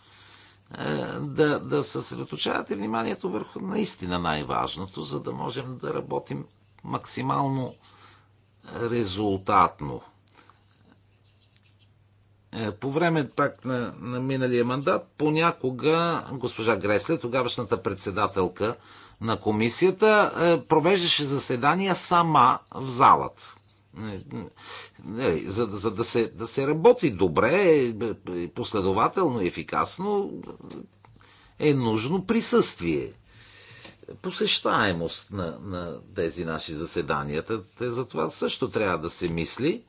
е, да, да съсредоточавате вниманието върху наистина най-важното, за да можем да работим максимално резултатно. Е, по време пак на, на миналия мандат, понякога госпожа Гресле, тогавашната председателка на комисията, е, провеждаше заседания сама в залата. Е, за, за да, се, да се работи добре, последователно и ефикасно, е нужно присъствие посещаемост на, на тези наши заседания. Те, за това също трябва да се мисли.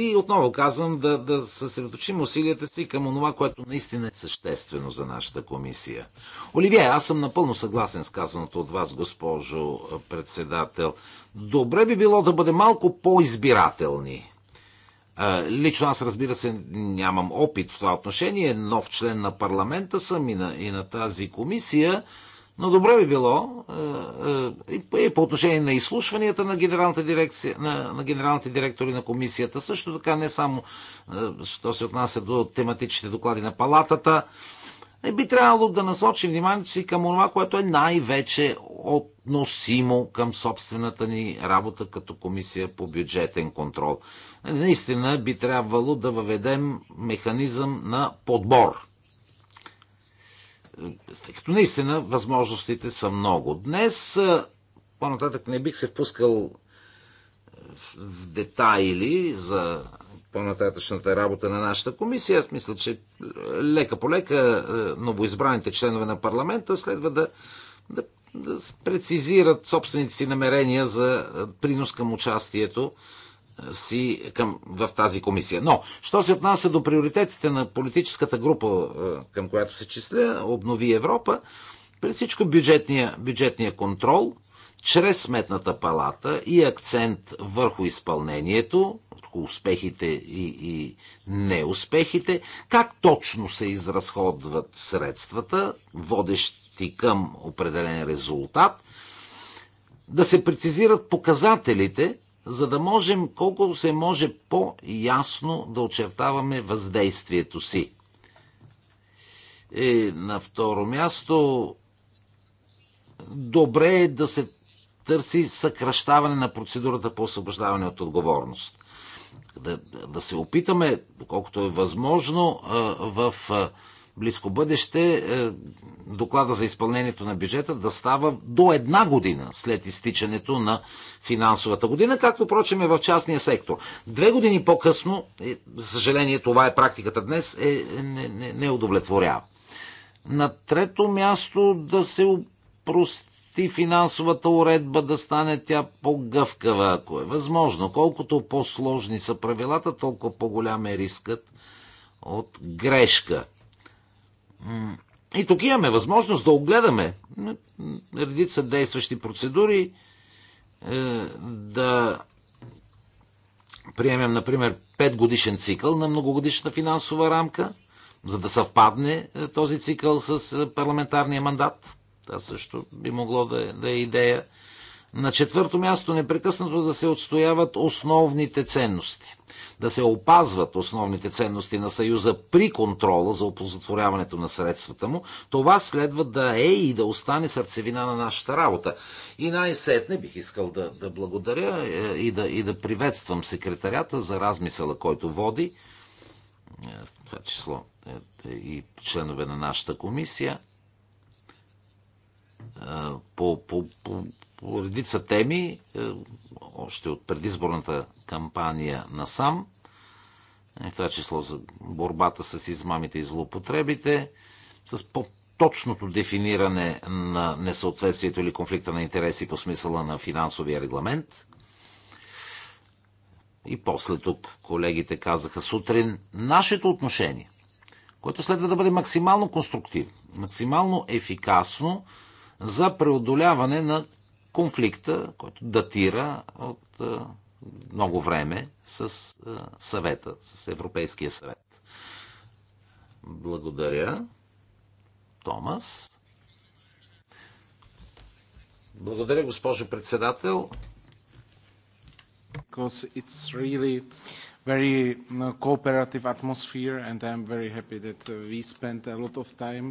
И отново казвам да, да съсредоточим усилията си към онова, което наистина е съществено за нашата комисия. Оливия, аз съм напълно съгласен с казаното от вас, госпожо председател. Добре би било да бъде малко по-избирателни. Лично аз, разбира се, нямам опит в това отношение. Нов член на парламента съм и на, и на тази комисия. Но добре би било е, е, и по отношение на изслушванията на генералната дирекция, на, на генералните директори на комисията, също така не само е, що се отнася до тематичните доклади на палатата, би трябвало да насочим вниманието си към това, което е най-вече относимо към собствената ни работа като комисия по бюджетен контрол. Наистина би трябвало да въведем механизъм на подбор тъй като наистина възможностите са много. Днес, по-нататък не бих се впускал в детайли за по-нататъчната работа на нашата комисия. Аз мисля, че лека по лека новоизбраните членове на парламента следва да, да, да прецизират собствените си намерения за принос към участието си към, в тази комисия. Но, що се отнася до приоритетите на политическата група, е, към която се числя, обнови Европа, пред всичко бюджетния, бюджетния контрол, чрез сметната палата и акцент върху изпълнението, върху успехите и, и неуспехите, как точно се изразходват средствата, водещи към определен резултат, да се прецизират показателите, за да можем колко се може по-ясно да очертаваме въздействието си. И е, на второ място, добре е да се търси съкръщаване на процедурата по освобождаване от отговорност. Да, да се опитаме, доколкото е възможно, в близко бъдеще е, доклада за изпълнението на бюджета да става до една година след изтичането на финансовата година, както прочим е в частния сектор. Две години по-късно, е, за съжаление това е практиката днес, е, е, не, не, не удовлетворява. На трето място да се упрости финансовата уредба, да стане тя по-гъвкава, ако е възможно. Колкото по-сложни са правилата, толкова по-голям е рискът от грешка и тук имаме възможност да огледаме редица действащи процедури, е, да приемем, например, 5 годишен цикъл на многогодишна финансова рамка, за да съвпадне е, този цикъл с е, парламентарния мандат. Това също би могло да, да е идея. На четвърто място непрекъснато да се отстояват основните ценности да се опазват основните ценности на Съюза при контрола за оползотворяването на средствата му, това следва да е и да остане сърцевина на нашата работа. И най-сетне бих искал да, да благодаря е, и да, и да приветствам секретарята за размисъла, който води, е, в това число е, и членове на нашата комисия, по, по, по, по редица теми, още от предизборната кампания насам, в е, това число за борбата с измамите и злоупотребите, с по-точното дефиниране на несъответствието или конфликта на интереси по смисъла на финансовия регламент. И после тук колегите казаха сутрин нашето отношение, което следва да бъде максимално конструктивно, максимално ефикасно за преодоляване на конфликта, който датира от много време с съвета, с Европейския съвет. Благодаря. Томас. Благодаря, госпожо председател. It's really very uh, cooperative atmosphere and I'm very happy that uh, we spent a lot of time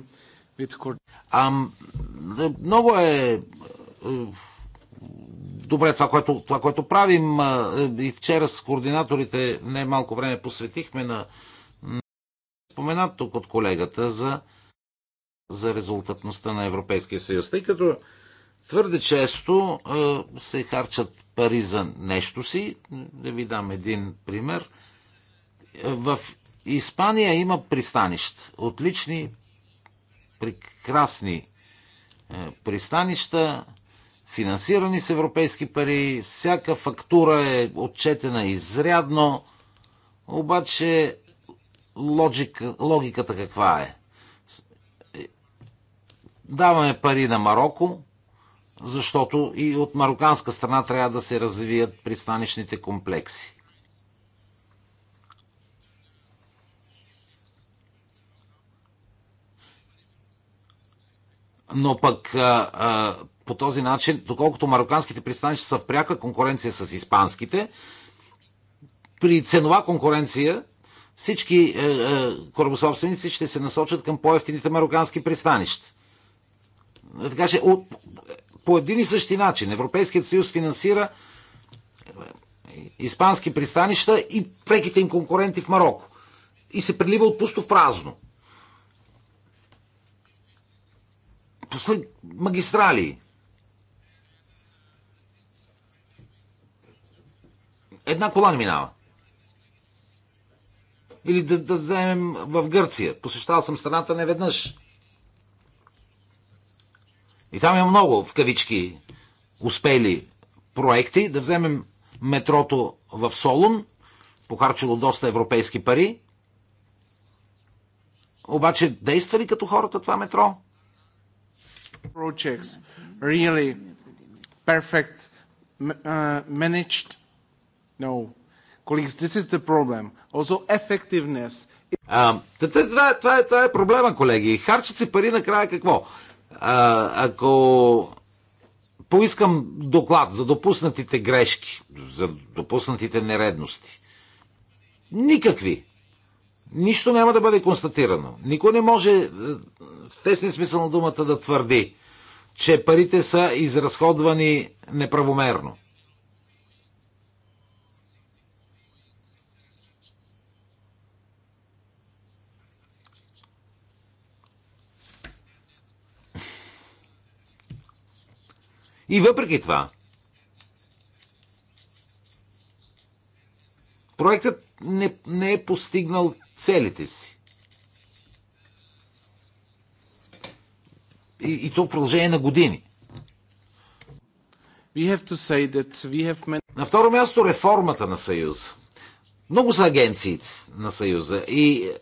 with Много е добре това което, това, което правим. И вчера с координаторите не малко време посветихме на споменат тук от колегата за, за резултатността на Европейския съюз. Тъй като твърде често се харчат пари за нещо си. Да ви дам един пример. В Испания има пристанища. Отлични, прекрасни пристанища финансирани с европейски пари, всяка фактура е отчетена изрядно, обаче логика, логиката каква е? Даваме пари на Марокко, защото и от мароканска страна трябва да се развият пристанищните комплекси. Но пък а, а, по този начин, доколкото мароканските пристанища са в пряка конкуренция с испанските, при ценова конкуренция всички е, е, корабособственици ще се насочат към по-ефтините марокански пристанища. Е, така че, от, по един и същи начин, Европейският съюз финансира е, испански пристанища и преките им конкуренти в Марокко. И се прилива от пусто в празно. После магистрали. Една кола не минава. Или да, да вземем в Гърция. Посещавал съм страната не веднъж. И там има много, в кавички, успели проекти. Да вземем метрото в Солун, похарчило доста европейски пари. Обаче действа ли като хората това метро? Projects really perfect uh, managed No. Colleagues, this is the problem. Also effectiveness. А, това, е, това е проблема, колеги. Харчат си пари накрая какво? ако поискам доклад за допуснатите грешки, за допуснатите нередности, никакви. Нищо няма да бъде констатирано. Никой не може е, в тесния смисъл на думата да твърди, че парите са изразходвани неправомерно. И въпреки това, проектът не, не е постигнал целите си. И, и то в продължение на години. Have... На второ място реформата на Съюз. Много са агенциите на Съюза и е,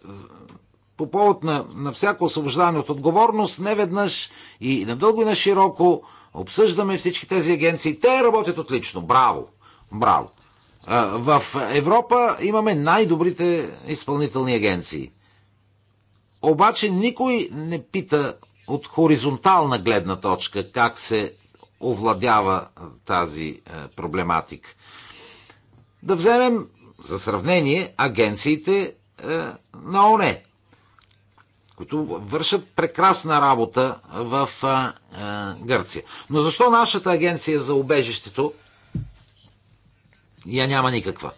по повод на, на всяко освобождаване от отговорност, неведнъж и надълго и на широко Обсъждаме всички тези агенции. Те работят отлично. Браво! Браво! В Европа имаме най-добрите изпълнителни агенции. Обаче никой не пита от хоризонтална гледна точка как се овладява тази проблематика. Да вземем за сравнение агенциите на ОНЕ които вършат прекрасна работа в а, а, Гърция. Но защо нашата агенция за убежището я няма никаква?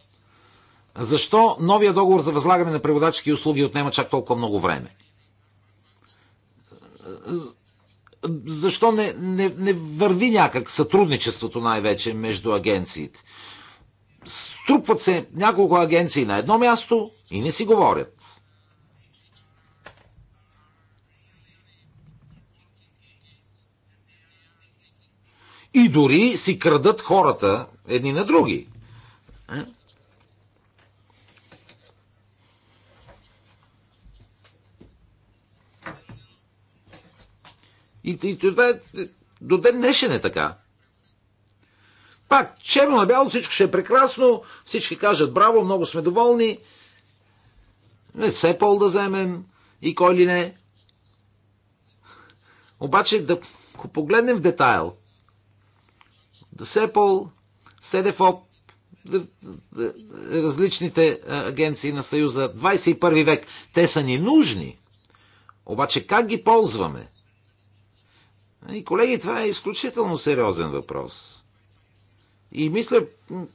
Защо новия договор за възлагане на преводачески услуги отнема чак толкова много време? Защо не, не, не върви някак сътрудничеството най-вече между агенциите? Струпват се няколко агенции на едно място и не си говорят. И дори си крадат хората едни на други. Е? И, и това е, до ден днешен е така. Пак, черно на бяло, всичко ще е прекрасно, всички кажат браво, много сме доволни. Не, е пол да вземем и кой ли не. Обаче, да погледнем в детайл, СЕПОЛ, СЕДЕФОП, различните е, агенции на Съюза, 21 век, те са ни нужни. Обаче как ги ползваме? И колеги, това е изключително сериозен въпрос. И мисля,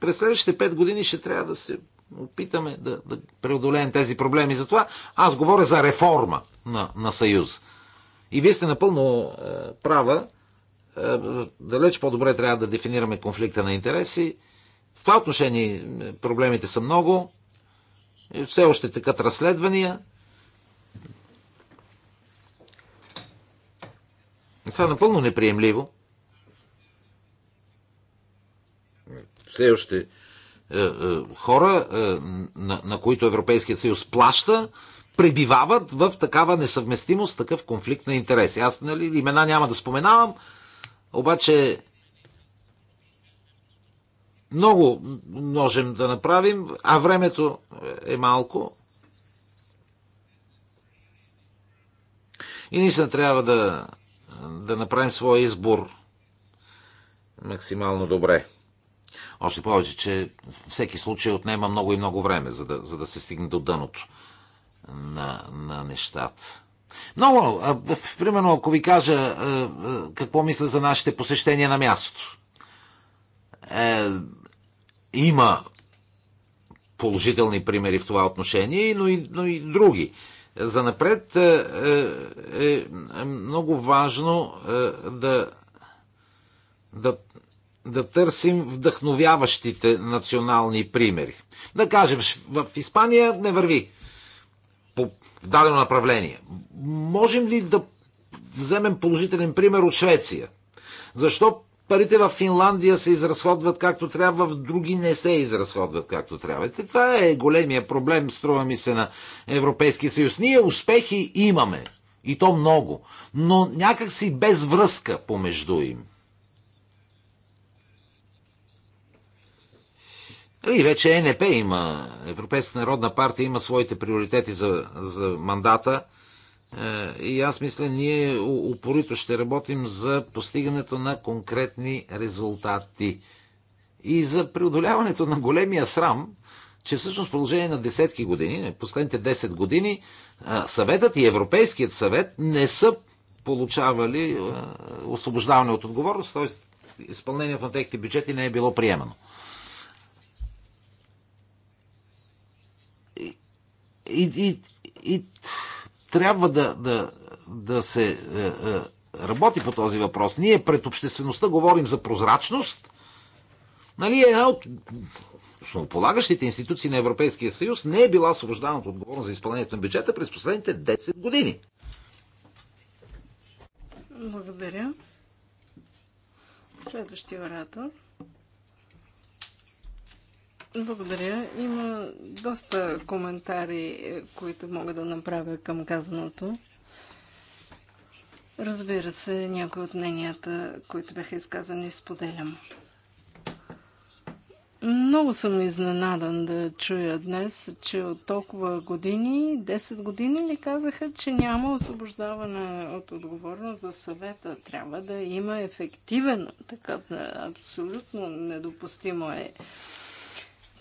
през следващите 5 години ще трябва да се опитаме да, да преодолеем тези проблеми. Затова аз говоря за реформа на, на Съюз. И вие сте напълно е, права, е, далеч по-добре трябва да дефинираме конфликта на интереси. В това отношение е, проблемите са много. Все още такът разследвания. Това е напълно неприемливо. Все още е, хора, на, на които Европейският съюз плаща, пребивават в такава несъвместимост, такъв конфликт на интереси. Аз нали, имена няма да споменавам, обаче много можем да направим, а времето е малко. И наистина трябва да, да направим своя избор максимално добре. Още повече, че всеки случай отнема много и много време, за да, за да се стигне до дъното на, на нещата. Много, примерно, ако ви кажа какво мисля за нашите посещения на място. Е, има положителни примери в това отношение, но и, но и други. За напред е, е, е много важно е, да, да, да търсим вдъхновяващите национални примери. Да кажем, в Испания не върви по в дадено направление. Можем ли да вземем положителен пример от Швеция? Защо парите в Финландия се изразходват както трябва, в други не се изразходват както трябва. И това е големия проблем, струва ми се, на Европейския съюз. Ние успехи имаме. И то много. Но някакси без връзка помежду им. И вече е ЕНП има, Европейска народна партия има своите приоритети за, за мандата. Е, и аз мисля, ние упорито ще работим за постигането на конкретни резултати. И за преодоляването на големия срам, че всъщност в продължение на десетки години, последните 10 години, е, съветът и Европейският съвет не са получавали освобождаване от отговорност, т.е. изпълнението на техните бюджети не е било приемано. И, и, и трябва да, да, да се е, е, работи по този въпрос. Ние пред обществеността говорим за прозрачност. Нали, една от основополагащите институции на Европейския съюз не е била освобождана от отговорност за изпълнението на бюджета през последните 10 години. Благодаря. Следващия оратор. Благодаря. Има доста коментари, е, които мога да направя към казаното. Разбира се, някои от мненията, които бяха изказани, споделям. Много съм изненадан да чуя днес, че от толкова години, 10 години ли казаха, че няма освобождаване от отговорност за съвета. Трябва да има ефективен такъв. Абсолютно недопустимо е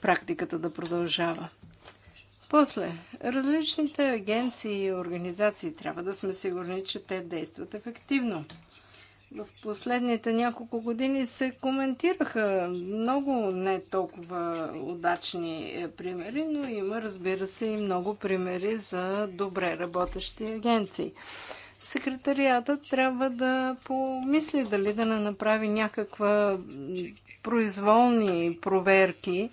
практиката да продължава. После, различните агенции и организации трябва да сме сигурни, че те действат ефективно. В последните няколко години се коментираха много не толкова удачни е, примери, но има, разбира се, и много примери за добре работещи агенции. Секретариатът трябва да помисли дали да не направи някаква произволни проверки,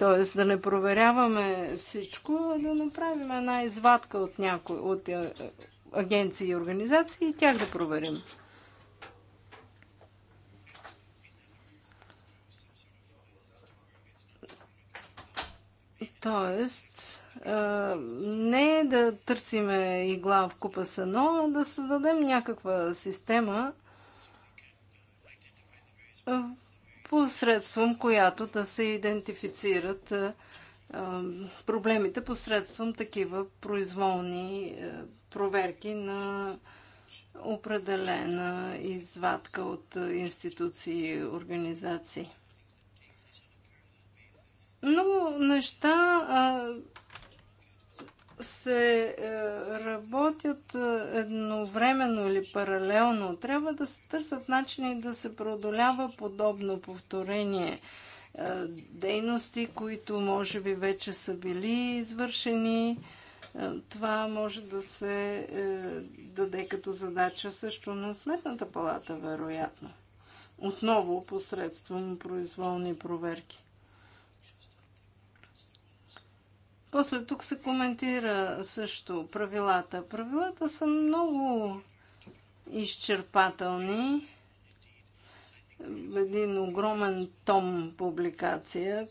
Тоест да не проверяваме всичко, а да направим една извадка от някои от е, агенции и организации и тях да проверим. Тоест, е, не е да търсиме игла в купа сено, а да създадем някаква система, посредством която да се идентифицират проблемите посредством такива произволни проверки на определена извадка от институции и организации. Много неща се е, работят е, едновременно или паралелно. Трябва да се търсят начини да се преодолява подобно повторение. Е, дейности, които може би вече са били извършени, това може да се даде като задача също на Сметната палата, вероятно. Отново посредством произволни проверки. После тук се коментира също правилата. Правилата са много изчерпателни. Един огромен том публикация.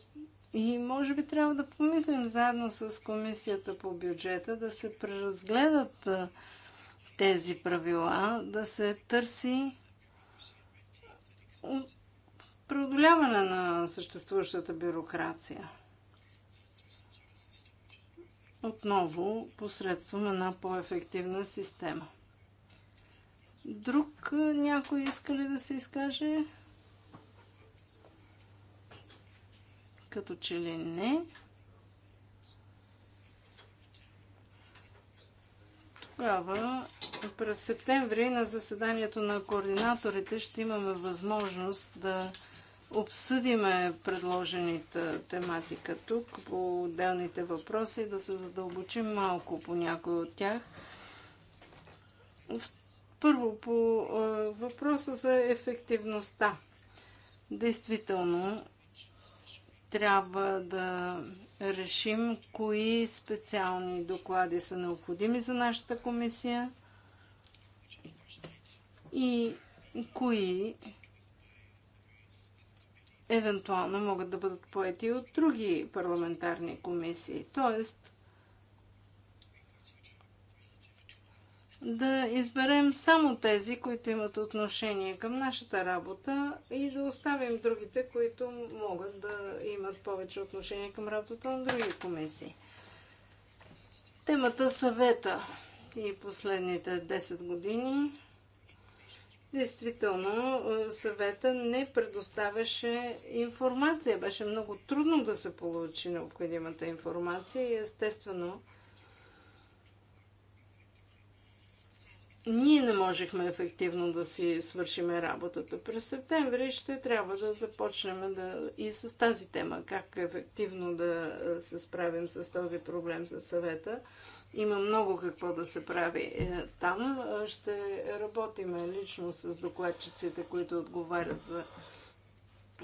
И може би трябва да помислим заедно с комисията по бюджета да се преразгледат тези правила, да се търси преодоляване на съществуващата бюрокрация отново посредством една по-ефективна система. Друг някой иска ли да се изкаже? Като че ли не. Тогава през септември на заседанието на координаторите ще имаме възможност да обсъдиме предложените тематика тук по отделните въпроси, да се задълбочим малко по някой от тях. Първо по въпроса за ефективността. Действително, трябва да решим кои специални доклади са необходими за нашата комисия и кои евентуално могат да бъдат поети от други парламентарни комисии. Тоест, да изберем само тези, които имат отношение към нашата работа и да оставим другите, които могат да имат повече отношение към работата на други комисии. Темата съвета и последните 10 години Действително, е, съвета не предоставяше информация. Беше много трудно да се получи необходимата информация и естествено ние не можехме ефективно да си свършиме работата. През септември ще трябва да започнем да, и с тази тема, как ефективно да е, се справим с този проблем със съвета. Има много какво да се прави е, там. Ще работиме лично с докладчиците, които отговарят за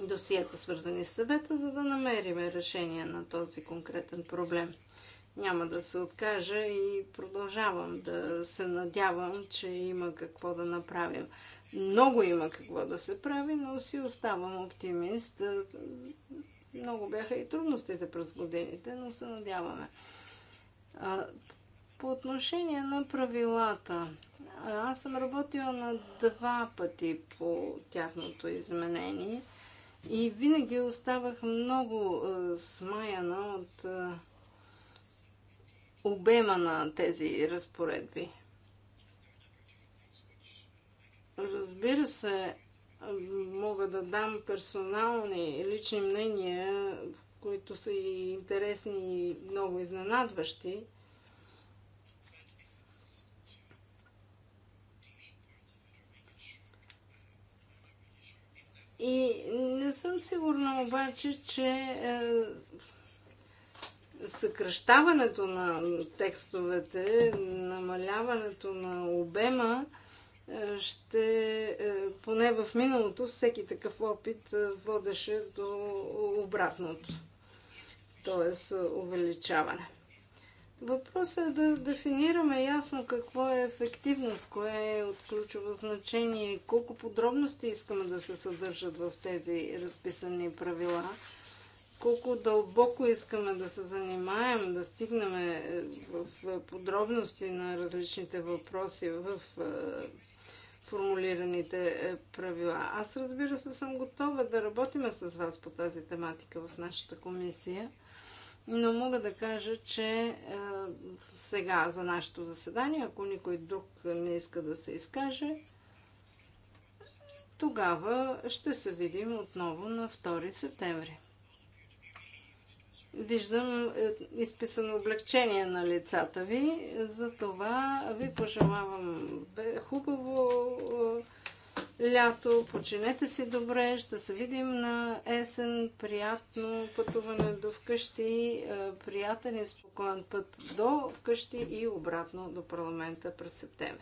досията, свързани с съвета, за да намерим решение на този конкретен проблем. Няма да се откажа и продължавам да се надявам, че има какво да направим. Много има какво да се прави, но си оставам оптимист. Е, много бяха и трудностите през годините, но се надяваме. По отношение на правилата, аз съм работила на два пъти по тяхното изменение и винаги оставах много е, смаяна от е, обема на тези разпоредби. Разбира се, мога да дам персонални лични мнения, които са и интересни и много изненадващи. И не съм сигурна обаче, че е, съкръщаването на текстовете, намаляването на обема, е, ще, е, поне в миналото, всеки такъв опит водеше до обратното, т.е. увеличаване. Въпросът е да дефинираме ясно какво е ефективност, кое е от ключово значение, колко подробности искаме да се съдържат в тези разписани правила, колко дълбоко искаме да се занимаем, да стигнем е, в е, подробности на различните въпроси в е, формулираните правила. Аз разбира се съм готова да работим с вас по тази тематика в нашата комисия – но мога да кажа, че е, сега за нашето заседание, ако никой друг не иска да се изкаже, тогава ще се видим отново на 2 септември. Виждам е, изписано облегчение на лицата ви, за това ви пожелавам хубаво. Е, лято. Починете си добре, ще се видим на есен. Приятно пътуване до вкъщи, е, приятен и спокоен път до вкъщи и обратно до парламента през септември.